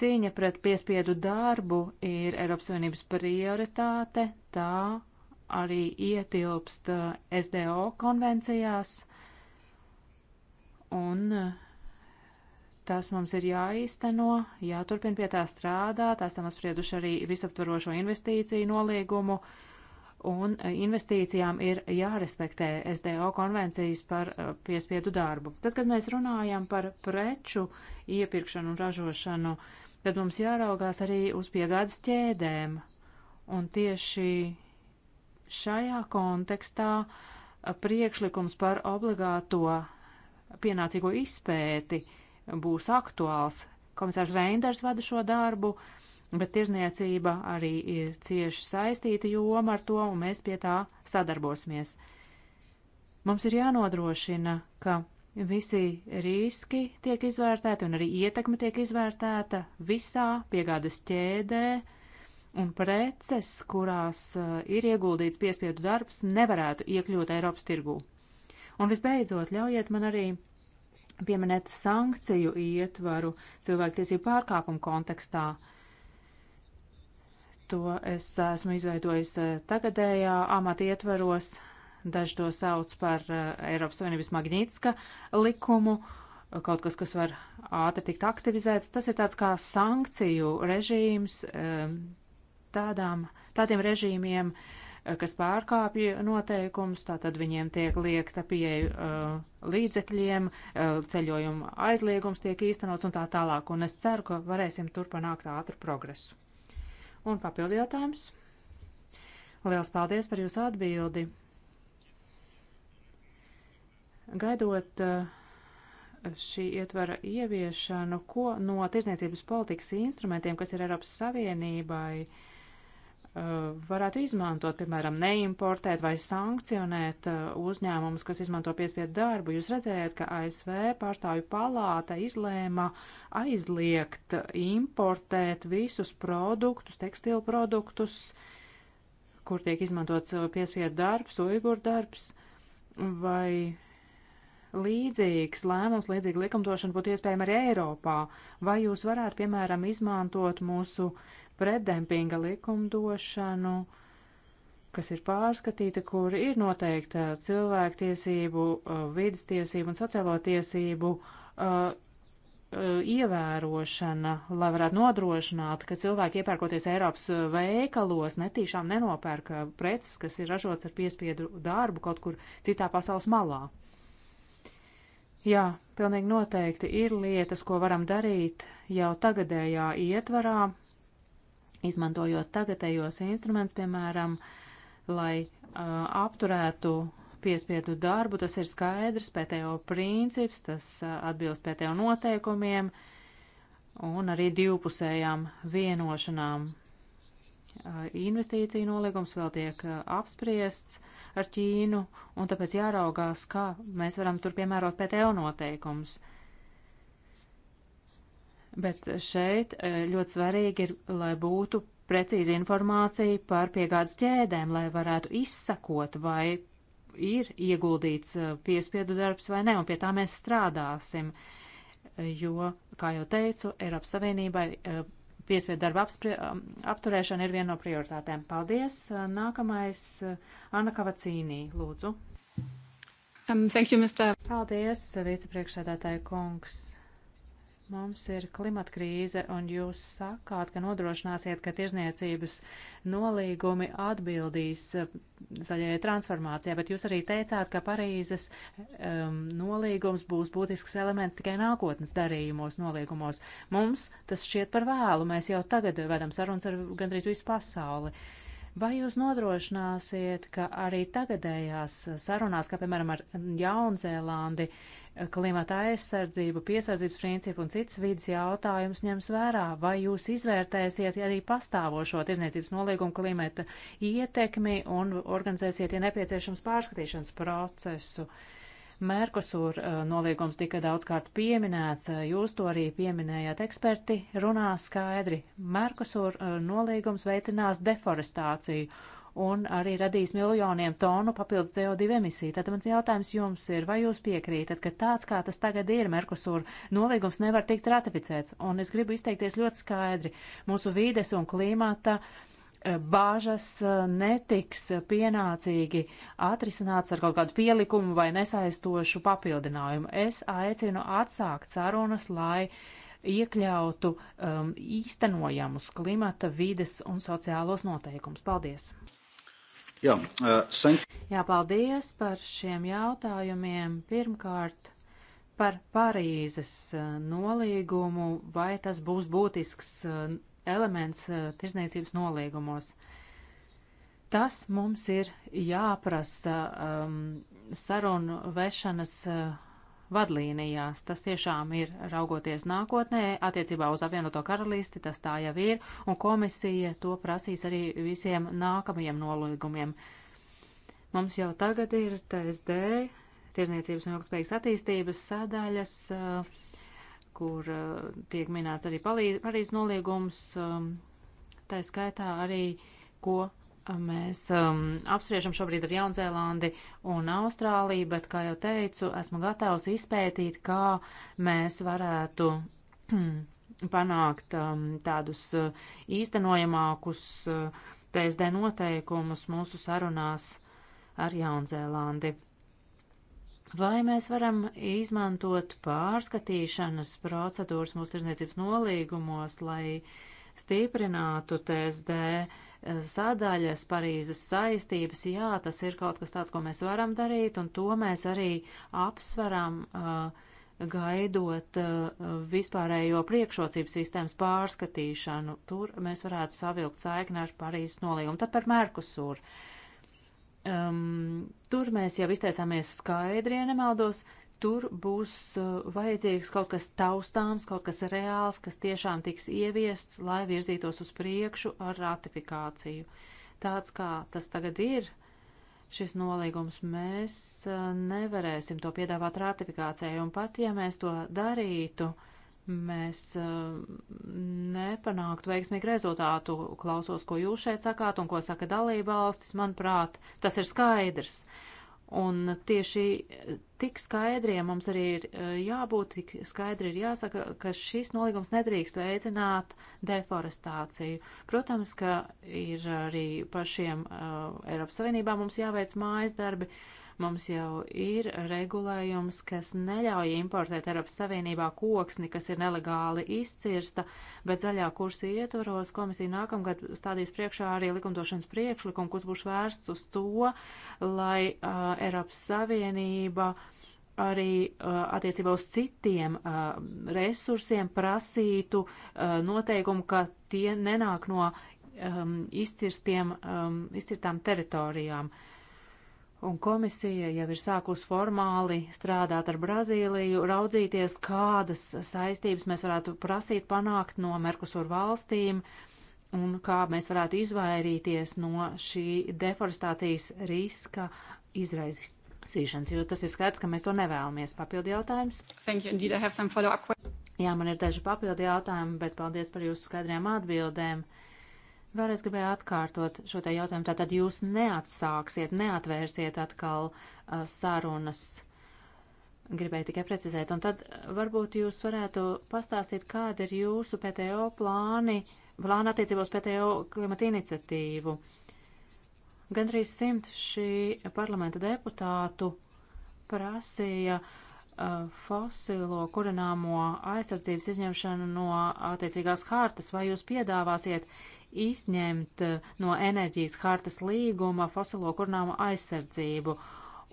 Cīņa pret piespiedu darbu ir Eiropas Savienības prioritāte, tā arī ietilpst uh, SDO konvencijās un uh, Tas mums ir jāīsteno, jāturpina pie tā strādāt. Esam apsprieduši arī visaptvarošo investīciju noliegumu, un e, investīcijām ir jārespektē SDO konvencijas par e, piespiedu darbu. Tad, kad mēs runājam par preču iepirkšanu un ražošanu, tad mums jāraugās arī uz piegādes ķēdēm. Un tieši šajā kontekstā e, priekšlikums par obligāto pienācīgo izpēti uh, būs aktuāls. Komisārs Reinders vada šo darbu, bet tirzniecība arī ir cieši saistīta joma ar to, un mēs pie tā sadarbosimies. Mums ir jānodrošina, ka visi riski tiek izvērtēti un arī ietekme tiek izvērtēta visā piegādes ķēdē, un preces, kurās eh, ir ieguldīts piespiedu darbs, nevarētu iekļūt Eiropas tirgū. Un visbeidzot, ļaujiet man arī pieminēt sankciju ietvaru cilvēktiesību pārkāpumu kontekstā. To es esmu izveidojis eh, tagadējā amata ietvaros. Daži to sauc par eh, Eiropas Savienības Magnītiska likumu, kaut kas, kas var ātri tikt aktivizēts. Tas ir tāds kā sankciju režīms eh, tādām, tādiem režīmiem, uh, kas pārkāpja noteikumus, tātad viņiem tiek liekta pieeja uh, līdzekļiem, uh, ceļojuma aizliegums tiek īstenots un tā tālāk, un es ceru, ka varēsim tur panākt ātru progresu. Un papildu jautājums. Liels paldies par jūsu atbildi. Gaidot uh, šī ietvara ieviešanu, ko no tirzniecības politikas instrumentiem, kas ir Eiropas Savienībai, uh, Uh, varētu izmantot, piemēram, neimportēt vai sankcionēt uh, uzņēmumus, kas izmanto piespiedu darbu. Jūs redzējāt, ka ASV pārstāvju palāta izlēma aizliegt importēt visus produktus, tekstilu produktus, kur tiek izmantots uh, piespiedu darbs, uigur darbs, vai līdzīgs lēmums, līdzīga likumdošana būtu iespējama arī Eiropā, vai jūs varētu, piemēram, izmantot mūsu uh, pretdempinga likumdošanu, kas ir pārskatīta, kur ir noteikta cilvēktiesību, uh, vidas tiesību un sociālo tiesību uh, uh, ievērošana, lai varētu nodrošināt, ka cilvēki iepērkoties Eiropas veikalos netīšām nenopērk uh, preces, kas ir ražots ar piespiedu darbu kaut kur citā pasaules malā. Jā, pilnīgi noteikti ir lietas, ko varam darīt jau tagadējā ietvarā, izmantojot tagadējos instruments, piemēram, lai uh, apturētu piespiedu darbu, tas ir skaidrs, PTO princips, tas uh, atbilst PTO noteikumiem un arī divpusējām vienošanām. Uh, investīciju noliegums vēl tiek uh, apspriests ar Ķīnu, un tāpēc jāraugās, kā mēs varam tur piemērot PTO noteikumus. Uh, Bet šeit e, ļoti svarīgi ir, lai būtu precīzi informācija par piegādes ķēdēm, lai varētu izsakot, vai ir ieguldīts e, piespiedu darbs vai ne, un pie tā mēs strādāsim. Jo, kā jau teicu, Eiropas Savienībai e, piespiedu darba apturēšana ir viena no prioritātēm. Paldies! Nākamais Anna Kavacīnī, lūdzu. Um, thank you, Mr. Paldies, vicepriekšsēdētāja kungs. Mums ir klimata krīze, un jūs sakāt, ka nodrošināsiet, ka tirzniecības nolīgumi atbildīs eh, zaļajai transformācijai, bet jūs arī teicāt, ka Parīzes um, nolīgums būs būtisks elements tikai nākotnes darījumos, nolīgumos. Mums tas šķiet par vēlu, mēs jau tagad vedam sarunas ar gandrīz visu pasauli. Vai jūs nodrošināsiet, ka arī tagadējās sarunās, kā piemēram ar Jaunzēlandi, uh, klimata aizsardzību, piesardzības principu un citas vidas jautājumus ņems vērā? Vai jūs izvērtēsiet arī pastāvošo tirzniecības noliegumu klimata ietekmi un organizēsiet, ja nepieciešams, pārskatīšanas procesu? Mērkosur eh, noliegums tika daudzkārt pieminēts, eh, jūs to arī pieminējāt, eksperti runā skaidri. Mērkosur eh, noliegums veicinās deforestāciju un arī radīs miljoniem tonu papildus CO2 emisiju. Tad mans jautājums jums ir, vai jūs piekrītat, ka tāds, kā tas tagad ir, Merkusur nolīgums nevar tikt ratificēts? Un es gribu izteikties ļoti skaidri. Mūsu vīdes un klimata e, bāžas e, netiks pienācīgi atrisināts ar kaut kādu pielikumu vai nesaistošu papildinājumu. Es aicinu atsākt sarunas, lai iekļautu um, īstenojamus klimata, vides un sociālos noteikumus. Paldies! Jā, uh, Jā, paldies par šiem jautājumiem. Pirmkārt, par Parīzes nolīgumu, vai tas būs būtisks elements tirzniecības nolīgumos. Tas mums ir jāprasa um, sarunu vešanas uh, vadlīnijās. Tas tiešām ir raugoties nākotnē, attiecībā uz apvienoto karalisti, tas tā jau ir, un komisija to prasīs arī visiem nākamajiem nolīgumiem. Mums jau tagad ir TSD, Tirzniecības un ilgspējīgas attīstības sadaļas, eh, kur eh, tiek minēts arī Parīzes nolīgums, eh, tā skaitā arī, ko Mēs um, apspriežam šobrīd ar Jaunzēlandi un Austrāliju, bet, kā jau teicu, esmu gatavs izpētīt, kā mēs varētu [clears throat] panākt um, tādus uh, īstenojamākus uh, TSD noteikumus mūsu sarunās ar Jaunzēlandi. Vai mēs varam izmantot pārskatīšanas procedūras mūsu tirdzniecības nolīgumos, lai stiprinātu TSD? Uh, sadaļas, Parīzes saistības, jā, tas ir kaut kas tāds, ko mēs varam darīt, un to mēs arī apsveram, gaidot vispārējo priekšrocību sistēmas pārskatīšanu. Tur mēs varētu savilkt saikni ar Parīzes nolīgumu. Tad par Merkusuru. Um, ehm, tur mēs jau izteicāmies skaidri, ja nemaldos. Uh, tur būs uh, vajadzīgs kaut kas taustāms, kaut kas reāls, kas tiešām tiks ieviests, lai virzītos uz priekšu ar ratifikāciju. Tāds kā tas tagad ir, šis nolīgums mēs uh, nevarēsim to piedāvāt ratifikācijai, un pat ja mēs to darītu, mēs uh, nepanāktu veiksmīgu rezultātu. Klausos, ko jūs šeit sakāt un ko saka dalība valstis, manuprāt, tas ir skaidrs. Uh, Un tieši tik skaidriem mums arī ir e, jābūt, tik skaidri ir jāsaka, ka šis nolīgums nedrīkst veicināt deforestāciju. Protams, ka ir arī pašiem uh, Eiropas Savienībā mums jāveic mājas darbi, uh, Mums jau ir regulējums, kas neļauj importēt Eiropas Savienībā koksni, kas ir nelegāli izcirsta, bet zaļā kursa ietvaros komisija nākamgad stādīs priekšā arī likumdošanas priekšlikumu, kas būs vērsts uz to, lai uh, Eiropas Savienība arī uh, attiecībā uz citiem uh, resursiem prasītu uh, noteikumu, ka tie nenāk no um, izcirstiem, um, izcirtām teritorijām. Uh, un komisija jau ir sākus formāli strādāt ar Brazīliju, raudzīties, kādas saistības mēs varētu prasīt panākt no Merkusur valstīm un kā mēs varētu izvairīties no šī deforestācijas riska izraizes lasīšanas, jo tas ir skaidrs, ka mēs to nevēlamies. Papildu jautājums. Indeed, Jā, man ir daži papildu jautājumi, bet paldies par jūsu skaidriem atbildēm. Vēlreiz gribēju atkārtot šo te jautājumu. Tātad jūs neatsāksiet, neatvērsiet atkal uh, sarunas. Gribēju tikai precizēt. Un tad uh, varbūt jūs varētu pastāstīt, kāda ir jūsu PTO plāni, plāna attiecībos PTO klimata iniciatīvu. Gandrīz simt šī parlamenta deputātu prasīja uh, fosilo kurināmo aizsardzības izņemšanu no attiecīgās hārtas, vai jūs piedāvāsiet izņemt eh, no enerģijas hartas līguma fosilo kurnāmu aizsardzību.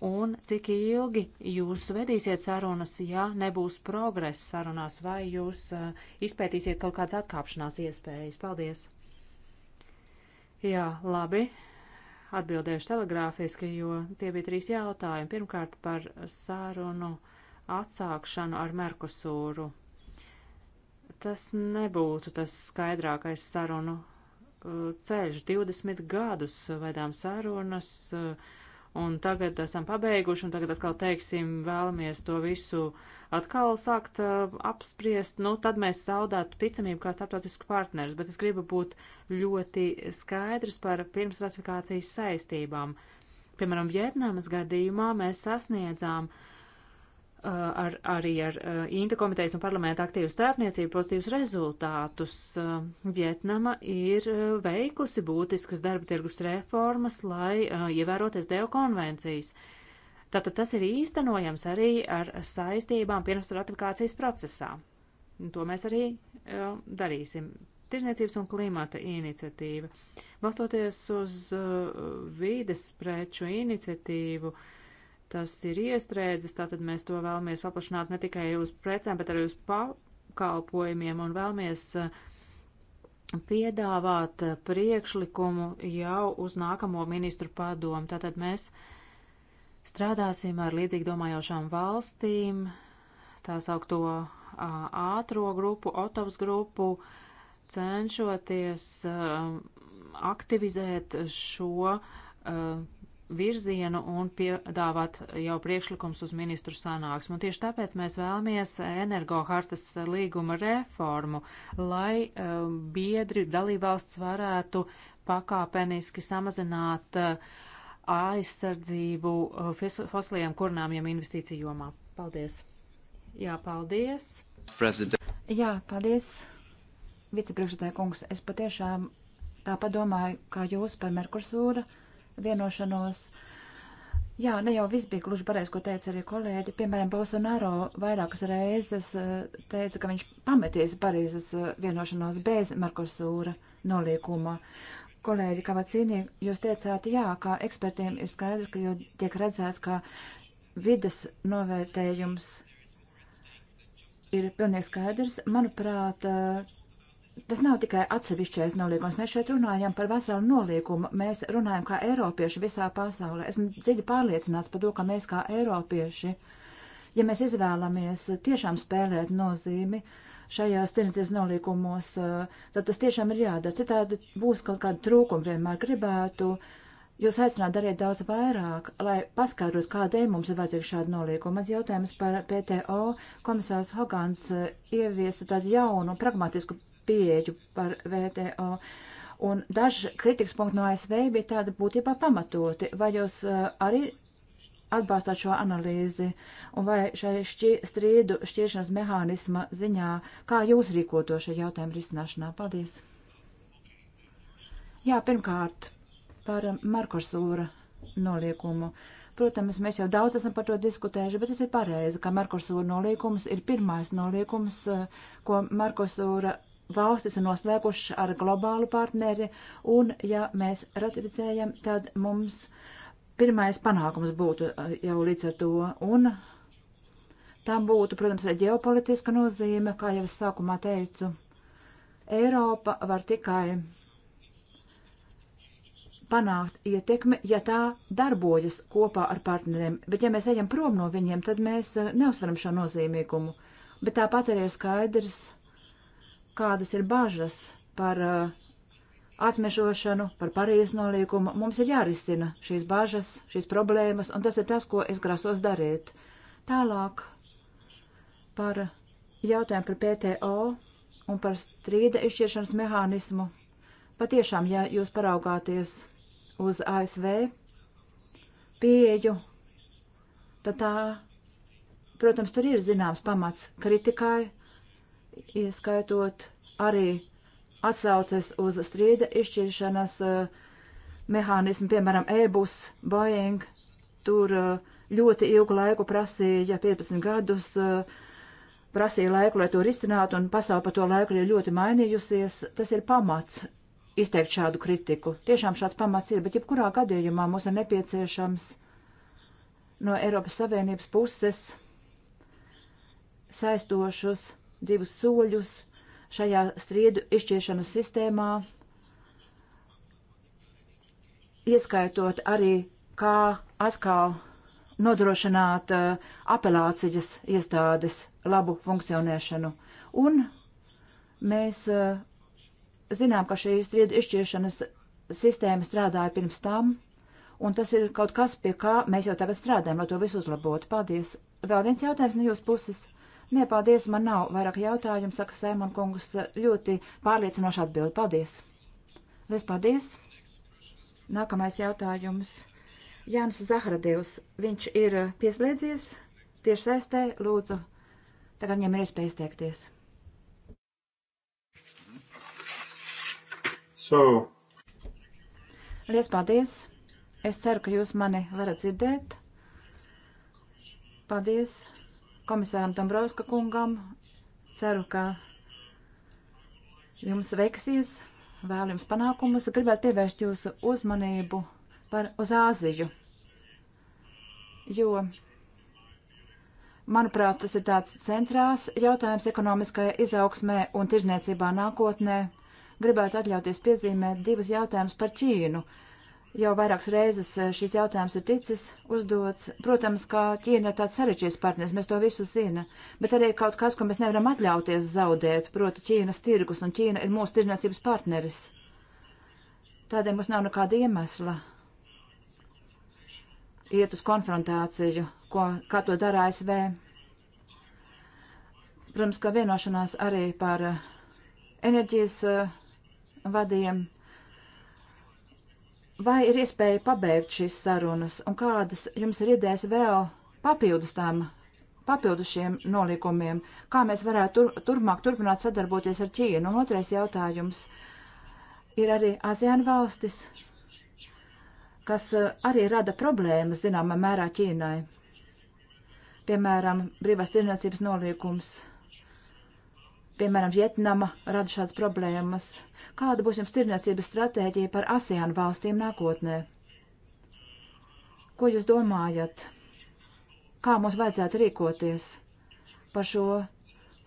Un cik ilgi jūs vedīsiet sarunas, ja nebūs progresa sarunās, vai jūs uh, izpētīsiet kaut kādas atkāpšanās iespējas? Paldies! Jā, labi. Atbildējuši telegrāfiski, jo tie bija trīs jautājumi. Pirmkārt par sarunu atsākšanu ar Merkusūru. Tas nebūtu tas skaidrākais sarunu ceļš. 20 gadus vedām sarunas, un tagad esam pabeiguši, un tagad atkal teiksim, vēlamies to visu atkal sākt apspriest. Nu, tad mēs zaudētu ticamību kā starptautisks partners, bet es gribu būt ļoti skaidrs par pirms ratifikācijas saistībām. Piemēram, Vietnamas gadījumā mēs sasniedzām uh, Uh, ar, arī ar uh, Inta komitejas un parlamenta aktīvu starpniecību pozitīvus rezultātus. Uh, Vietnama ir veikusi būtiskas darba tirgus reformas, lai ievēroties Deo konvencijas. Tātad tas ir īstenojams arī ar saistībām pirms ratifikācijas procesā. Un to mēs arī darīsim. Tirzniecības un klimata iniciatīva. Balstoties uz uh, vīdes preču iniciatīvu, uh, tas ir iestrēdzis, tātad mēs to vēlamies paplašināt ne tikai uz precēm, bet arī uz pakalpojumiem un vēlamies eh, piedāvāt eh, priekšlikumu jau uz nākamo ministru padomu. Tātad mēs strādāsim ar līdzīgi domājošām valstīm, tās augto ātro grupu, Otovs grupu, cenšoties eh, aktivizēt šo virzienu un piedāvāt jau priekšlikums uz ministru sanāksmu. Un tieši tāpēc mēs vēlamies energohartas līguma reformu, lai uh, biedri dalībvalsts varētu pakāpeniski samazināt uh, aizsardzību uh, fosiliem kurnāmiem investīciju jomā. Paldies! Jā, paldies! President. Jā, paldies! Vicepriekšētāja kungs, es patiešām tā padomāju, kā jūs par Merkursūra. Uh, vienošanos. Jā, ne jau viss bija gluži pareizi, ko teica arī kolēģi. Piemēram, Bolsonaro vairākas reizes eh, teica, ka viņš pametīs Parīzes eh, vienošanos bez Markosūra nolīkuma. Kolēģi Kavacīnī, jūs teicāt, jā, ka ekspertiem ir skaidrs, ka jau tiek redzēts, ka vides novērtējums ir pilnīgi skaidrs. Manuprāt, eh, Tas nav tikai atsevišķais nolīgums. Mēs šeit runājam par veselu nolīgumu. Mēs runājam kā eiropieši visā pasaulē. Esmu dziļi pārliecināts par to, ka mēs kā eiropieši, ja mēs izvēlamies tiešām spēlēt nozīmi šajās tirdzniecības nolīgumos, tad tas tiešām ir jādara. Citādi būs kaut kāda trūkuma vienmēr gribētu. Jūs aicināt darīt daudz vairāk, lai paskaidrotu, kādēļ mums ir vajadzīga šāda nolīguma. Mans jautājums par PTO komisārs Hogans eh, ieviesa tādu jaunu pragmatisku pieeju par VTO. Un daži kritikas punkti no ASV bija tādi būtībā pamatoti. Vai jūs eh, arī atbalstāt šo analīzi un vai šai šķi, strīdu šķiršanas mehānisma ziņā, kā jūs rīkoto šajā jautājuma risināšanā? Paldies! Jā, pirmkārt, par eh, Merkursūra noliekumu. Protams, mēs jau daudz esam par to diskutējuši, bet tas ir pareizi, ka Merkursūra noliekums ir pirmais noliekums, eh, ko Merkursūra valstis ir noslēgušas ar globālu partneri, un ja mēs ratificējam, tad mums pirmais panākums būtu uh, jau līdz ar to. Un tam būtu, protams, arī ģeopolitiska nozīme, kā jau es sākumā teicu. Eiropa var tikai panākt ietekmi, ja tā darbojas kopā ar partneriem, bet ja mēs ejam prom no viņiem, tad mēs uh, neuzsveram šo nozīmīgumu. Bet tāpat arī ir skaidrs, ka kādas ir bažas par uh, atmešošanu, par Parīzes nolīgumu. Mums ir jārisina šīs bažas, šīs problēmas, un tas ir tas, ko es grasos darīt. Tālāk par jautājumu par PTO un par strīda izšķiršanas mehānismu. Patiešām, ja jūs paraugāties uz ASV pieeju, tad tā, protams, tur ir zināms pamats kritikai, ieskaitot arī atsauces uz strīda izšķiršanas uh, mehānismu, piemēram, e-bus, Boeing, tur uh, ļoti ilgu laiku prasīja, 15 gadus, uh, prasīja laiku, lai to risinātu, un pasauli pa to laiku ir ļoti mainījusies. Tas ir pamats izteikt šādu kritiku. Tiešām šāds pamats ir, bet jebkurā gadījumā mums ir nepieciešams no Eiropas Savienības puses saistošus divus soļus šajā striedu izšķiešanas sistēmā, ieskaitot arī, kā atkal nodrošināt uh, apelācijas iestādes labu funkcionēšanu. Un mēs uh, zinām, ka šī striedu izšķiešanas sistēma strādāja pirms tam, un tas ir kaut kas, pie kā mēs jau tagad strādājam, lai to visu uzlabotu. Paldies! Vēl viens jautājums no jūsu puses. Uh, Nē, paldies, man nav vairāk jautājumu, saka Sēman kungs, ļoti pārliecinoši atbild. Paldies! Lies paldies! Nākamais jautājums. Jānis Zahradevs, viņš ir pieslēdzies tieši saistē, lūdzu, tagad viņam ir iespēja izteikties. So. Lies paldies! Es ceru, ka jūs mani varat dzirdēt. Paldies! komisāram Dombrovska kungam. Ceru, ka jums veiksies, vēl jums panākumus. Gribētu pievērst jūsu uzmanību par, uz Āziju, jo, manuprāt, tas ir tāds centrās jautājums ekonomiskajai izaugsmē un tirzniecībā nākotnē. Gribētu atļauties piezīmēt divus jautājumus par Ķīnu. Uh, Jau vairākas reizes eh, šis jautājums ir ticis uzdots. Protams, ka Ķīna ir tāds sarežģīts partners, mēs to visu zinām, bet arī kaut kas, ko mēs nevaram atļauties zaudēt, proti Ķīnas tirgus, un Ķīna ir mūsu tirdzniecības partneris. Tādēļ mums nav nekāda iemesla iet uz konfrontāciju, ko, kā to dara ASV. Protams, ka vienošanās arī par eh, enerģijas eh, vadiem. Uh, Vai ir iespēja pabeigt šīs sarunas un kādas jums ir idejas vēl papildus tām, papildus šiem nolīkumiem? Kā mēs varētu tur, turpmāk turpināt sadarboties ar Ķīnu? Un otrais jautājums ir arī ASEAN valstis, kas eh, arī rada problēmas zināmā mērā Ķīnai. Piemēram, brīvās tirniecības nolīkums piemēram, Vietnama rada šādas problēmas. Kāda būs jums tirniecības stratēģija par ASEAN valstīm nākotnē? Ko jūs domājat? Kā mums vajadzētu rīkoties par šo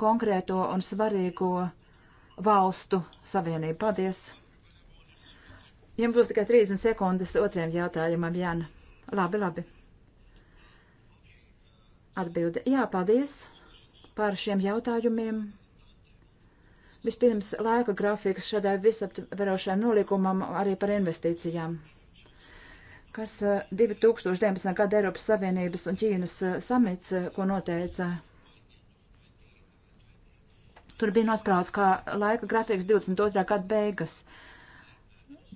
konkrēto un svarīgo valstu savienību? Paldies! Jums būs tikai 30 sekundes otriem jautājumam, Jāna. Labi, labi. Atbilde. Jā, paldies par šiem jautājumiem. Vispirms laika grafiks šādai visaptverošajam nolikumam arī par investīcijām kas 2019. Eh, gada Eiropas Savienības un Ķīnas eh, samits, eh, ko noteica. Tur bija nosprauts kā laika grafiks 22. gada beigas.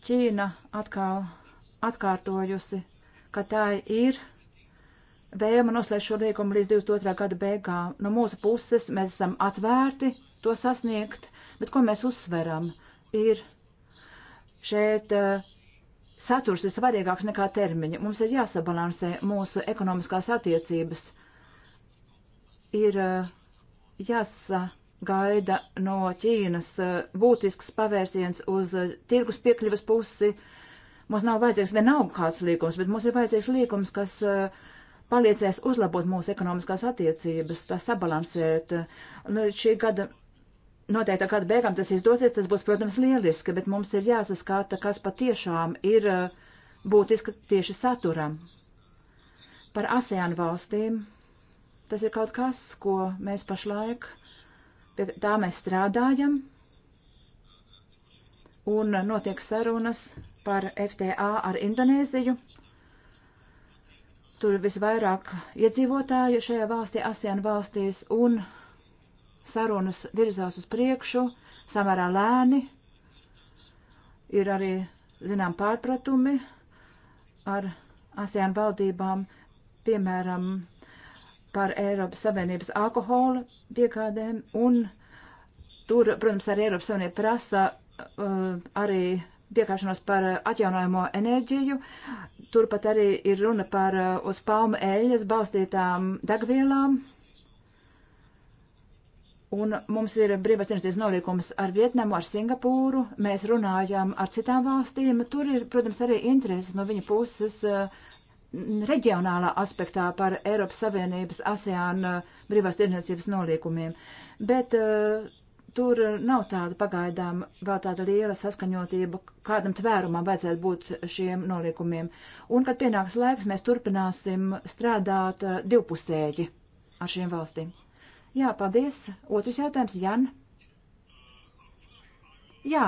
Ķīna atkal atkārtojusi, ka tā ir vēlma noslēgt šo līgumu līdz 22. gada beigām. No mūsu puses mēs esam atvērti to sasniegt, Bet ko mēs uzsveram, ir šeit eh, saturs ir svarīgāks nekā termiņi. Mums ir jāsabalansē mūsu ekonomiskās attiecības. Ir eh, jāsagaida no Ķīnas eh, būtisks pavērsiens uz tirgus piekļuvas pusi. Mums nav vajadzīgs vienalga kāds līgums, bet mums ir vajadzīgs līgums, kas uh, palīdzēs uzlabot mūsu ekonomiskās attiecības, tā sabalansēt. Nu, šī gada noteikti gada beigām tas izdosies, tas būs, protams, lieliski, bet mums ir jāsaskata, kas patiešām ir uh, būtiski tieši saturam. Par ASEAN valstīm tas ir kaut kas, ko mēs pašlaik, pie tā mēs strādājam, un notiek sarunas par FTA ar Indonēziju. Tur visvairāk iedzīvotāju šajā valstī, ASEAN valstīs, un sarunas virzās uz priekšu samērā lēni. Ir arī, zinām, pārpratumi ar ASEAN valdībām, piemēram, par Eiropas Savienības alkohola piegādēm, un tur, protams, arī Eiropas Savienība prasa uh, arī piekāpšanos par atjaunojamo enerģiju. Turpat arī ir runa par uh, uz palmu eļļas balstītām degvielām. Uh, Un mums ir brīvās tirdzniecības nolīgums ar Vietnamu, ar Singapūru. Mēs runājam ar citām valstīm. Tur ir, protams, arī intereses no viņa puses eh, reģionālā aspektā par Eiropas Savienības ASEAN eh, brīvās tirdzniecības nolīgumiem. Bet uh, tur nav tāda pagaidām vēl tāda liela saskaņotība, kādam tvērumam vajadzētu būt šiem nolīgumiem. Un, kad pienāks laiks, mēs turpināsim strādāt divpusēji ar šīm valstīm. Jā, paldies. Otrs jautājums, Jan. Jā,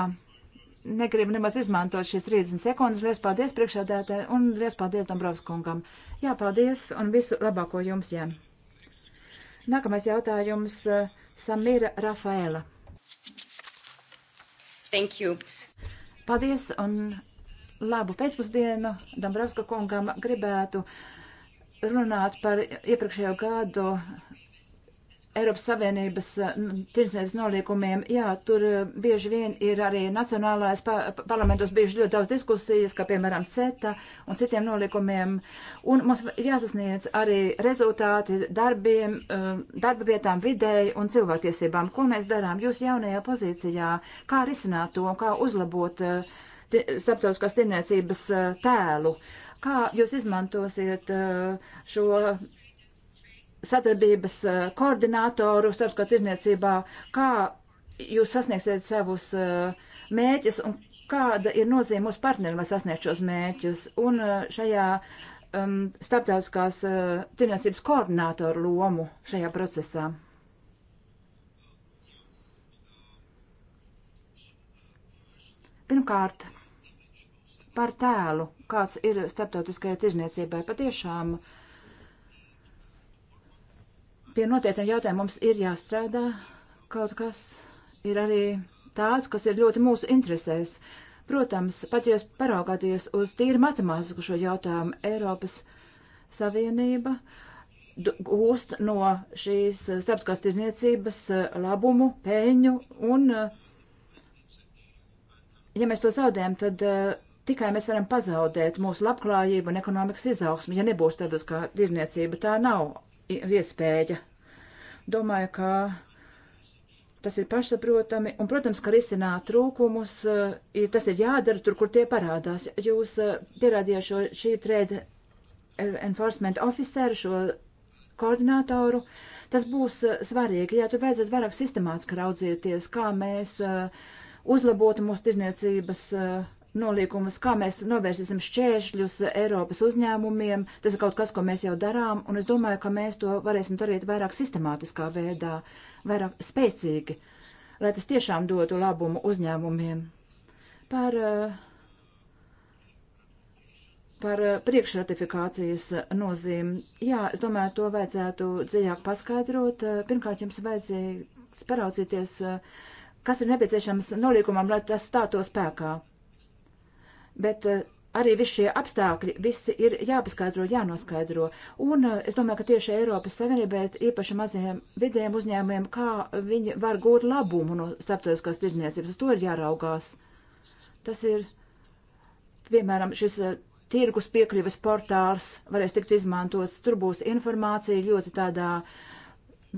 negribu nemaz izmantot šīs 30 sekundes. Lies paldies priekšādētē un lies paldies Dombrovskungam. Jā, paldies un visu labāko jums, Jan. Nākamais jautājums eh, Samira Rafaela. Thank you. Paldies un labu pēcpusdienu Dombrovska kungam gribētu runāt par iepriekšējo gadu Eiropas Savienības eh, tirdzniecības noliekumiem, jā, tur eh, bieži vien ir arī nacionālais pa parlamentos bijuši ļoti daudz diskusijas, kā piemēram CETA un citiem noliekumiem. Un mums jāsasniedz arī rezultāti darbiem, eh, darba vietām, vidēji un cilvēktiesībām. Ko mēs darām jūs jaunajā pozīcijā? Kā risināt to, kā uzlabot starptautiskās tirdzniecības tēlu? Kā jūs izmantosiet šo sadarbības eh, koordinātoru starptautiskā tirzniecībā, kā jūs sasniegsiet savus eh, mēķus un kāda ir nozīme mūsu partneriem, lai sasniegtu šos mēķus. Un eh, šajā um, starptautiskās uh, tirniecības koordinātoru lomu šajā procesā. Pirmkārt, par tēlu, kāds ir starptautiskajai tirzniecībai. Patiešām uh, pie noteiktiem jautājumiem mums ir jāstrādā. Kaut kas ir arī tāds, kas ir ļoti mūsu interesēs. Protams, pat ja paraugāties uz tīri matemātisku šo jautājumu, Eiropas Savienība gūst no šīs starpskās tirniecības eh, labumu, pēļņu, un, eh, ja mēs to zaudējam, tad eh, tikai mēs varam pazaudēt mūsu labklājību un ekonomikas izaugsmu, ja nebūs tādas kā tirniecība. Tā nav iespēja. Domāju, ka tas ir pašsaprotami, un, protams, ka risināt trūkumus, eh, ir, tas ir jādara tur, kur tie parādās. Jūs eh, pierādījāt šo šī trade enforcement officeru, šo koordinātoru. Tas būs eh, svarīgi, ja tur vajadzētu vairāk sistemātiski raudzieties, kā mēs uzlabotu mūsu tirzniecības uh, nolīkumus, kā mēs novērsīsim šķēršļus Eiropas uzņēmumiem. Tas ir kaut kas, ko mēs jau darām, un es domāju, ka mēs to varēsim darīt vairāk sistemātiskā veidā, vairāk spēcīgi, lai tas tiešām dotu labumu uzņēmumiem. Par, eh, par priekšratifikācijas nozīmi. Jā, es domāju, to vajadzētu dziļāk paskaidrot. Pirmkārt, jums vajadzēja paraucīties, eh, kas ir nepieciešams nolīkumam, lai tas stātos spēkā Bet eh, arī visi šie apstākļi, visi ir jāpaskaidro, jānoskaidro. Un eh, es domāju, ka tieši Eiropas Savienībai, īpaši maziem vidējiem uzņēmumiem, kā viņi var gūt labumu no starptautiskās tirdzniecības, uz to ir jāraugās. Tas ir, piemēram, šis eh, tirgus piekļuves portāls, varēs tikt izmantots, tur būs informācija ļoti tādā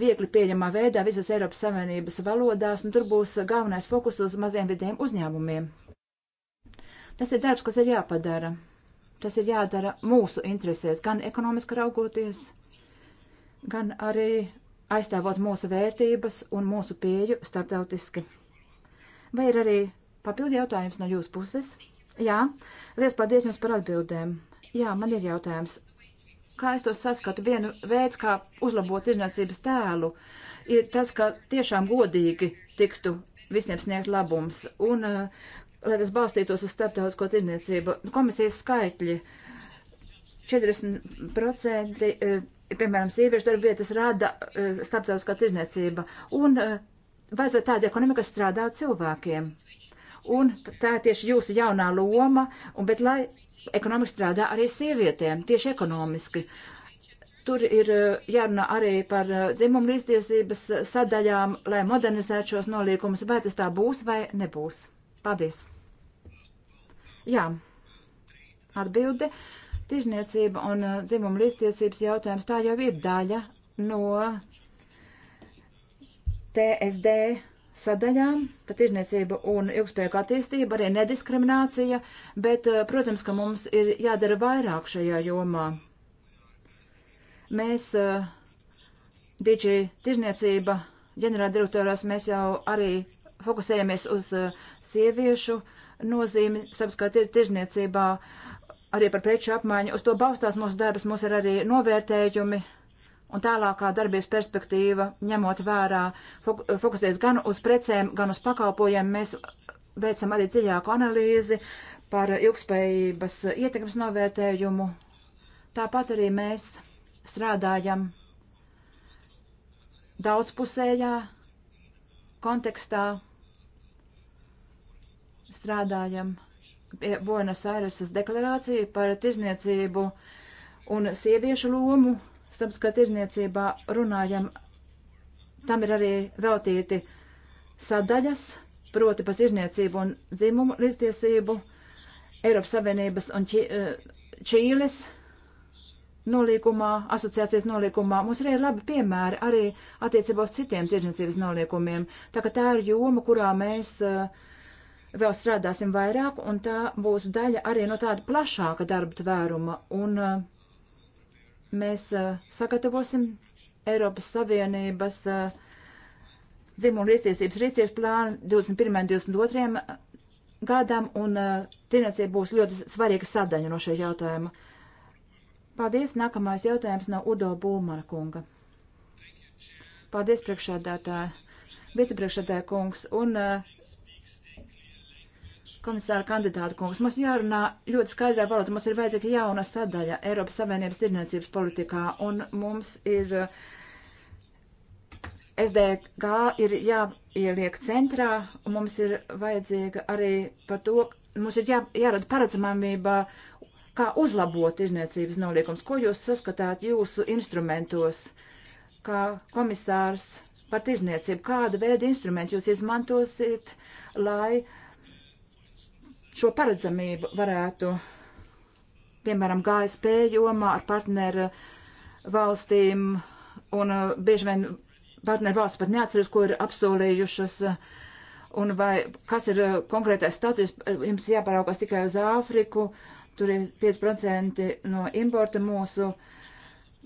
viegli pieejamā veidā visas Eiropas Savienības valodās, un tur būs galvenais fokus uz maziem vidējiem uzņēmumiem Tas ir darbs, kas ir jāpadara. Tas ir jādara mūsu interesēs, gan ekonomiski raugoties, gan arī aizstāvot mūsu vērtības un mūsu pieju starptautiski. Vai ir arī papildi jautājums no jūsu puses? Jā, liels paldies jums par atbildēm. Jā, man ir jautājums kā es to saskatu, viena veids, kā uzlabot izniecības tēlu, ir tas, ka tiešām godīgi tiktu visiem sniegt labums. Un uh, lai tas balstītos uz starptautisko tirniecību. Komisijas skaitļi 40%, eh, piemēram, sieviešu darba vietas rada eh, starptautiskā tirniecība. Un eh, vajadzētu tāda ekonomika, kas strādā cilvēkiem. Un tā ir tieši jūsu jaunā loma, un, bet lai ekonomika strādā arī sievietēm, tieši ekonomiski. Tur ir jārunā arī par dzimumu līdztiesības sadaļām, lai modernizētu šos nolīkumus, vai tas tā būs vai nebūs. Paldies! Jā, atbilde. Tirzniecība un uh, dzimuma līdztiesības jautājums tā jau ir daļa no TSD sadaļām par tirzniecību un ilgspējīgu attīstību, arī nediskriminācija, bet, uh, protams, ka mums ir jādara vairāk šajā jomā. Mēs, uh, Dīķi, tirzniecība ģenerāldirektorās, mēs jau arī fokusējamies uz sieviešu uh, nozīmi savukārt ir tirzniecībā, arī par preču apmaiņu. Uz to balstās mūsu darbs, mums ir arī novērtējumi un tālākā darbības perspektīva, ņemot vērā, fokusēties gan uz precēm, gan uz pakalpojumiem. Mēs veicam arī dziļāku analīzi par ilgspējības ietekmes novērtējumu. Tāpat arī mēs strādājam daudzpusējā kontekstā strādājam pie Buenas Aireses deklarācija par tirzniecību un sieviešu lomu. Starptautiskā tirzniecībā runājam, tam ir arī veltīti sadaļas, proti par tirzniecību un dzimumu līdztiesību, Eiropas Savienības un Čī, eh, Čīles nolīkumā, asociācijas nolīkumā. Mums arī ir labi piemēri arī attiecībā uz citiem tirdzniecības nolīkumiem. Tā ka tā ir joma, kurā mēs uh, vēl strādāsim vairāk, un tā būs daļa arī no tāda plašāka darba tvēruma, un uh, mēs uh, sagatavosim Eiropas Savienības uh, dzimumu līdztiesības rīcības plānu 21. un 22. gadam, un tirniecība būs ļoti svarīga sadaļa no šī jautājuma. Paldies, nākamais jautājums no Udo Būmana kunga. Paldies, priekšādātāja, vicepriekšādāja kungs, un uh, Komisāra kandidāta kungs, mums jārunā ļoti skaidrā valoda. Mums ir vajadzīga jauna sadaļa Eiropas Savienības tirniecības politikā, un mums ir eh, SDG ir jāieliek centrā, un mums ir vajadzīga arī par to, mums ir jā, jārada paredzamamība, kā uzlabot tirniecības noliekums. Ko jūs saskatāt jūsu instrumentos, kā komisārs par tirniecību? Kāda veida instrumenti jūs izmantosiet, lai uh, šo paredzamību varētu, piemēram, GSP jomā ar partneru valstīm, un uh, bieži vien partneru valsts pat neatceras, ko ir apsolījušas, uh, un vai kas ir uh, konkrētais status, jums jāparaukās tikai uz Āfriku, tur ir 5% no importa mūsu,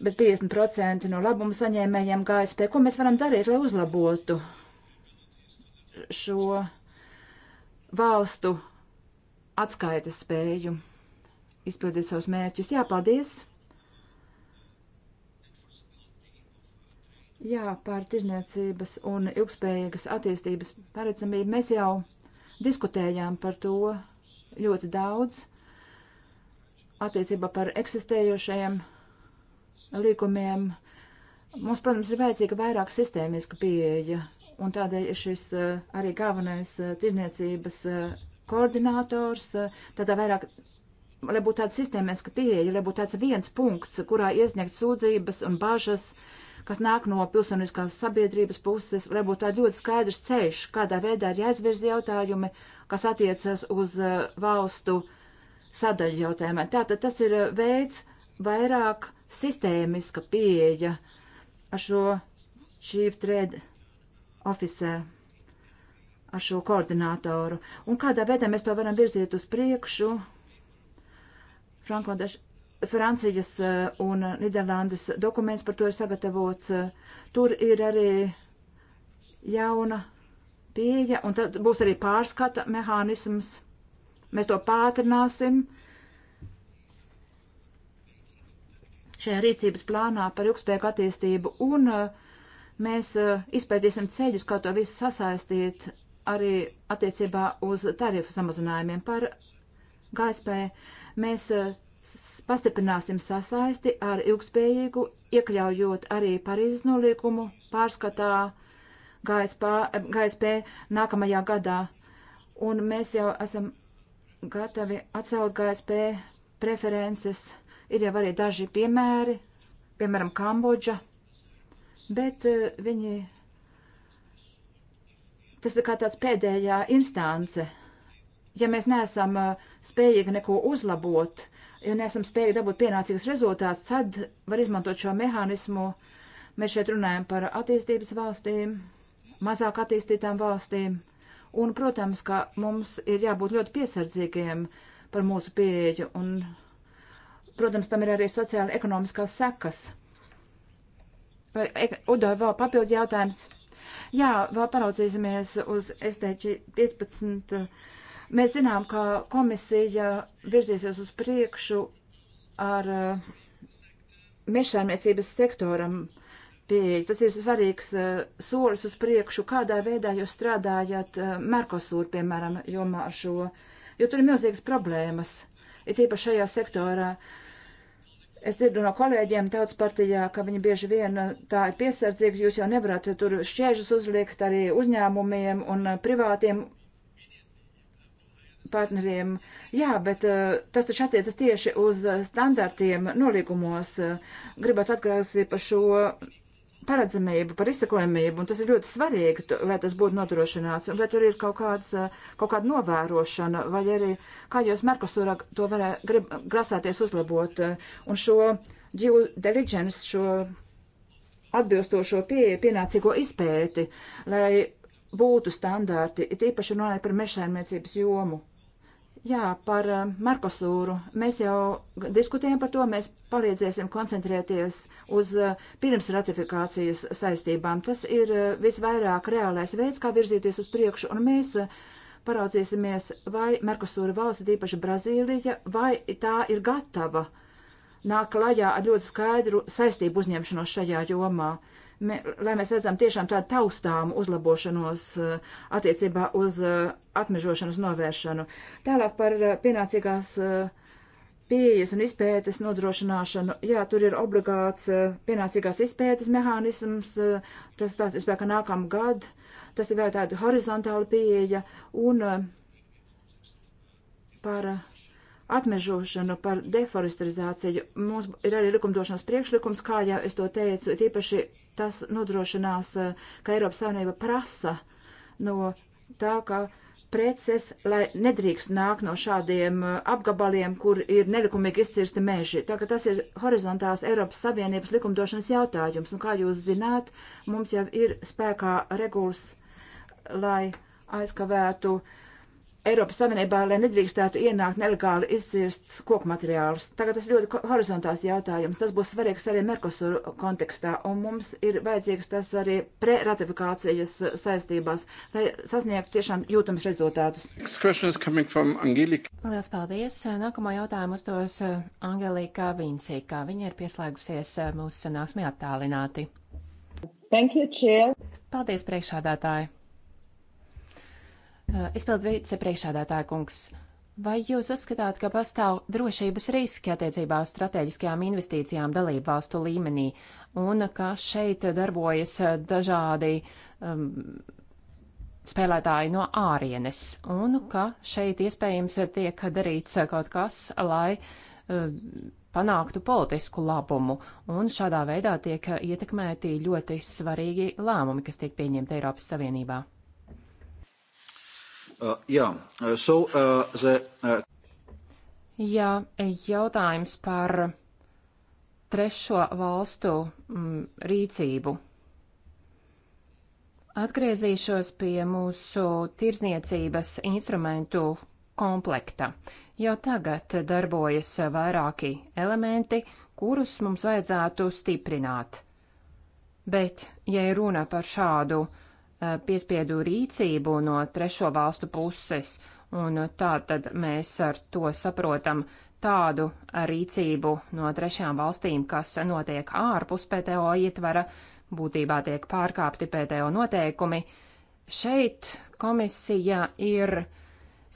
bet 50% no labumu saņēmējiem GSP. Ko mēs varam darīt, lai uzlabotu šo valstu atskaites spēju izpildīt savus mērķus. Jā, paldies! Jā, par tirzniecības un ilgspējīgas attīstības paredzamību mēs jau diskutējām par to ļoti daudz attiecībā par eksistējošajiem līgumiem. Mums, protams, ir vajadzīga vairāk sistēmiska pieeja, un tādēļ ir šis eh, arī galvenais eh, tirzniecības eh, koordinators, eh, tādā vairāk, lai būtu tāda sistēmiska pieeja, lai būtu tāds viens punkts, kurā iesniegt sūdzības un bažas, kas nāk no pilsoniskās sabiedrības puses, lai būtu tāds ļoti skaidrs ceļš, kādā veidā ir jāizvirza jautājumi, kas attiecas uz eh, valstu sadaļu jautājumiem. Tātad tas ir eh, veids vairāk sistēmiska pieeja ar šo Chief Trade Officer ar šo koordinātoru un kādā veidā mēs to varam virzīt uz priekšu Frankodaš, Francijas eh, un Niderlandes dokuments par to ir sagatavots. Tur ir arī jauna pieeja, un tad būs arī pārskata mehānisms. Mēs to pātrināsim. Šajā rīcības plānā par ilgspējīgu attīstību un uh, mēs uh, izpētīsim ceļus, kā to visu sasaistīt arī attiecībā uz tarifu samazinājumiem par GSP. Mēs eh, pastiprināsim sasaisti ar ilgspējīgu, iekļaujot arī Parīzes nolīkumu pārskatā GSP, eh, GSP nākamajā gadā. Un mēs jau esam gatavi atcelt GSP preferences. Ir jau arī daži piemēri, piemēram, Kambodža, bet eh, viņi tas ir kā tāds pēdējā instance. Ja mēs neesam uh, spējīgi neko uzlabot, ja neesam spējīgi dabūt pienācīgas rezultāts, tad var izmantot šo mehānismu. Mēs šeit runājam par attīstības valstīm, mazāk attīstītām valstīm, un, protams, ka mums ir jābūt ļoti piesardzīgiem par mūsu pieeju, un, protams, tam ir arī sociāla ekonomiskās sekas. Vai e, Udo vēl papildu jautājums? Jā, vēl paraudzīsimies uz SDG 15. Mēs zinām, ka komisija virzīsies uz priekšu ar uh, mežsaimniecības sektoram pieeja. Tas ir svarīgs uh, solis uz priekšu, kādā veidā jūs strādājat uh, Merkosūr, piemēram, jomā ar šo, jo tur ir milzīgas problēmas, ir tīpaši šajā sektorā. Uh, Es dzirdu no kolēģiem tautas partijā, ka viņi bieži vien uh, tā ir piesardzīgi, jūs jau nevarat tur šķiežus uzliekt arī uzņēmumiem un uh, privātiem partneriem. Jā, bet uh, tas taču attiecas tieši uz uh, standartiem nolīgumos. Gribētu atgriezties par šo paredzamību, par izsakojamību, un tas ir ļoti svarīgi, vai tas būtu nodrošināts, vai tur ir kaut, kāds, eh, kaut kāda novērošana, vai arī kā jūs Merkosūrā to varē, grib, grasāties uzlabot, eh, un šo due diligence, šo atbilstošo pieeju, pienācīgo izpēti, lai būtu standārti, it īpaši runājot par mežsaimniecības jomu. Jā, par eh, Merkosūru. Mēs jau diskutējam par to, mēs palīdzēsim koncentrēties uz eh, pirms ratifikācijas saistībām. Tas ir eh, visvairāk reālais veids, kā virzīties uz priekšu, un mēs paraudzīsimies, vai Merkosūra valsts, īpaši Brazīlija, vai tā ir gatava nāk klajā ar ļoti skaidru saistību uzņemšanos šajā jomā. Uh, mē, lai mēs redzam tiešām tādu taustām uzlabošanos eh, attiecībā uz eh, atmežošanas novēršanu. Tālāk par eh, pienācīgās pieejas un izpētes nodrošināšanu. Jā, tur ir obligāts pienācīgās izpētes mehānisms, tas tāds ir spēkā nākamgad, tas ir vēl tāda horizontāla pieeja un par atmežošanu, par deforestalizāciju. Mums ir arī likumdošanas priekšlikums, kā jau es to teicu, ir īpaši tas nodrošinās, eh, ka Eiropas Savienība prasa no tā, ka preces, lai nedrīkst nāk no šādiem eh, apgabaliem, kur ir nelikumīgi izcirsti meži. Tā ka tas ir horizontāls Eiropas Savienības likumdošanas jautājums, un kā jūs zināt, mums jau ir spēkā regulas, lai aizkavētu uh, Eiropas Savienībā, lai nedrīkstētu ienākt nelegāli izsirsts koku materiāls. Tagad tas ļoti horizontāls jautājums. Tas būs svarīgs arī Merkosur kontekstā, un mums ir vajadzīgs tas arī preratifikācijas saistībās, lai sasniegtu tiešām jūtams rezultātus. Lielas paldies! Nākamo jautājumu uzdos eh, Angelika Vincīkā. Viņa ir pieslēgusies eh, mūsu sanāksmē attālināti. Thank you, Chair! Paldies, priekšādātāji! Izpildu eh, vicepriekšādātāja kungs. Vai jūs uzskatāt, ka pastāv drošības riski attiecībā uz strateģiskajām investīcijām dalību valstu līmenī un ka šeit darbojas eh, dažādi um, spēlētāji no ārienes un ka šeit iespējams tiek darīts kaut kas, lai um, panāktu politisku labumu un šādā veidā tiek ietekmēti ļoti svarīgi lēmumi, kas tiek pieņemti Eiropas Savienībā? Uh, jā, uh, so, uh, the, uh... Jā, jautājums par trešo valstu mm, rīcību. Atgriezīšos pie mūsu tirzniecības instrumentu komplekta. Jau tagad darbojas vairāki elementi, kurus mums vajadzētu stiprināt. Bet, ja runa par šādu uh, Eh, piespiedu rīcību no trešo valstu puses, un tā tad mēs ar to saprotam tādu rīcību no trešajām valstīm, kas notiek ārpus PTO ietvara, būtībā tiek pārkāpti PTO noteikumi. Šeit komisija ir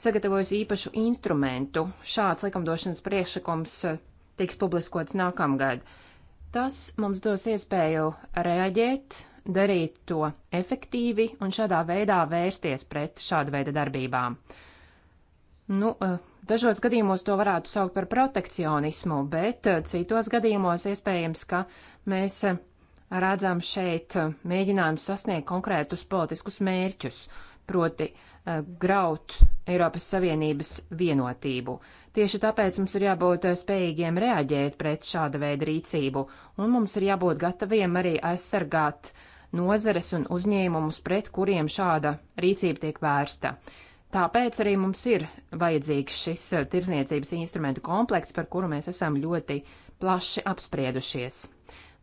sagatavojusi īpašu instrumentu. Šāds likumdošanas priekšlikums eh, tiks publiskots nākamgad. Tas mums dos iespēju reaģēt darīt to efektīvi un šādā veidā vērsties pret šāda veida darbībām. Nu, eh, dažos gadījumos to varētu saukt par protekcionismu, bet eh, citos gadījumos iespējams, ka mēs eh, redzam šeit mēģinājumu sasniegt konkrētus politiskus mērķus, proti graut Eiropas Savienības vienotību. Tieši tāpēc mums ir jābūt spējīgiem reaģēt pret šāda veida rīcību, un mums ir jābūt gataviem arī aizsargāt uh, nozares un uzņēmumus, pret kuriem šāda rīcība tiek vērsta. Tāpēc arī mums ir vajadzīgs šis eh, tirzniecības instrumentu komplekts, par kuru mēs esam ļoti plaši apspriedušies.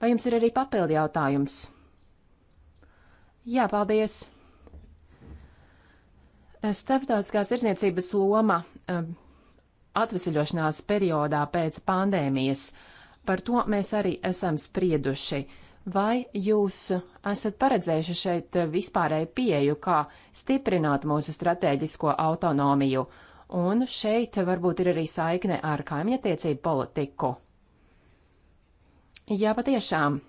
Vai jums ir arī papildi jautājums? Jā, paldies! Eh, Starptautiskās tirzniecības loma eh, atvesaļošanās periodā pēc pandēmijas. Par to mēs arī esam sprieduši. Vai jūs esat paredzējuši šeit vispārēju pieju, kā stiprināt mūsu strateģisko autonomiju? Un šeit varbūt ir arī saikne ar kaimietiecību politiku. Jā, patiešām.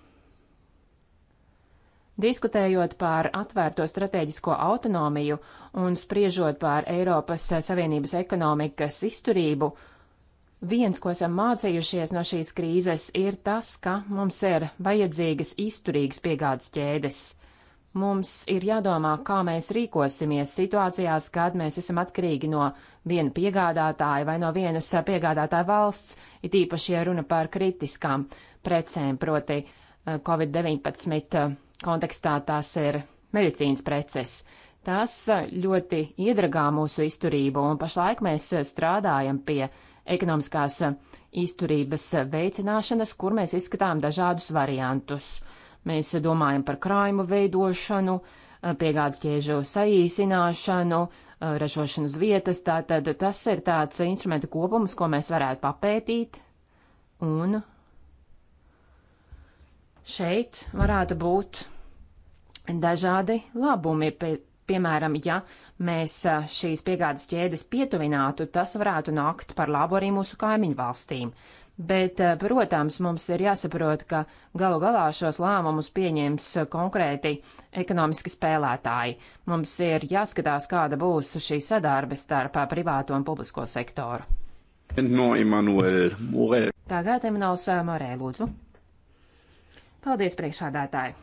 Diskutējot par atvērto strateģisko autonomiju un spriežot par Eiropas Savienības ekonomikas izturību, uh, Viens, ko esam mācījušies no šīs krīzes, ir tas, ka mums ir vajadzīgas izturīgas piegādes ķēdes. Mums ir jādomā, kā mēs rīkosimies situācijās, kad mēs esam atkarīgi no viena piegādātāja vai no vienas piegādātāja valsts, it īpaši, ja runa par kritiskām precēm, proti eh, Covid-19 eh, kontekstā tās ir medicīnas preces. Tas eh, ļoti iedragā mūsu izturību, un pašlaik mēs strādājam pie uh, ekonomiskās eh, izturības eh, veicināšanas, kur mēs izskatām dažādus variantus. Mēs eh, domājam par krājumu veidošanu, piegādes ķēžu saīsināšanu, ražošanas vietas. Tātad tas ir tāds instrumentu kopums, ko mēs varētu papētīt. Un šeit varētu būt dažādi labumi, pie, Piemēram, ja mēs šīs piegādes ķēdes pietuvinātu, tas varētu nākt par labu arī mūsu kaimiņu valstīm. Bet, protams, mums ir jāsaprot, ka galu galā šos lēmumus pieņems konkrēti ekonomiski spēlētāji. Mums ir jāskatās, kāda būs šī sadarbe starp privāto un publisko sektoru. No Emanuel Morel. Tagad Emanuels Morel, lūdzu. Paldies, priekšādātāji!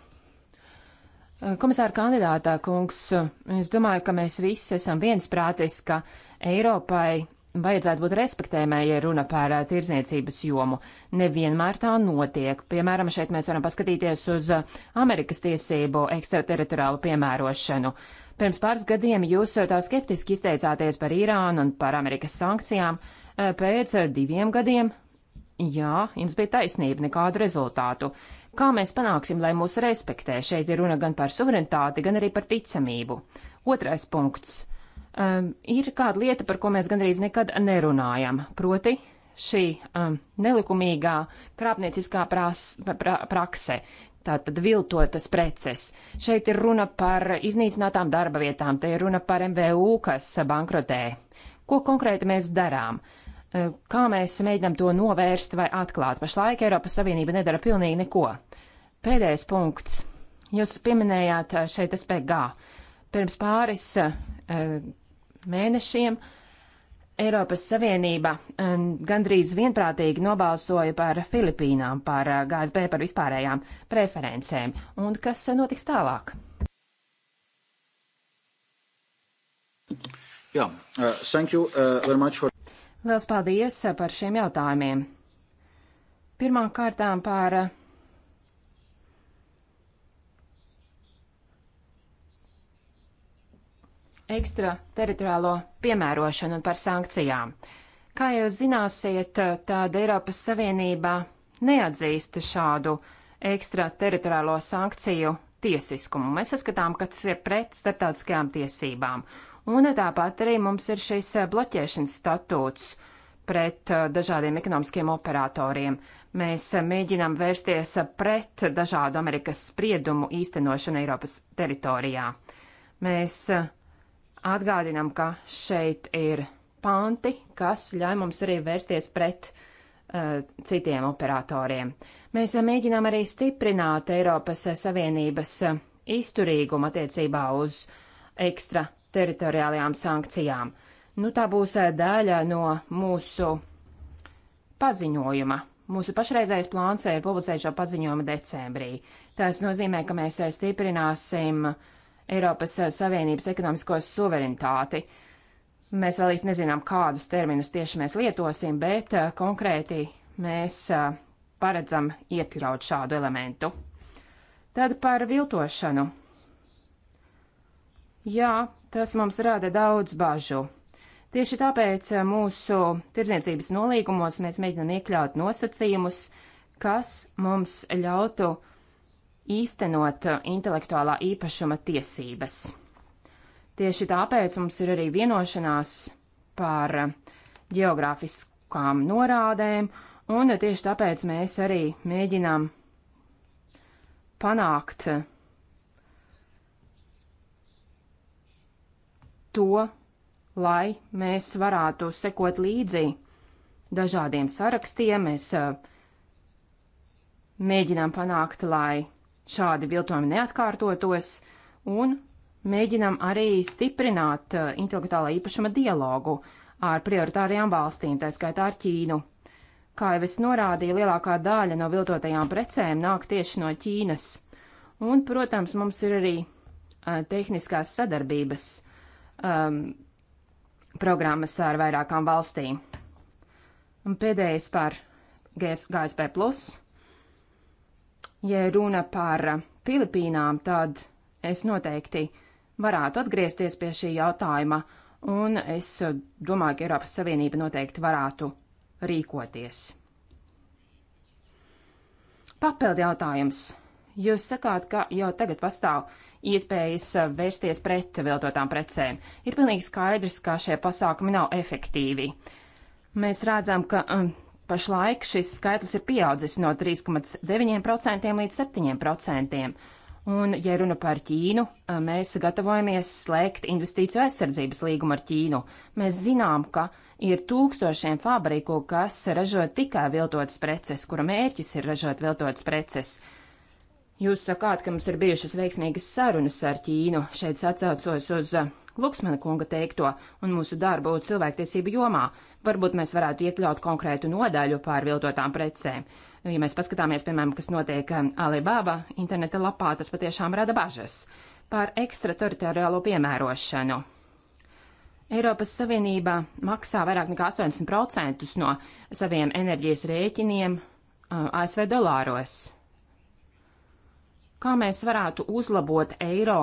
Komisāra kandidātā kungs, es domāju, ka mēs visi esam viensprātis, ka Eiropai vajadzētu būt respektējumai, ja runa par tirzniecības jomu. Nevienmēr tā notiek. Piemēram, šeit mēs varam paskatīties uz Amerikas tiesību ekstrateritoriālu piemērošanu. Pirms pāris gadiem jūs tā skeptiski izteicāties par Irānu un par Amerikas sankcijām. Pēc diviem gadiem, jā, jums bija taisnība, nekādu rezultātu. Kā mēs panāksim, lai mūs respektē? Šeit ir runa gan par suverenitāti, gan arī par ticamību. Otrais punkts. Um, ir kāda lieta, par ko mēs gandrīz nekad nerunājam, proti šī um, nelikumīgā krāpnieciskā prās, pra, prakse, tātad viltotas preces. Šeit ir runa par iznīcinātām darba vietām, te ir runa par MVU, kas bankrotē. Ko konkrēti mēs darām? Uh, Eh, kā mēs mēģinām to novērst vai atklāt? Pašlaik Eiropas Savienība nedara pilnīgi neko. Pēdējais punkts. Jūs pieminējāt eh, šeit SPG. Pirms pāris eh, mēnešiem Eiropas Savienība gandrīz vienprātīgi nobalsoja par Filipīnām, par GSB, par vispārējām preferencēm. Un kas notiks tālāk? Jā, yeah. uh, thank you uh, very much for. Liels paldies par šiem jautājumiem. Pirmām kārtām par ekstrateritoriālo piemērošanu un par sankcijām. Kā jūs zināsiet, tāda Eiropas Savienība neatzīst šādu ekstrateritoriālo sankciju tiesiskumu. Mēs uzskatām, ka tas ir pret starptautiskajām tiesībām. Un tāpat arī mums ir šis eh, bloķēšanas statūts pret eh, dažādiem ekonomiskiem operatoriem. Mēs eh, mēģinām vērsties pret dažādu Amerikas spriedumu īstenošanu Eiropas teritorijā. Mēs atgādinām, ka šeit ir panti, kas ļauj mums arī vērsties pret uh, citiem operatoriem. Mēs uh, mēģinām arī stiprināt Eiropas Savienības uh, izturīgumu attiecībā uz ekstra teritoriālajām sankcijām. Nu, tā būs eh, daļa no mūsu paziņojuma. Mūsu pašreizējais plāns eh, ir publicēt šo paziņojumu decembrī. Tas nozīmē, ka mēs eh, stiprināsim Eiropas Savienības ekonomisko suverenitāti. Mēs vēl īsti nezinām, kādus terminus tieši mēs lietosim, bet konkrēti mēs paredzam iekļaut šādu elementu. Tad par viltošanu. Jā, Tas mums rada daudz bažu. Tieši tāpēc eh, mūsu tirdzniecības nolīgumos mēs mēģinam iekļaut nosacījumus, kas mums ļautu īstenot eh, intelektuālā īpašuma tiesības. Tieši tāpēc mums ir arī vienošanās par eh, geogrāfiskām norādēm, un tieši tāpēc mēs arī mēģinām panākt to, lai mēs varētu sekot līdzi dažādiem sarakstiem. Mēs uh, mēģinām panākt, lai šādi viltojumi neatkārtotos, un mēģinām arī stiprināt uh, intelektuālā īpašuma dialogu ar prioritārajām valstīm, tā skaitā ar Ķīnu. Kā jau es norādīju, lielākā daļa no viltotajām precēm nāk tieši no Ķīnas. Un, protams, mums ir arī uh, tehniskās sadarbības um, programmas ar vairākām valstīm. Un pēdējais par GSP. Ja runa par Filipīnām, tad es noteikti varētu atgriezties pie šī jautājuma, un es domāju, ka Eiropas Savienība noteikti varētu rīkoties. Papildi jautājums Jūs sakāt, ka jau tagad pastāv iespējas uh, vērsties pret viltotām precēm. Ir pilnīgi skaidrs, ka šie pasākumi nav efektīvi. Mēs redzam, ka um, pašlaik šis skaitlis ir pieaudzis no 3,9% līdz 7%. Un, ja runa par Ķīnu, uh, mēs gatavojamies slēgt investīciju aizsardzības līgumu ar Ķīnu. Mēs zinām, ka ir tūkstošiem fabriku, kas ražo tikai viltotas preces, kura mērķis ir ražot viltotas preces. Jūs sakāt, ka mums ir bijušas veiksmīgas sarunas ar Ķīnu, šeit sacaucos uz uh, Luksmana kunga teikto un mūsu darbu cilvēktiesību jomā. Varbūt mēs varētu iekļaut konkrētu nodaļu par viltotām precēm. Ja mēs paskatāmies, piemēram, kas notiek um, Alibaba interneta lapā, tas patiešām rada bažas par ekstrateritoriālo piemērošanu. Eiropas Savienība maksā vairāk nekā 80% no saviem enerģijas rēķiniem uh, ASV dolāros kā mēs varētu uzlabot eiro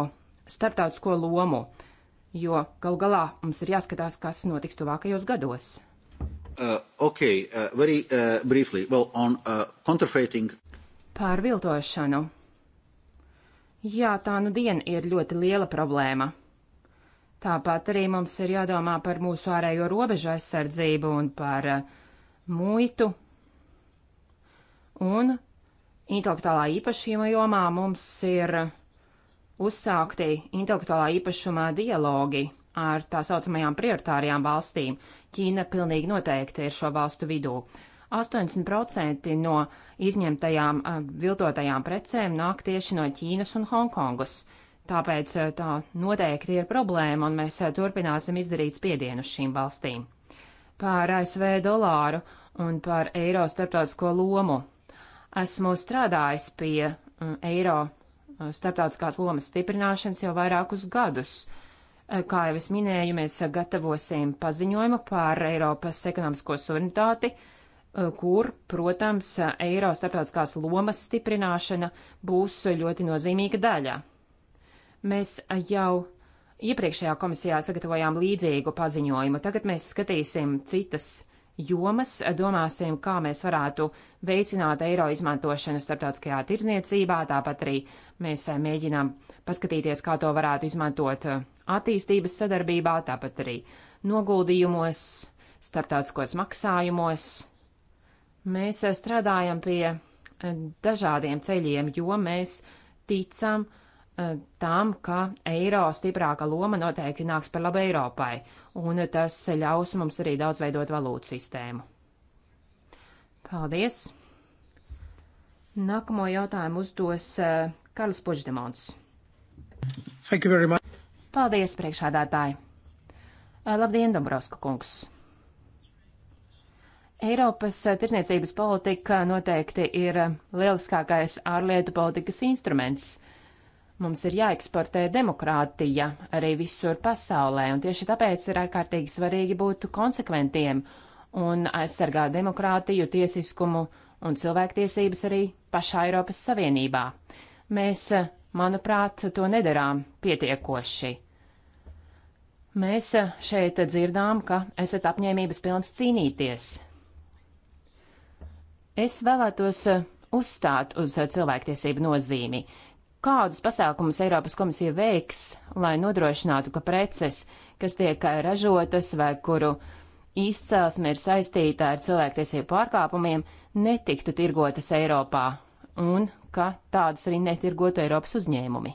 starptautisko lomu, jo gal galā mums ir jāskatās, kas notiks tuvākajos gados. Uh, okay, uh, very uh, briefly, well, on uh, counterfeiting. Par viltošanu. Jā, tā nu diena ir ļoti liela problēma. Tāpat arī mums ir jādomā par mūsu ārējo robežu aizsardzību un par uh, muitu. Un intelektuālā īpašuma jomā mums ir uzsākti intelektuālā īpašuma dialogi ar tā saucamajām prioritārijām valstīm. Ķīna pilnīgi noteikti ir šo valstu vidū. 80% no izņemtajām viltotajām precēm nāk tieši no Ķīnas un Hongkongas. Tāpēc tā noteikti ir problēma, un mēs turpināsim izdarīt spiedienu šīm valstīm. Par ASV dolāru un par eiro starptautisko lomu Esmu strādājis pie mm, eiro mm, starptautiskās lomas stiprināšanas jau vairākus gadus. Eh, kā jau es minēju, mēs gatavosim paziņojumu par Eiropas ekonomisko suverenitāti, eh, kur, protams, eiro starptautiskās lomas stiprināšana būs ļoti nozīmīga daļa. Mēs jau iepriekšējā komisijā sagatavojām līdzīgu paziņojumu, tagad mēs skatīsim citas jomas, domāsim, kā mēs varētu veicināt eiro izmantošanu starptautiskajā tirdzniecībā, tāpat arī mēs eh, mēģinām paskatīties, kā to varētu izmantot eh, attīstības sadarbībā, tāpat arī noguldījumos, starptautiskos maksājumos. Mēs eh, strādājam pie dažādiem ceļiem, jo mēs ticam tam, ka eiro stiprāka loma noteikti nāks par labu Eiropai un tas ļaus mums arī daudz veidot valūtu sistēmu. Paldies! Nākamo jautājumu uzdos eh, Karls Puģdemons. Paldies, priekšādātāji! Eh, labdien, Dombrovska kungs! Eiropas eh, tirdzniecības politika noteikti ir lieliskākais ārlietu politikas instruments. Mums ir jāeksportē demokrātija arī visur pasaulē, un tieši tāpēc ir ārkārtīgi svarīgi būt konsekventiem un aizsargāt demokrātiju, tiesiskumu un cilvēktiesības arī pašā Eiropas Savienībā. Mēs, manuprāt, to nedarām pietiekoši. Mēs šeit dzirdām, ka esat apņēmības pilns cīnīties. Es vēlētos uzstāt uz cilvēktiesību nozīmi. Kādus pasākumus Eiropas komisija veiks, lai nodrošinātu, ka preces, kas tiek eh, ražotas vai kuru izcelsme ir saistīta ar cilvēktiesību pārkāpumiem, netiktu tirgotas Eiropā un ka tādas arī netirgotu Eiropas uzņēmumi?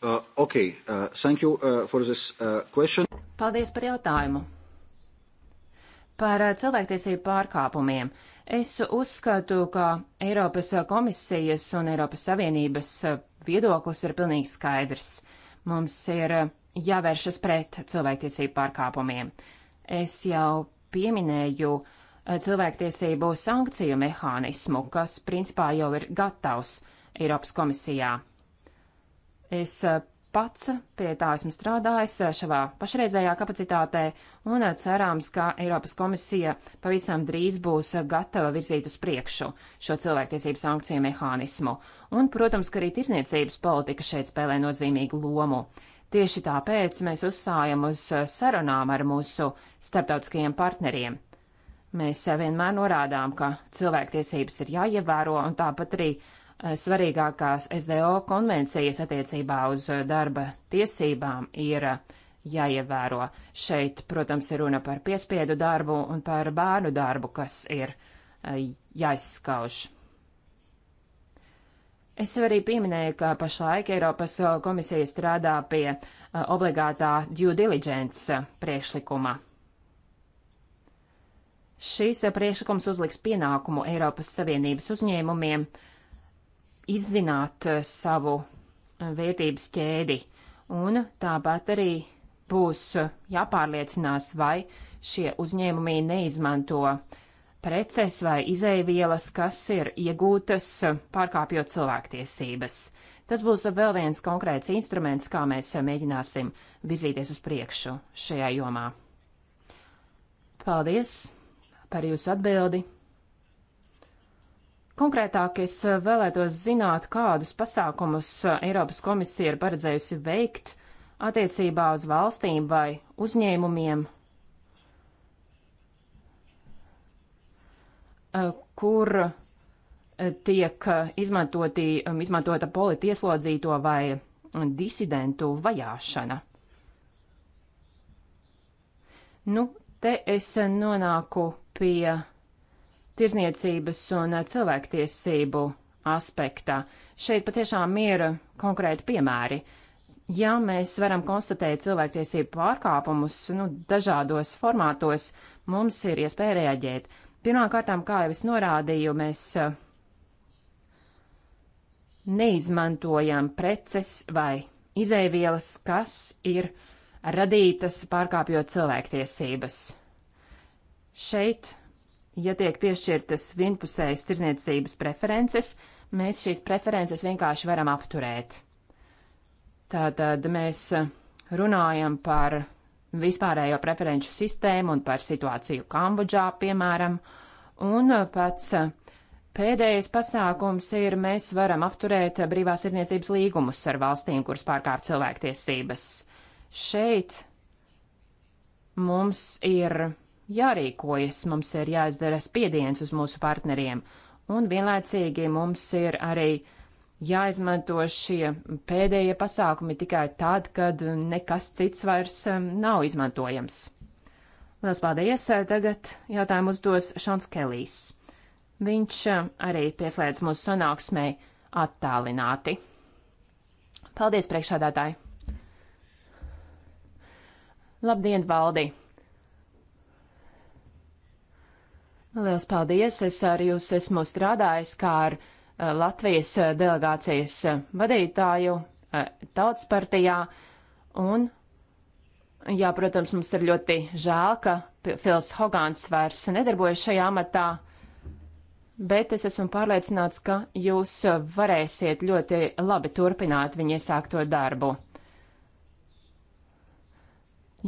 Uh, okay, uh, thank you uh, for this uh, question. Paldies par jautājumu. Par uh, cilvēktiesību pārkāpumiem. Uh, Es uzskatu, ka Eiropas komisijas un Eiropas Savienības viedoklis ir pilnīgi skaidrs. Mums ir jāvēršas pret cilvēktiesību pārkāpumiem. Es jau pieminēju eh, cilvēktiesību sankciju mehānismu, kas principā jau ir gatavs Eiropas komisijā. Es eh, pats pie tā esmu strādājis eh, šavā pašreizējā kapacitātē, un eh, cerāms, ka Eiropas komisija pavisam drīz būs eh, gatava virzīt uz priekšu šo cilvēktiesību sankciju mehānismu. Un, protams, ka arī tirzniecības politika šeit spēlē nozīmīgu lomu. Tieši tāpēc mēs uzsājam uz sarunām ar mūsu starptautiskajiem partneriem. Mēs vienmēr norādām, ka cilvēktiesības ir jāievēro, un tāpat arī Eh, svarīgākās SDO konvencijas attiecībā uz eh, darba tiesībām ir eh, jāievēro. Šeit, protams, ir runa par piespiedu darbu un par bērnu darbu, kas ir jāizskauž. Es arī pieminēju, ka pašlaik Eiropas komisija strādā pie obligātā due diligence priekšlikuma. Šīs priekšlikums uzliks pienākumu Eiropas Savienības uzņēmumiem uh, izzināt eh, savu eh, vērtības ķēdi, un tāpat arī būs eh, jāpārliecinās, vai šie uzņēmumi neizmanto preces vai izēvielas, kas ir iegūtas pārkāpjot cilvēktiesības. Tas būs vēl viens konkrēts instruments, kā mēs mēģināsim virzīties uz priekšu šajā jomā. Paldies par jūsu atbildi! Konkrētāk es eh, vēlētos zināt, kādus pasākumus eh, Eiropas komisija ir paredzējusi veikt attiecībā uz valstīm vai uzņēmumiem, eh, kur tiek izmantoti, um, izmantota politi ieslodzīto vai um, disidentu vajāšana. Nu, te es nonāku pie tirzniecības un eh, cilvēktiesību aspektā. Šeit patiešām ir konkrēti piemēri. Ja mēs varam konstatēt cilvēktiesību pārkāpumus nu, dažādos formātos, mums ir iespēja reaģēt. Pirmkārt, kā jau es norādīju, mēs eh, neizmantojam preces vai izēvielas, kas ir radītas pārkāpjot cilvēktiesības. Šeit ja tiek piešķirtas vienpusējas tirdzniecības preferences, mēs šīs preferences vienkārši varam apturēt. Tātad mēs runājam par vispārējo preferenču sistēmu un par situāciju Kambodžā, piemēram, un pats pēdējais pasākums ir mēs varam apturēt brīvās irniecības līgumus ar valstīm, kuras pārkāp cilvēktiesības. Šeit mums ir jārīkojas, mums ir jāizdara spiediens uz mūsu partneriem, un vienlaicīgi mums ir arī jāizmanto šie pēdējie pasākumi tikai tad, kad nekas cits vairs um, nav izmantojams. Lielas paldies! Tagad jautājumu uzdos Šons Kelijs. Viņš um, arī pieslēdz mūsu sanāksmē attālināti. Paldies, priekšādātāji! Labdien, Valdi! Lielas paldies! Es ar jūs esmu strādājis kā ar eh, Latvijas eh, delegācijas eh, vadītāju tautas partijā, un, jā, protams, mums ir ļoti žēl, ka Fils Hogans vairs nedarbojas šajā amatā, bet es esmu pārliecināts, ka jūs varēsiet ļoti labi turpināt viņa iesākto darbu.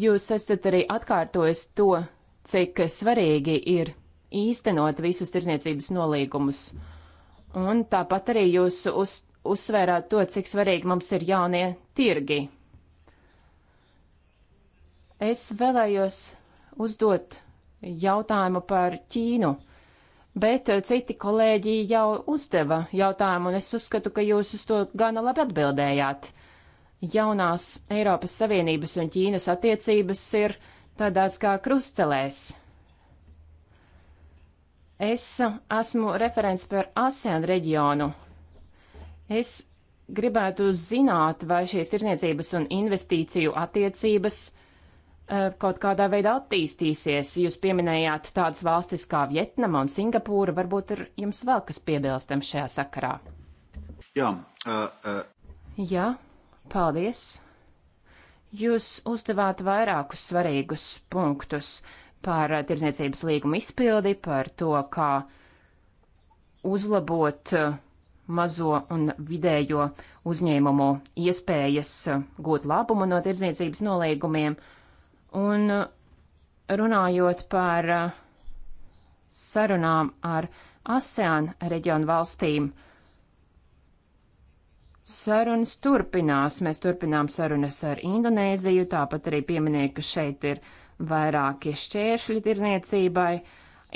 Jūs esat arī atkārtojis to, cik svarīgi ir īstenot visus tirzniecības nolīgumus. Un tāpat arī jūs uz, uzsvērāt to, cik svarīgi mums ir jaunie tirgi. Es vēlējos uzdot jautājumu par Ķīnu, bet citi kolēģi jau uzdeva jautājumu, un es uzskatu, ka jūs uz to gana labi atbildējāt. Jaunās Eiropas Savienības un Ķīnas attiecības ir tādās kā krustcelēs. Es esmu referents par ASEAN reģionu. Es gribētu zināt, vai šīs tirzniecības un investīciju attiecības eh, kaut kādā veidā attīstīsies. Jūs pieminējāt tādas valstis kā Vietnama un Singapūra. Varbūt ir jums vēl kas piebilstam šajā sakarā? Jā, uh, uh. Jā, paldies. Jūs uzdevāt vairākus svarīgus punktus. Uh, par eh, tirdzniecības līgumu izpildi, par to, kā uzlabot eh, mazo un vidējo uzņēmumu iespējas eh, gūt labumu no tirdzniecības nolīgumiem. Un runājot par sarunām ar ASEAN reģionu valstīm, sarunas turpinās. Mēs turpinām sarunas ar Indonēziju, tāpat arī pieminēja, ka šeit ir uh, vairāki šķēršļi tirzniecībai,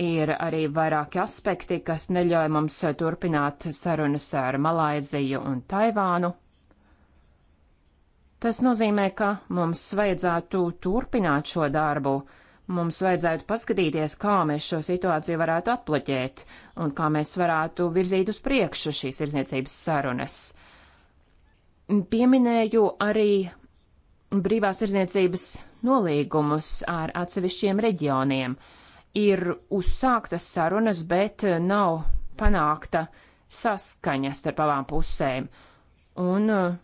ir arī vairāki aspekti, kas neļauj mums turpināt sarunas ar Malaiziju un Taivānu. Tas nozīmē, ka mums vajadzētu turpināt šo darbu. Mums vajadzētu paskatīties, kā mēs šo situāciju varētu atbloķēt un kā mēs varētu virzīt uz priekšu šīs izniecības sarunas. Pieminēju arī brīvās izniecības nolīgumus ar atsevišķiem reģioniem. Ir uzsāktas sarunas, bet nav panākta saskaņa starp abām pusēm. Un eh,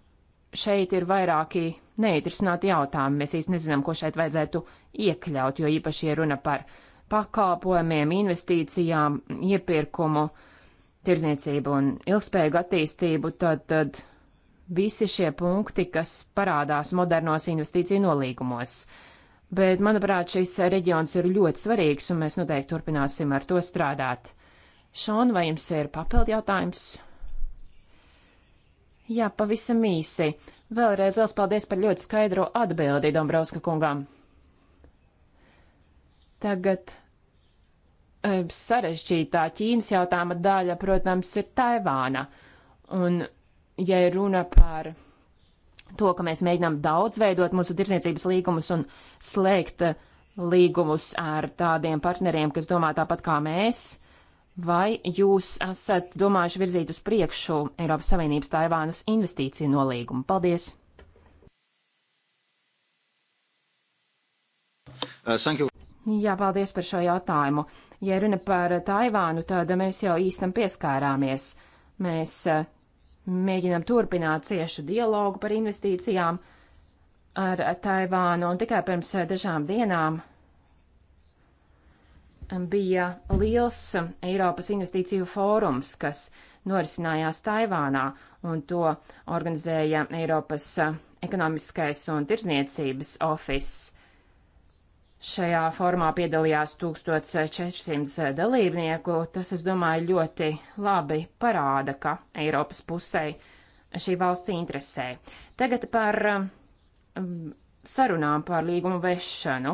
šeit ir vairāki neatrisināti jautājumi. Mēs īsti nezinām, ko šeit vajadzētu iekļaut, jo īpaši ir runa par pakalpojumiem, investīcijām, iepirkumu, tirzniecību un ilgspējīgu attīstību, tad, tad visi šie punkti, kas parādās modernos investīciju nolīgumos. Bet, manuprāt, šis reģions ir ļoti svarīgs, un mēs noteikti turpināsim ar to strādāt. Šon, vai jums ir papildu jautājums? Jā, pavisam īsi. Vēlreiz liels paldies par ļoti skaidro atbildi Dombrovska kungām. Tagad e, sarežģītā Ķīnas jautājuma daļa, protams, ir Taivāna. Un ja ir runa par to, ka mēs mēģinām daudz veidot mūsu tirsniecības līgumus un slēgt eh, līgumus ar tādiem partneriem, kas domā tāpat kā mēs, vai jūs esat domājuši virzīt uz priekšu Eiropas Savienības Taivānas investīciju nolīgumu? Paldies! Uh, Jā, paldies par šo jautājumu. Ja runa par Taivānu, tad mēs jau īstam pieskārāmies. Mēs uh, Mēģinām turpināt ciešu dialogu par investīcijām ar Taivānu, un tikai pirms dažām dienām bija liels Eiropas investīciju fórums, kas norisinājās Taivānā, un to organizēja Eiropas ekonomiskais un tirzniecības ofis. Šajā formā piedalījās 1400 dalībnieku. Tas, es domāju, ļoti labi parāda, ka Eiropas pusē šī valsts interesē. Tagad par um, sarunām par līgumu vešanu.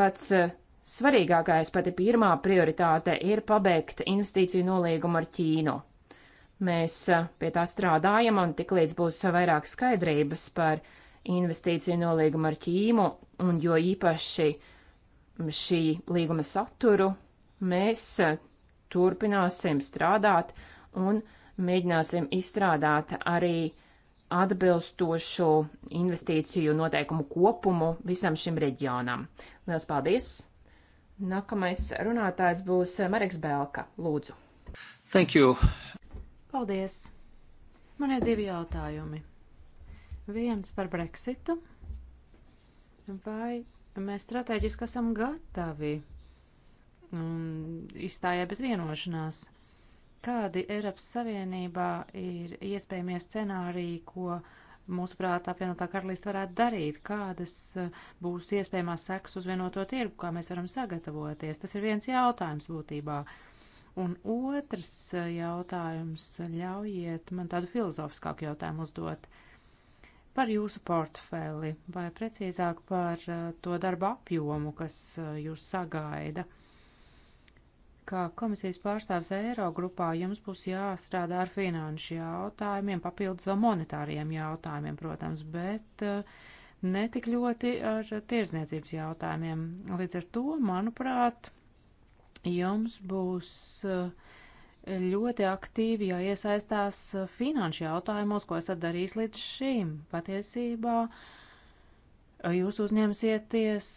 Pats uh, svarīgākais, pati pirmā prioritāte ir pabeigt investīciju nolīgumu ar Ķīnu. Mēs uh, pie tā strādājam, un tiklīdz būs vairāk skaidrības par investīciju nolīgumu ar Ķīmu, un jo īpaši šī līguma saturu, mēs e, turpināsim strādāt un mēģināsim izstrādāt arī atbilstošu investīciju noteikumu kopumu visam šim reģionam. Lielas paldies! Nākamais runātājs būs e, Mareks Belka. Lūdzu. Thank you. Paldies. Man ir divi jautājumi. Viens par Brexitu Vai mēs strateģiski esam gatavi um, izstājai bez vienošanās? Kādi Eiropas Savienībā ir iespējamie scenāriji, ko mūsuprāt apvienotā karalīste varētu darīt? Kādas uh, būs iespējamās seks uz vienoto tirgu, kā mēs varam sagatavoties? Tas ir viens jautājums būtībā. Un otrs uh, jautājums, ļaujiet man tādu filozofiskāku jautājumu uzdot. Uh, par jūsu portfeli, vai precīzāk par eh, to darba apjomu, kas eh, jūs sagaida. Kā komisijas pārstāvs Eirogrupā jums būs jāstrādā ar finanšu jautājumiem, papildus vēl monetāriem jautājumiem, protams, bet eh, netik ļoti ar tirzniecības jautājumiem. Līdz ar to, manuprāt, jums būs uh, ļoti aktīvi jāiesaistās finanšu jautājumos, ko esat darījis līdz šim. Patiesībā jūs uzņemsieties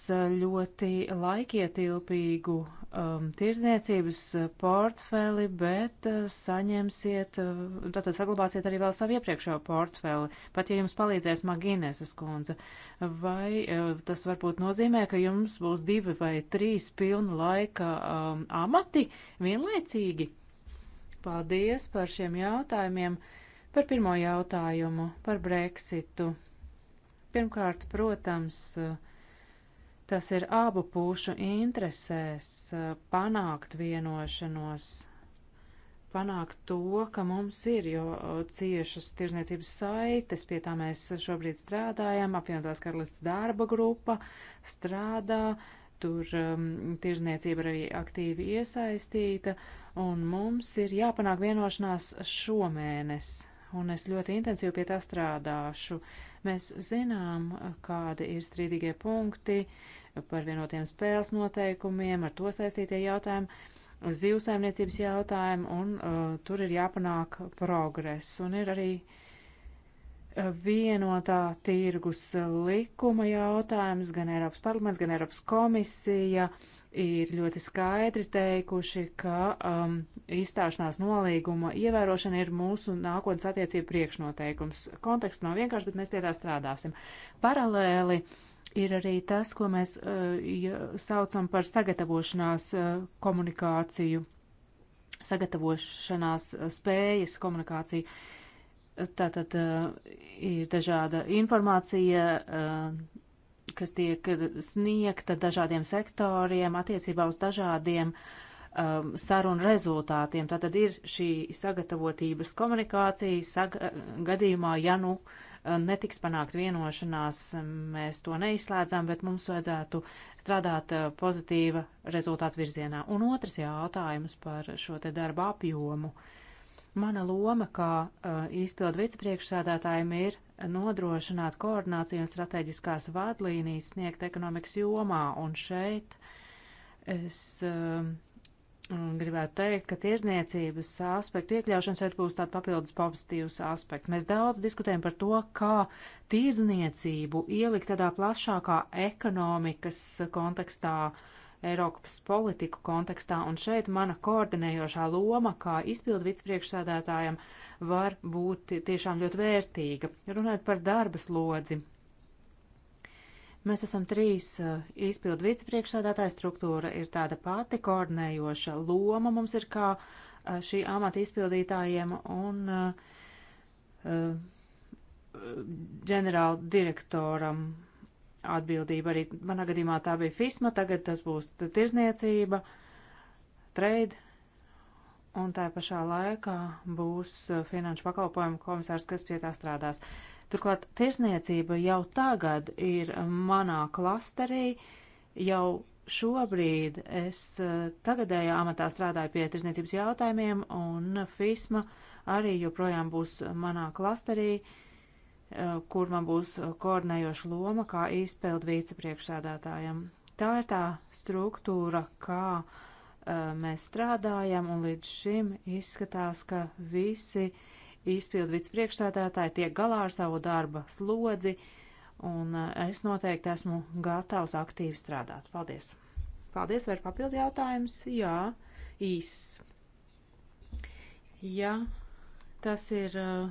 ļoti laikietilpīgu um, tirdzniecības portfeli, bet uh, saņemsiet, uh, tātad saglabāsiet arī vēl savu iepriekšējo portfeli, pat ja jums palīdzēs Magineses kundze. Vai uh, tas varbūt nozīmē, ka jums būs divi vai trīs pilna laika um, amati vienlaicīgi? Paldies par šiem jautājumiem. Par pirmo jautājumu, par Brexitu. Pirmkārt, protams, tas ir abu pušu interesēs panākt vienošanos, panākt to, ka mums ir jo ciešas tirzniecības saites, pie tā mēs šobrīd strādājam, apvienotās karalists darba grupa strādā, uh, Tur um, tirzniecība ir arī aktīvi iesaistīta, un mums ir jāpanāk vienošanās šomēnes, un es ļoti intensīvi pie tā strādāšu. Mēs zinām, kādi ir strīdīgie punkti par vienotiem spēles noteikumiem, ar to saistītie jautājumi zivsaimniecības jautājumu, un uh, tur ir jāpanāk progress, un ir arī vienotā tirgus likuma jautājums, gan Eiropas parlaments, gan Eiropas komisija ir ļoti skaidri teikuši, ka um, izstāšanās nolīguma ievērošana ir mūsu nākotnes attiecību priekšnoteikums. Konteksts nav vienkārši, bet mēs pie tā strādāsim. Paralēli ir arī tas, ko mēs uh, saucam par sagatavošanās uh, komunikāciju, sagatavošanās uh, spējas komunikāciju. Uh, Tātad eh, ir dažāda informācija, eh, kas tiek sniegta dažādiem sektoriem attiecībā uz dažādiem um, sarunu rezultātiem. Tātad ir šī sagatavotības komunikācija saga gadījumā, ja nu netiks panākt vienošanās, mēs to neizslēdzam, bet mums vajadzētu strādāt pozitīva rezultāta virzienā. Un otrs jautājums par šo te darba apjomu. Uh, Mana loma kā eh, izpildu vicepriekšsēdētājiem ir nodrošināt koordināciju un strateģiskās vadlīnijas sniegt ekonomikas jomā, un šeit es eh, gribētu teikt, ka tirzniecības aspektu iekļaušana šeit būs tāds papildus pozitīvs aspekts. Mēs daudz diskutējam par to, kā tirdzniecību ielikt tādā plašākā ekonomikas kontekstā Eiropas politiku kontekstā, un šeit mana koordinējošā loma kā izpildu vicepriekšsēdētājam var būt tiešām ļoti vērtīga. Runājot par darbas lodzi. Mēs esam trīs eh, izpildu vicepriekšsēdētāja struktūra, ir tāda pati koordinējoša loma mums ir kā eh, šī amata izpildītājiem un uh, ģenerāldirektoram. Uh, atbildība. Arī manā gadījumā tā bija FISMA, tagad tas būs tirzniecība, trade, un tā pašā laikā būs uh, finanšu pakalpojumu komisārs, kas pie tā strādās. Turklāt tirzniecība jau tagad ir manā klasterī, jau šobrīd es uh, tagadējā amatā strādāju pie tirzniecības jautājumiem, un FISMA arī joprojām būs manā klasterī. Uh, Eh, kur man būs eh, koordinējoša loma kā izpildu vicepriekšsēdētājam. Tā ir tā struktūra, kā eh, mēs strādājam, un līdz šim izskatās, ka visi izpildu vicepriekšsēdētāji tiek galā ar savu darba slodzi, un es noteikti esmu gatavs aktīvi strādāt. Paldies! Paldies, vai ir papildu jautājums? Jā, īs. Ja tas ir uh,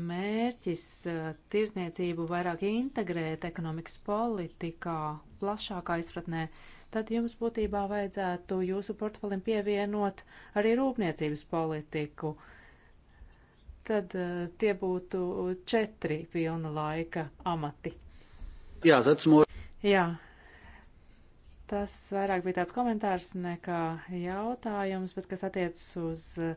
mērķis eh, tirzniecību vairāk integrēt ekonomikas politikā, plašākā izpratnē, tad jums būtībā vajadzētu jūsu portfelim pievienot arī rūpniecības politiku. Tad eh, tie būtu četri pilna laika amati. Jā, more... Jā. tas vairāk bija tāds komentārs nekā jautājums, bet kas attiecas uz uh,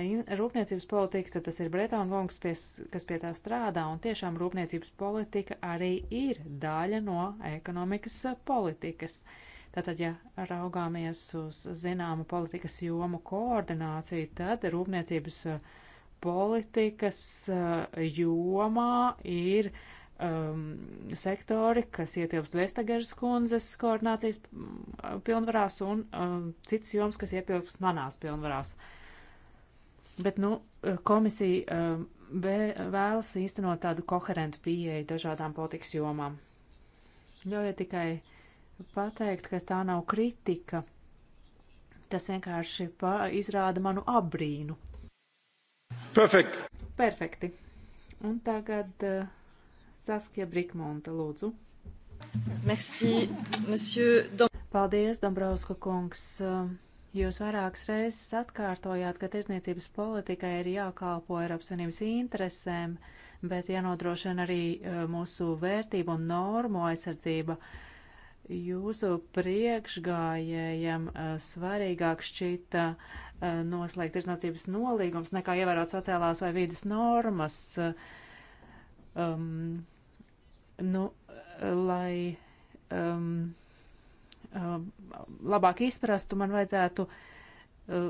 rūpniecības politika, tad tas ir Bretona kungs, pie, kas pie tā strādā, un tiešām rūpniecības politika arī ir daļa no ekonomikas politikas. Tātad, ja raugāmies uz zināmu politikas jomu koordināciju, tad rūpniecības politikas jomā ir um, sektori, kas ietilpst Vestagaras kundzes koordinācijas pilnvarās un um, cits joms, kas ietilpst manās pilnvarās. Uh, Bet, nu, komisija eh, vēlas īstenot tādu koherentu pieeju dažādām politikas jomām. Ļaujiet tikai pateikt, ka tā nav kritika. Tas vienkārši izrāda manu abrīnu. Perfekt. Perfekti. Un tagad uh, eh, Saskija Brikmonta, lūdzu. Merci, monsieur. Dom Paldies, Dombrovska kungs. Uh, Jūs vairākas reizes atkārtojāt, ka tirsniecības politikai ir jākalpo Eiropas Savienības interesēm, bet jānodrošina arī e, mūsu vērtību un normu aizsardzība. Jūsu priekšgājējiem e, svarīgāk šķita e, noslēgt tirsniecības nolīgums nekā ievērot sociālās vai vīdas normas. Um, nu, lai um, Uh, labāk izprastu, man vajadzētu uh,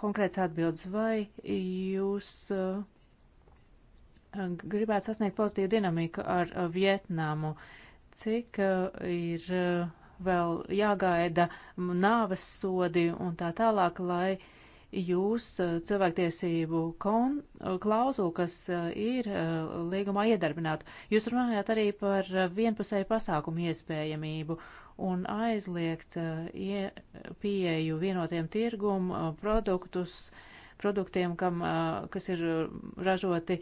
konkrēts atbildes, vai jūs uh, gribētu sasniegt pozitīvu dinamiku ar Vietnamu, cik ir vēl jāgaida nāves sodi un tā tālāk, lai jūs cilvēktiesību kon, klauzulu, kas ir līgumā iedarbinātu. Jūs runājāt arī par vienpusēju pasākumu iespējamību un aizliegt uh, pieeju vienotiem tirgum uh, produktus, produktiem, kam, uh, kas ir ražoti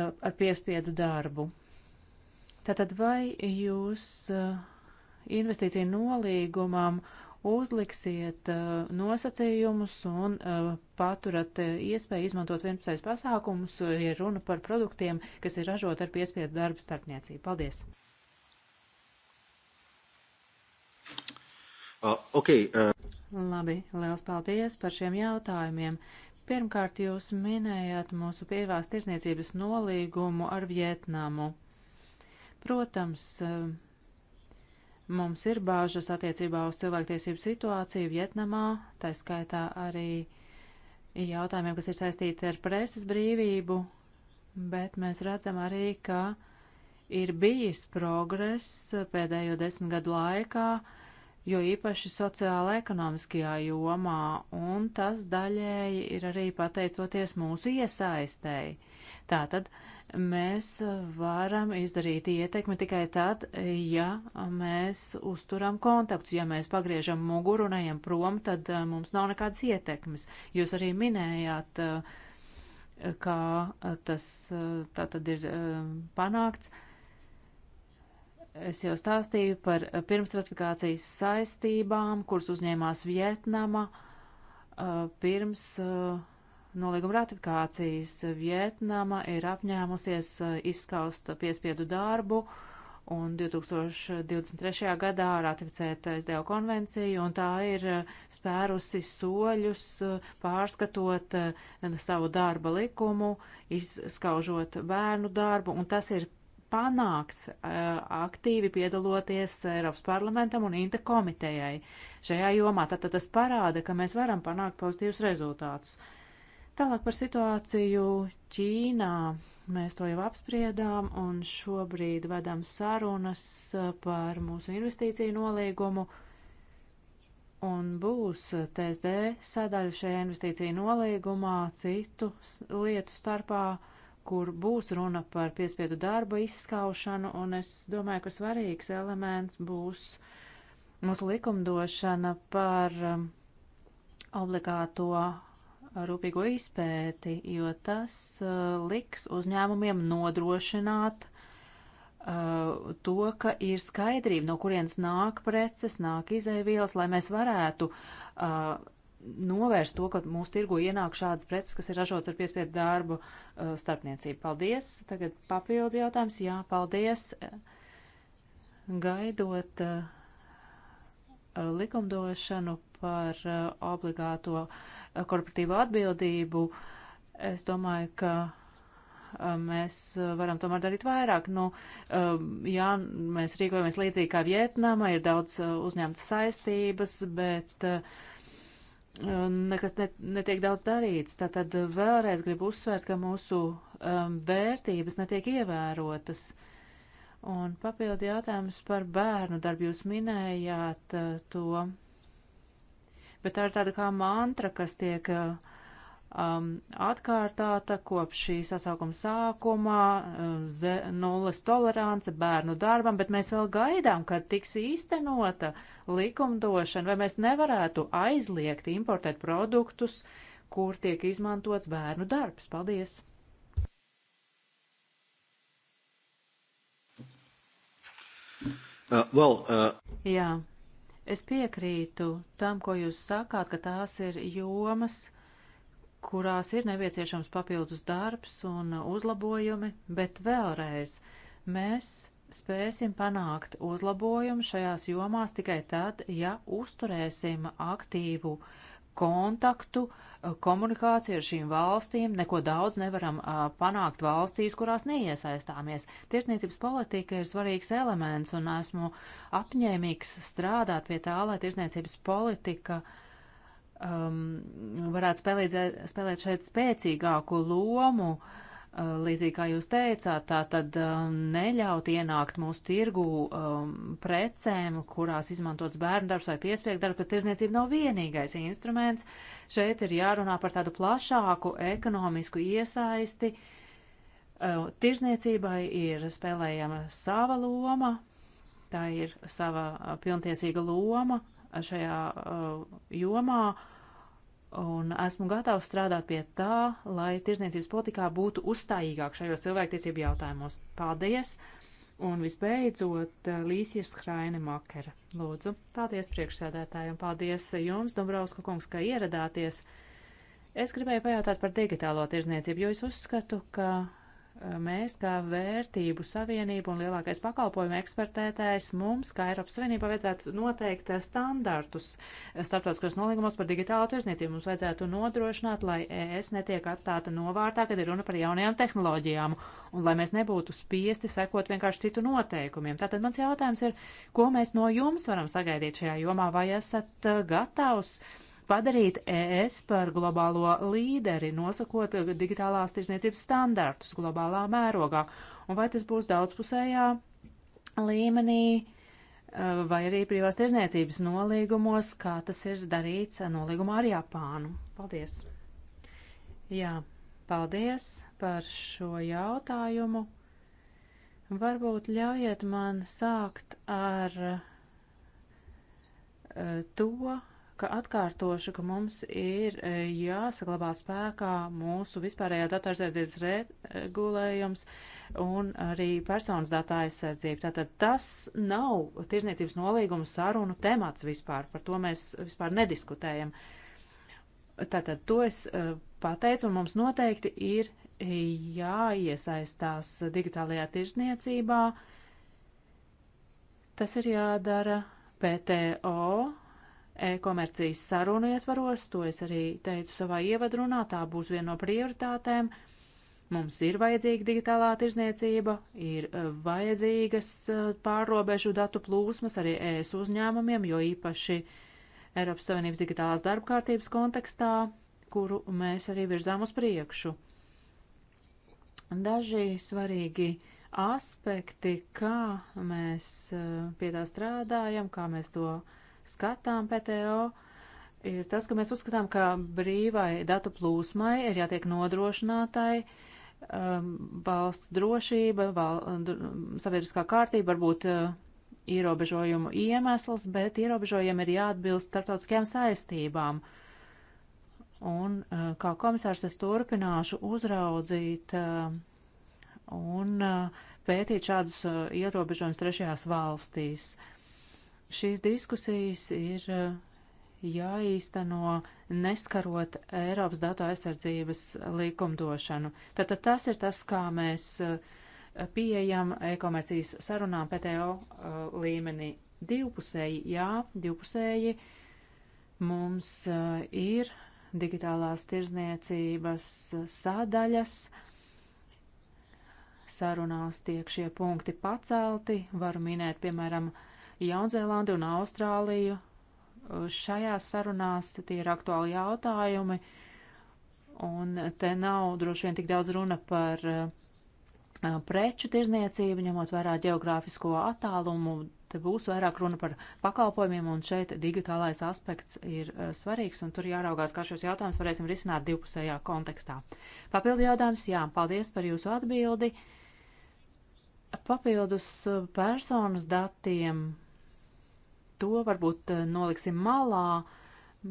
ar piespiedu darbu. Tātad vai jūs investīciju nolīgumam uzliksiet nosacījumus un paturat iespēju izmantot 11. pasākumus, ja runa par produktiem, kas ir ražot ar piespiedu darbu starpniecību? Paldies! Uh, okay, uh... Labi, liels paldies par šiem jautājumiem. Pirmkārt, jūs minējāt mūsu pievās tirsniecības nolīgumu ar Vietnamu. Protams, uh, mums ir bāžas attiecībā uz cilvēktiesību situāciju Vietnamā, tā skaitā arī jautājumiem, kas ir saistīti ar preses brīvību, bet mēs redzam arī, ka ir bijis progress pēdējo desmit gadu laikā, uh, jo īpaši sociāla ekonomiskajā jomā, un tas daļēji ir arī pateicoties mūsu iesaistēji. Tātad mēs varam izdarīt ietekmi tikai tad, ja mēs uzturam kontaktus, ja mēs pagriežam muguru un ejam prom, tad eh, mums nav nekādas ietekmes. Jūs arī minējāt, eh, kā eh, tas tā tad ir panākts Es jau stāstīju par eh, pirmsratifikācijas saistībām, kuras uzņēmās Vietnama eh, pirms eh, nolīguma ratifikācijas. Vietnama ir apņēmusies izskaust piespiedu darbu un 2023. gadā ratificēt SDO konvenciju, un tā ir spērusi soļus, pārskatot savu darba likumu, izskaužot bērnu darbu, un tas ir panākts eh, aktīvi piedaloties Eiropas parlamentam un Inta komitejai šajā jomā. Tātad tas parāda, ka mēs varam panākt pozitīvus rezultātus. Tālāk par situāciju Ķīnā. Mēs to jau apspriedām un šobrīd vedam sarunas eh, par mūsu investīciju nolīgumu un būs TSD sadaļa šajā investīciju nolīgumā citu lietu starpā. Uh, kur būs runa par piespiedu darba izskaušanu, un es domāju, ka svarīgs elements būs mūsu likumdošana par um, obligāto rūpīgo izpēti, jo tas uh, liks uzņēmumiem nodrošināt uh, to, ka ir skaidrība, no kurienes nāk preces, nāk izēvielas, lai mēs varētu uh, novērst to, ka mūsu tirgu ienāk šādas preces, kas ir ražots ar piespiedu darbu uh, starpniecību. Paldies! Tagad papildu jautājums. Jā, paldies! Gaidot uh, likumdošanu par uh, obligāto uh, korporatīvo atbildību, es domāju, ka uh, mēs uh, varam tomēr darīt vairāk. Nu, um, jā, mēs rīkojamies līdzīgi kā Vietnama, ir daudz uzņemtas saistības, bet uh, nekas net, netiek daudz darīts. Tātad vēlreiz gribu uzsvērt, ka mūsu um, vērtības netiek ievērotas. Un papildu jautājums par bērnu darbu jūs minējāt uh, to, bet tā ir tāda kā mantra, kas tiek uh, um, atkārtāta kopš šī sasaukuma sākumā, um, nulles tolerance bērnu darbam, bet mēs vēl gaidām, kad tiks īstenota likumdošana, vai mēs nevarētu aizliegt importēt produktus, kur tiek izmantots bērnu darbs. Paldies! Uh, well, uh... Jā, es piekrītu tam, ko jūs sakāt, ka tās ir jomas, kurās ir nepieciešams papildus darbs un uzlabojumi, bet vēlreiz mēs spēsim panākt uzlabojumu šajās jomās tikai tad, ja uzturēsim aktīvu kontaktu, komunikāciju ar šīm valstīm. Neko daudz nevaram panākt valstīs, kurās neiesaistāmies. Tirzniecības politika ir svarīgs elements, un esmu apņēmīgs strādāt pie tā, lai tirzniecības politika uh, um, varētu spēlēt, spēlēt šeit spēcīgāku lomu, uh, līdzīgi kā jūs teicāt, tā tad uh, neļaut ienākt mūsu tirgu um, precēm, kurās izmantots bērndarbs vai piespiegdarbs, bet tirzniecība nav vienīgais instruments. Šeit ir jārunā par tādu plašāku ekonomisku iesaisti. Uh, tirzniecībai ir spēlējama sava loma, tā ir sava uh, pilntiesīga loma, šajā uh, jomā un esmu gatavs strādāt pie tā, lai tirzniecības politikā būtu uzstājīgāk šajos cilvēktiesību jautājumos. Paldies! Un visbeidzot, uh, Līsijas Hraina Makera. Lūdzu, paldies priekšsēdētājiem, paldies jums, Dombrovska kungs, ka ieradāties. Es gribēju pajautāt par digitālo tirzniecību, jo es uzskatu, ka mēs kā vērtību savienība un lielākais pakalpojumu ekspertētājs mums, kā Eiropas Savienība, vajadzētu noteikt standartus starptautiskos nolīgumos par digitālo tirzniecību. Mums vajadzētu nodrošināt, lai ES netiek atstāta novārtā, kad ir runa par jaunajām tehnoloģijām, un lai mēs nebūtu spiesti sekot vienkārši citu noteikumiem. Tātad mans jautājums ir, ko mēs no jums varam sagaidīt šajā jomā, vai esat uh, gatavs? Uh, padarīt ES par globālo līderi, nosakot digitālās tirsniecības standartus globālā mērogā. Un vai tas būs daudzpusējā līmenī eh, vai arī privās tirsniecības nolīgumos, kā tas ir darīts nolīgumā ar Japānu? Paldies! Jā, paldies par šo jautājumu. Varbūt ļaujiet man sākt ar eh, to, ka atkārtošu, ka mums ir e, jāsaglabā spēkā mūsu vispārējā datu aizsardzības regulējums un arī personas datu aizsardzība. Tātad tas nav tirzniecības nolīguma sarunu temats vispār, par to mēs vispār nediskutējam. Tātad to es e, pateicu, un mums noteikti ir e, jāiesaistās digitālajā tirzniecībā. Tas ir jādara PTO e-komercijas sarunu ietvaros, to es arī teicu savā ievadrunā, tā būs viena no prioritātēm. Mums ir vajadzīga digitālā tirzniecība, ir e, vajadzīgas e, pārrobežu datu plūsmas arī ES uzņēmumiem, jo īpaši Eiropas Savienības digitālās darbkārtības kontekstā, kuru mēs arī virzām uz priekšu. Daži svarīgi aspekti, kā mēs e, pie tā strādājam, kā mēs to uh, skatām PTO, ir tas, ka mēs uzskatām, ka brīvai datu plūsmai ir jātiek nodrošinātai um, valsts drošība, val, sabiedriskā kārtība, varbūt uh, ierobežojumu iemesls, bet ierobežojumi ir jāatbilst starptautiskajām saistībām. Un uh, kā komisārs es turpināšu uzraudzīt uh, un uh, pētīt šādus uh, ierobežojumus trešajās valstīs. Uh, Šīs diskusijas ir eh, jāīsteno neskarot Eiropas datu aizsardzības likumdošanu. Tātad tas ir tas, kā mēs eh, pieejam e-komercijas sarunām PTO eh, līmenī. Divpusēji, jā, divpusēji mums ir digitālās tirzniecības sadaļas. Sarunās tiek šie punkti pacelti. Varu minēt, piemēram, uh, Jaunzēlandi un Austrāliju. Šajās sarunās tie ir aktuāli jautājumi, un te nav droši vien tik daudz runa par preču tirzniecību, ņemot vērā geogrāfisko attālumu, te būs vairāk runa par pakalpojumiem, un šeit digitālais aspekts ir uh, svarīgs, un tur jāraugās, kā šos jautājumus varēsim risināt divpusējā kontekstā. Papildu jautājums, jā, paldies par jūsu atbildi. Papildus personas datiem to varbūt eh, noliksim malā,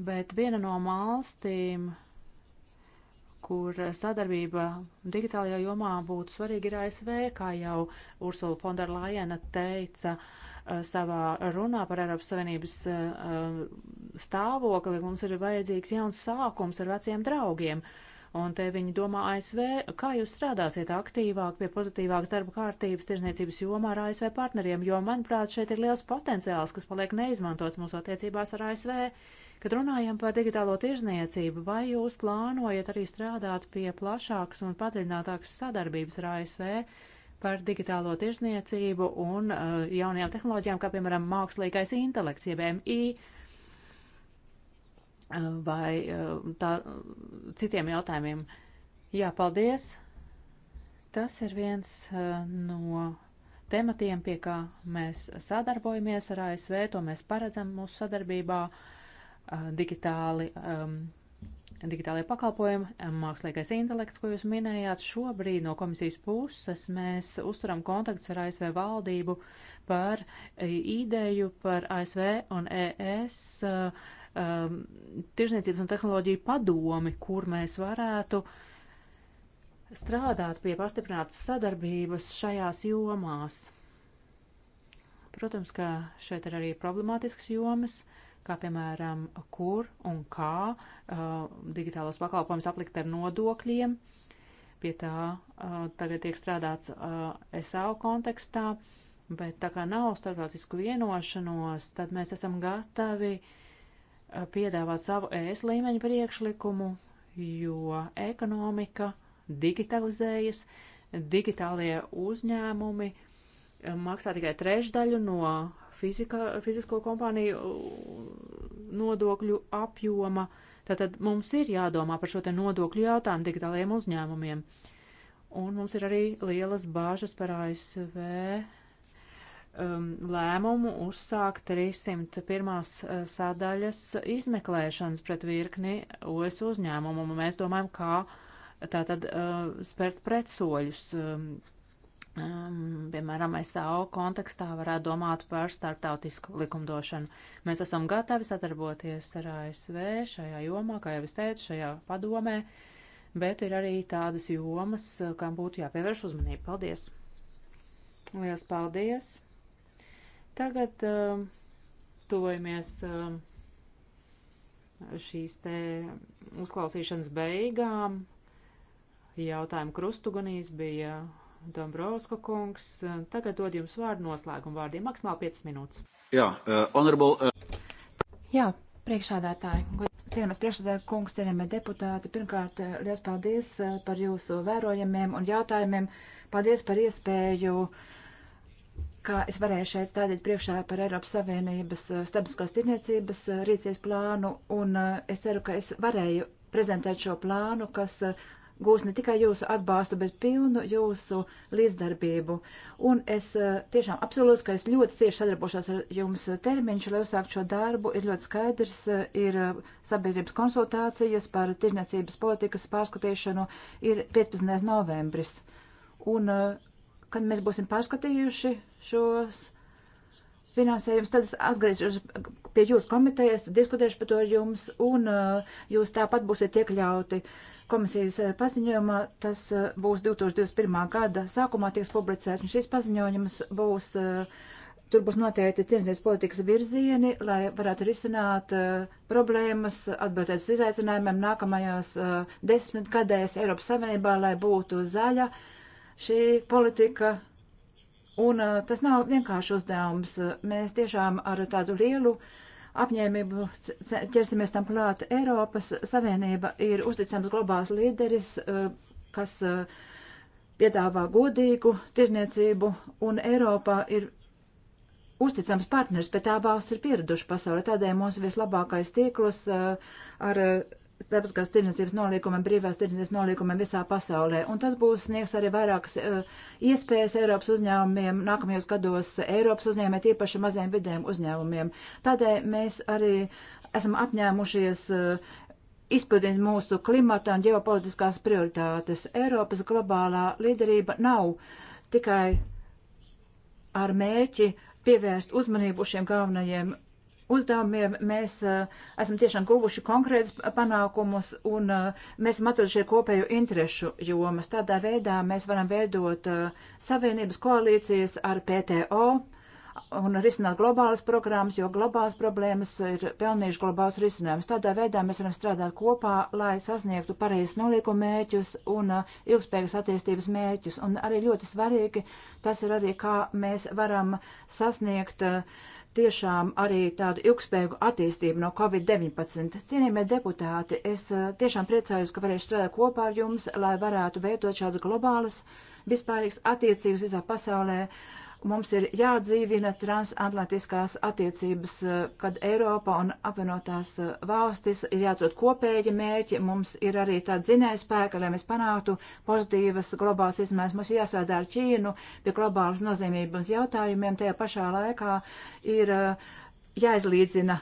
bet viena no valstīm, kur sadarbība digitālajā jomā būtu svarīga, ir ASV, kā jau Ursula Fonderlajena teica eh, savā runā par Eiropas Savienības eh, stāvokli. Mums ir vajadzīgs jauns sākums ar veciem draugiem. Uh, un te viņi domā ASV, kā jūs strādāsiet aktīvāk pie pozitīvākas darba kārtības tirzniecības jomā ar ASV partneriem, jo, manuprāt, šeit ir liels potenciāls, kas paliek neizmantots mūsu attiecībās ar ASV. Kad runājam par digitālo tirzniecību, vai jūs plānojat arī strādāt pie plašākas un padziļinātākas sadarbības ar ASV? par digitālo tirzniecību un uh, jaunajām tehnoloģijām, kā piemēram mākslīgais intelekts, jeb MI, vai tā, citiem jautājumiem. Jā, paldies! Tas ir viens no tematiem, pie kā mēs sadarbojamies ar ASV, to mēs paredzam mūsu sadarbībā digitāli. Um, Digitālajie pakalpojumi, mākslīgais intelekts, ko jūs minējāt, šobrīd no komisijas puses mēs uzturam kontaktus ar ASV valdību par ideju par ASV un ES uh, um, Tirzniecības un tehnoloģiju padomi, kur mēs varētu strādāt pie pastiprinātas sadarbības šajās jomās. Protams, ka šeit ir arī problemātisks jomas, kā piemēram, kur un kā uh, digitālos pakalpojumus aplikt ar nodokļiem. Pie tā uh, tagad tiek strādāts uh, SAU kontekstā. Uh, bet tā kā nav starptautisku vienošanos, tad mēs esam gatavi piedāvāt savu ES līmeņa priekšlikumu, jo ekonomika digitalizējas, digitālie uzņēmumi eh, maksā tikai trešdaļu no fizika, fizisko kompāniju uh, nodokļu apjoma. Tātad mums ir jādomā par šo te nodokļu jautājumu digitālajiem uzņēmumiem. Un mums ir arī lielas bāžas par ASV um, lēmumu uzsākt 301. Uh, sadaļas izmeklēšanas pret virkni OS uzņēmumu. Mēs domājam, kā tātad uh, spērt pretsoļus. Um, um, piemēram, SAO kontekstā varētu domāt par starptautisku likumdošanu. Mēs esam gatavi sadarboties ar ASV šajā jomā, kā jau es teicu, šajā padomē, bet ir arī tādas jomas, kam būtu jāpievērš uzmanība. Paldies! Lielas paldies! Tagad uh, tuvojamies uh, šīs te uzklausīšanas beigām. Jautājumu krustugunīs bija Dombrovska kungs. Tagad dod jums vārdu noslēgumu vārdiem. Maksimāli 5 minūtes. Jā, uh, honorable. Uh... Jā, priekšādātāji. Cienījamais priekšsēdētāj, kungs, cienījamie deputāti, pirmkārt, eh, liels paldies par jūsu vērojumiem un jautājumiem. Paldies par iespēju uh, ka es varēju šeit stādīt priekšā par Eiropas Savienības eh, starptautiskās tirniecības eh, rīcies plānu, un eh, es ceru, ka es varēju prezentēt šo plānu, kas gūs ne tikai jūsu atbalstu, bet pilnu jūsu līdzdarbību. Un es tiešām absolūti, ka es ļoti cieši sadarbošos ar jums termiņš, lai uzsākt šo darbu, ir ļoti skaidrs, ir sabiedrības konsultācijas par tirniecības politikas pārskatīšanu, ir 15. novembris. Un uh, kad mēs būsim pārskatījuši šos finansējumus, tad es atgriezīšos pie jūsu komitejas, diskutēšu par to ar jums, un uh, jūs tāpat būsiet iekļauti komisijas uh, paziņojumā. Tas uh, būs 2021. gada sākumā tiks publicēts, un šis paziņojums būs, tur būs noteikti cenzības politikas virzieni, lai varētu risināt problēmas, atbildēt uz izaicinājumiem nākamajās desmitgadēs Eiropas Savienībā, lai būtu zaļa. Uh, šī politika. Un uh, tas nav vienkārši uzdevums. Mēs tiešām ar tādu lielu apņēmību ķersimies tam klāt. Eiropas Savienība ir uzticams globāls līderis, uh, kas uh, piedāvā godīgu tirzniecību, un Eiropā ir uzticams partners, bet tā valsts ir pieraduši pasaulē. Tādēļ mums vislabākais tīklus ar starptautiskās tirdzniecības nolīgumiem, brīvās tirdzniecības nolīgumiem visā pasaulē. Un tas būs sniegs arī vairākas uh, iespējas Eiropas uzņēmumiem nākamajos gados Eiropas uzņēmē, tīpaši maziem vidējiem uzņēmumiem. Tādēļ mēs arī esam apņēmušies uh, izpildīt mūsu klimata un ģeopolitiskās prioritātes. Eiropas globālā līderība nav tikai ar mērķi pievērst uzmanību šiem galvenajiem uzdevumiem mēs uh, esam tiešām guvuši konkrētus panākumus un uh, mēs esam atraduši kopēju interešu jomas. Tādā veidā mēs varam veidot uh, savienības koalīcijas ar PTO un risināt globālas programmas, jo globālas problēmas ir pelnījuši globālas risinājumus. Tādā veidā mēs varam strādāt kopā, lai sasniegtu pareizes nolieku mērķus un uh, ilgspējīgas attīstības mērķus. Un arī ļoti svarīgi tas ir arī, kā mēs varam sasniegt uh, tiešām arī tādu ilgspējīgu attīstību no Covid-19. Cienījamie deputāti, es tiešām priecājos, ka varēšu strādāt kopā ar jums, lai varētu veidot šādas globālas, vispārīgas attiecības visā pasaulē. Uh, Mums ir jādzīvina transatlantiskās attiecības, eh, kad Eiropa un apvienotās eh, valstis ir jāatrod kopēji mērķi. Mums ir arī tāda zinēja spēka, lai mēs panāktu pozitīvas globālas izmaiņas. Mums ir jāsādā ar Ķīnu pie globālas nozīmības jautājumiem. Tajā pašā laikā ir eh, jāizlīdzina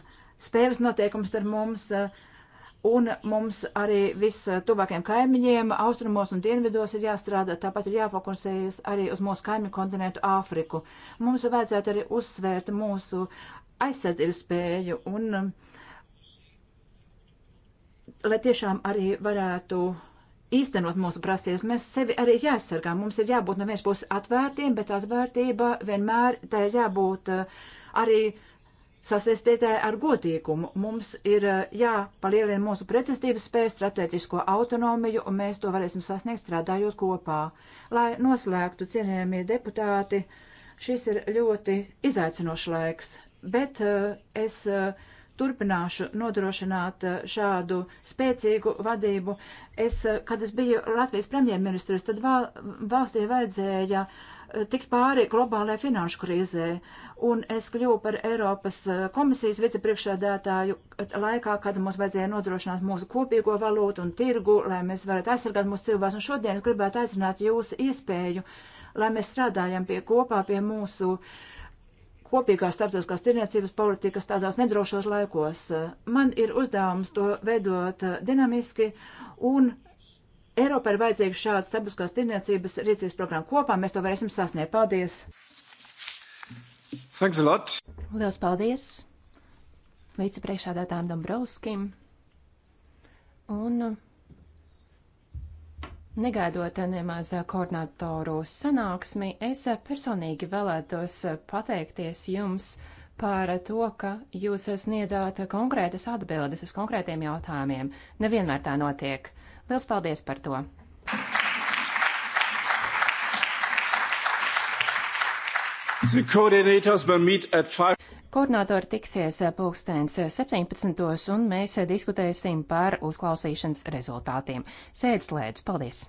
spēles noteikums ar mums. Uh, Un mums arī viss eh, tuvākiem kaimiņiem, austrumos un dienvidos ir jāstrādā, tāpat ir jāfokusējas arī uz mūsu kaimiņu kontinentu Āfriku. Mums vajadzētu arī uzsvērt mūsu aizsardzības spēju un eh, lai tiešām arī varētu īstenot mūsu prasības, mēs sevi arī jāaizsargā. Mums ir jābūt no vienas puses atvērtiem, bet atvērtība vienmēr tā ir jābūt eh, arī. Uh, sasaistītē ar godīgumu. Mums ir eh, jāpalielina mūsu pretestības spēju, strateģisko autonomiju, un mēs to varēsim sasniegt strādājot kopā. Lai noslēgtu, cienējamie deputāti, šis ir ļoti izaicinošs laiks, bet uh, es uh, turpināšu nodrošināt uh, šādu spēcīgu vadību. Es, kad es biju Latvijas premjerministrs, tad val, valstī vajadzēja uh, tikt pāri globālajai finanšu krīzē. Un es kļuvu par Eiropas eh, komisijas vicepriekšsēdētāju eh, laikā, kad mums vajadzēja nodrošināt mūsu kopīgo valūtu un tirgu, lai mēs varētu aizsargāt mūsu cilvēkus. Un šodien es gribētu aicināt jūsu iespēju, lai mēs strādājam pie kopā pie mūsu kopīgās starptautiskās tirniecības politikas tādās nedrošos laikos. Man ir uzdevums to veidot eh, dinamiski un Eiropai ir vajadzīga šāda starptautiskās tirniecības rīcības programma. Kopā mēs to varēsim sasniegt. Paldies! Thanks a lot! Lielas paldies vicepriekšādātājiem Dombrovskim. Un uh, Negaidot nemaz koordinatoru sanāksmi, es personīgi vēlētos pateikties jums par to, ka jūs sniedzāt konkrētas atbildes uz konkrētiem jautājumiem. Nevienmēr tā notiek. Liels paldies par to! Koordinātori tiksies eh, pulkstens 17. Eh, un mēs eh, diskutēsim par uzklausīšanas rezultātiem. Sēdes lēdz, paldies!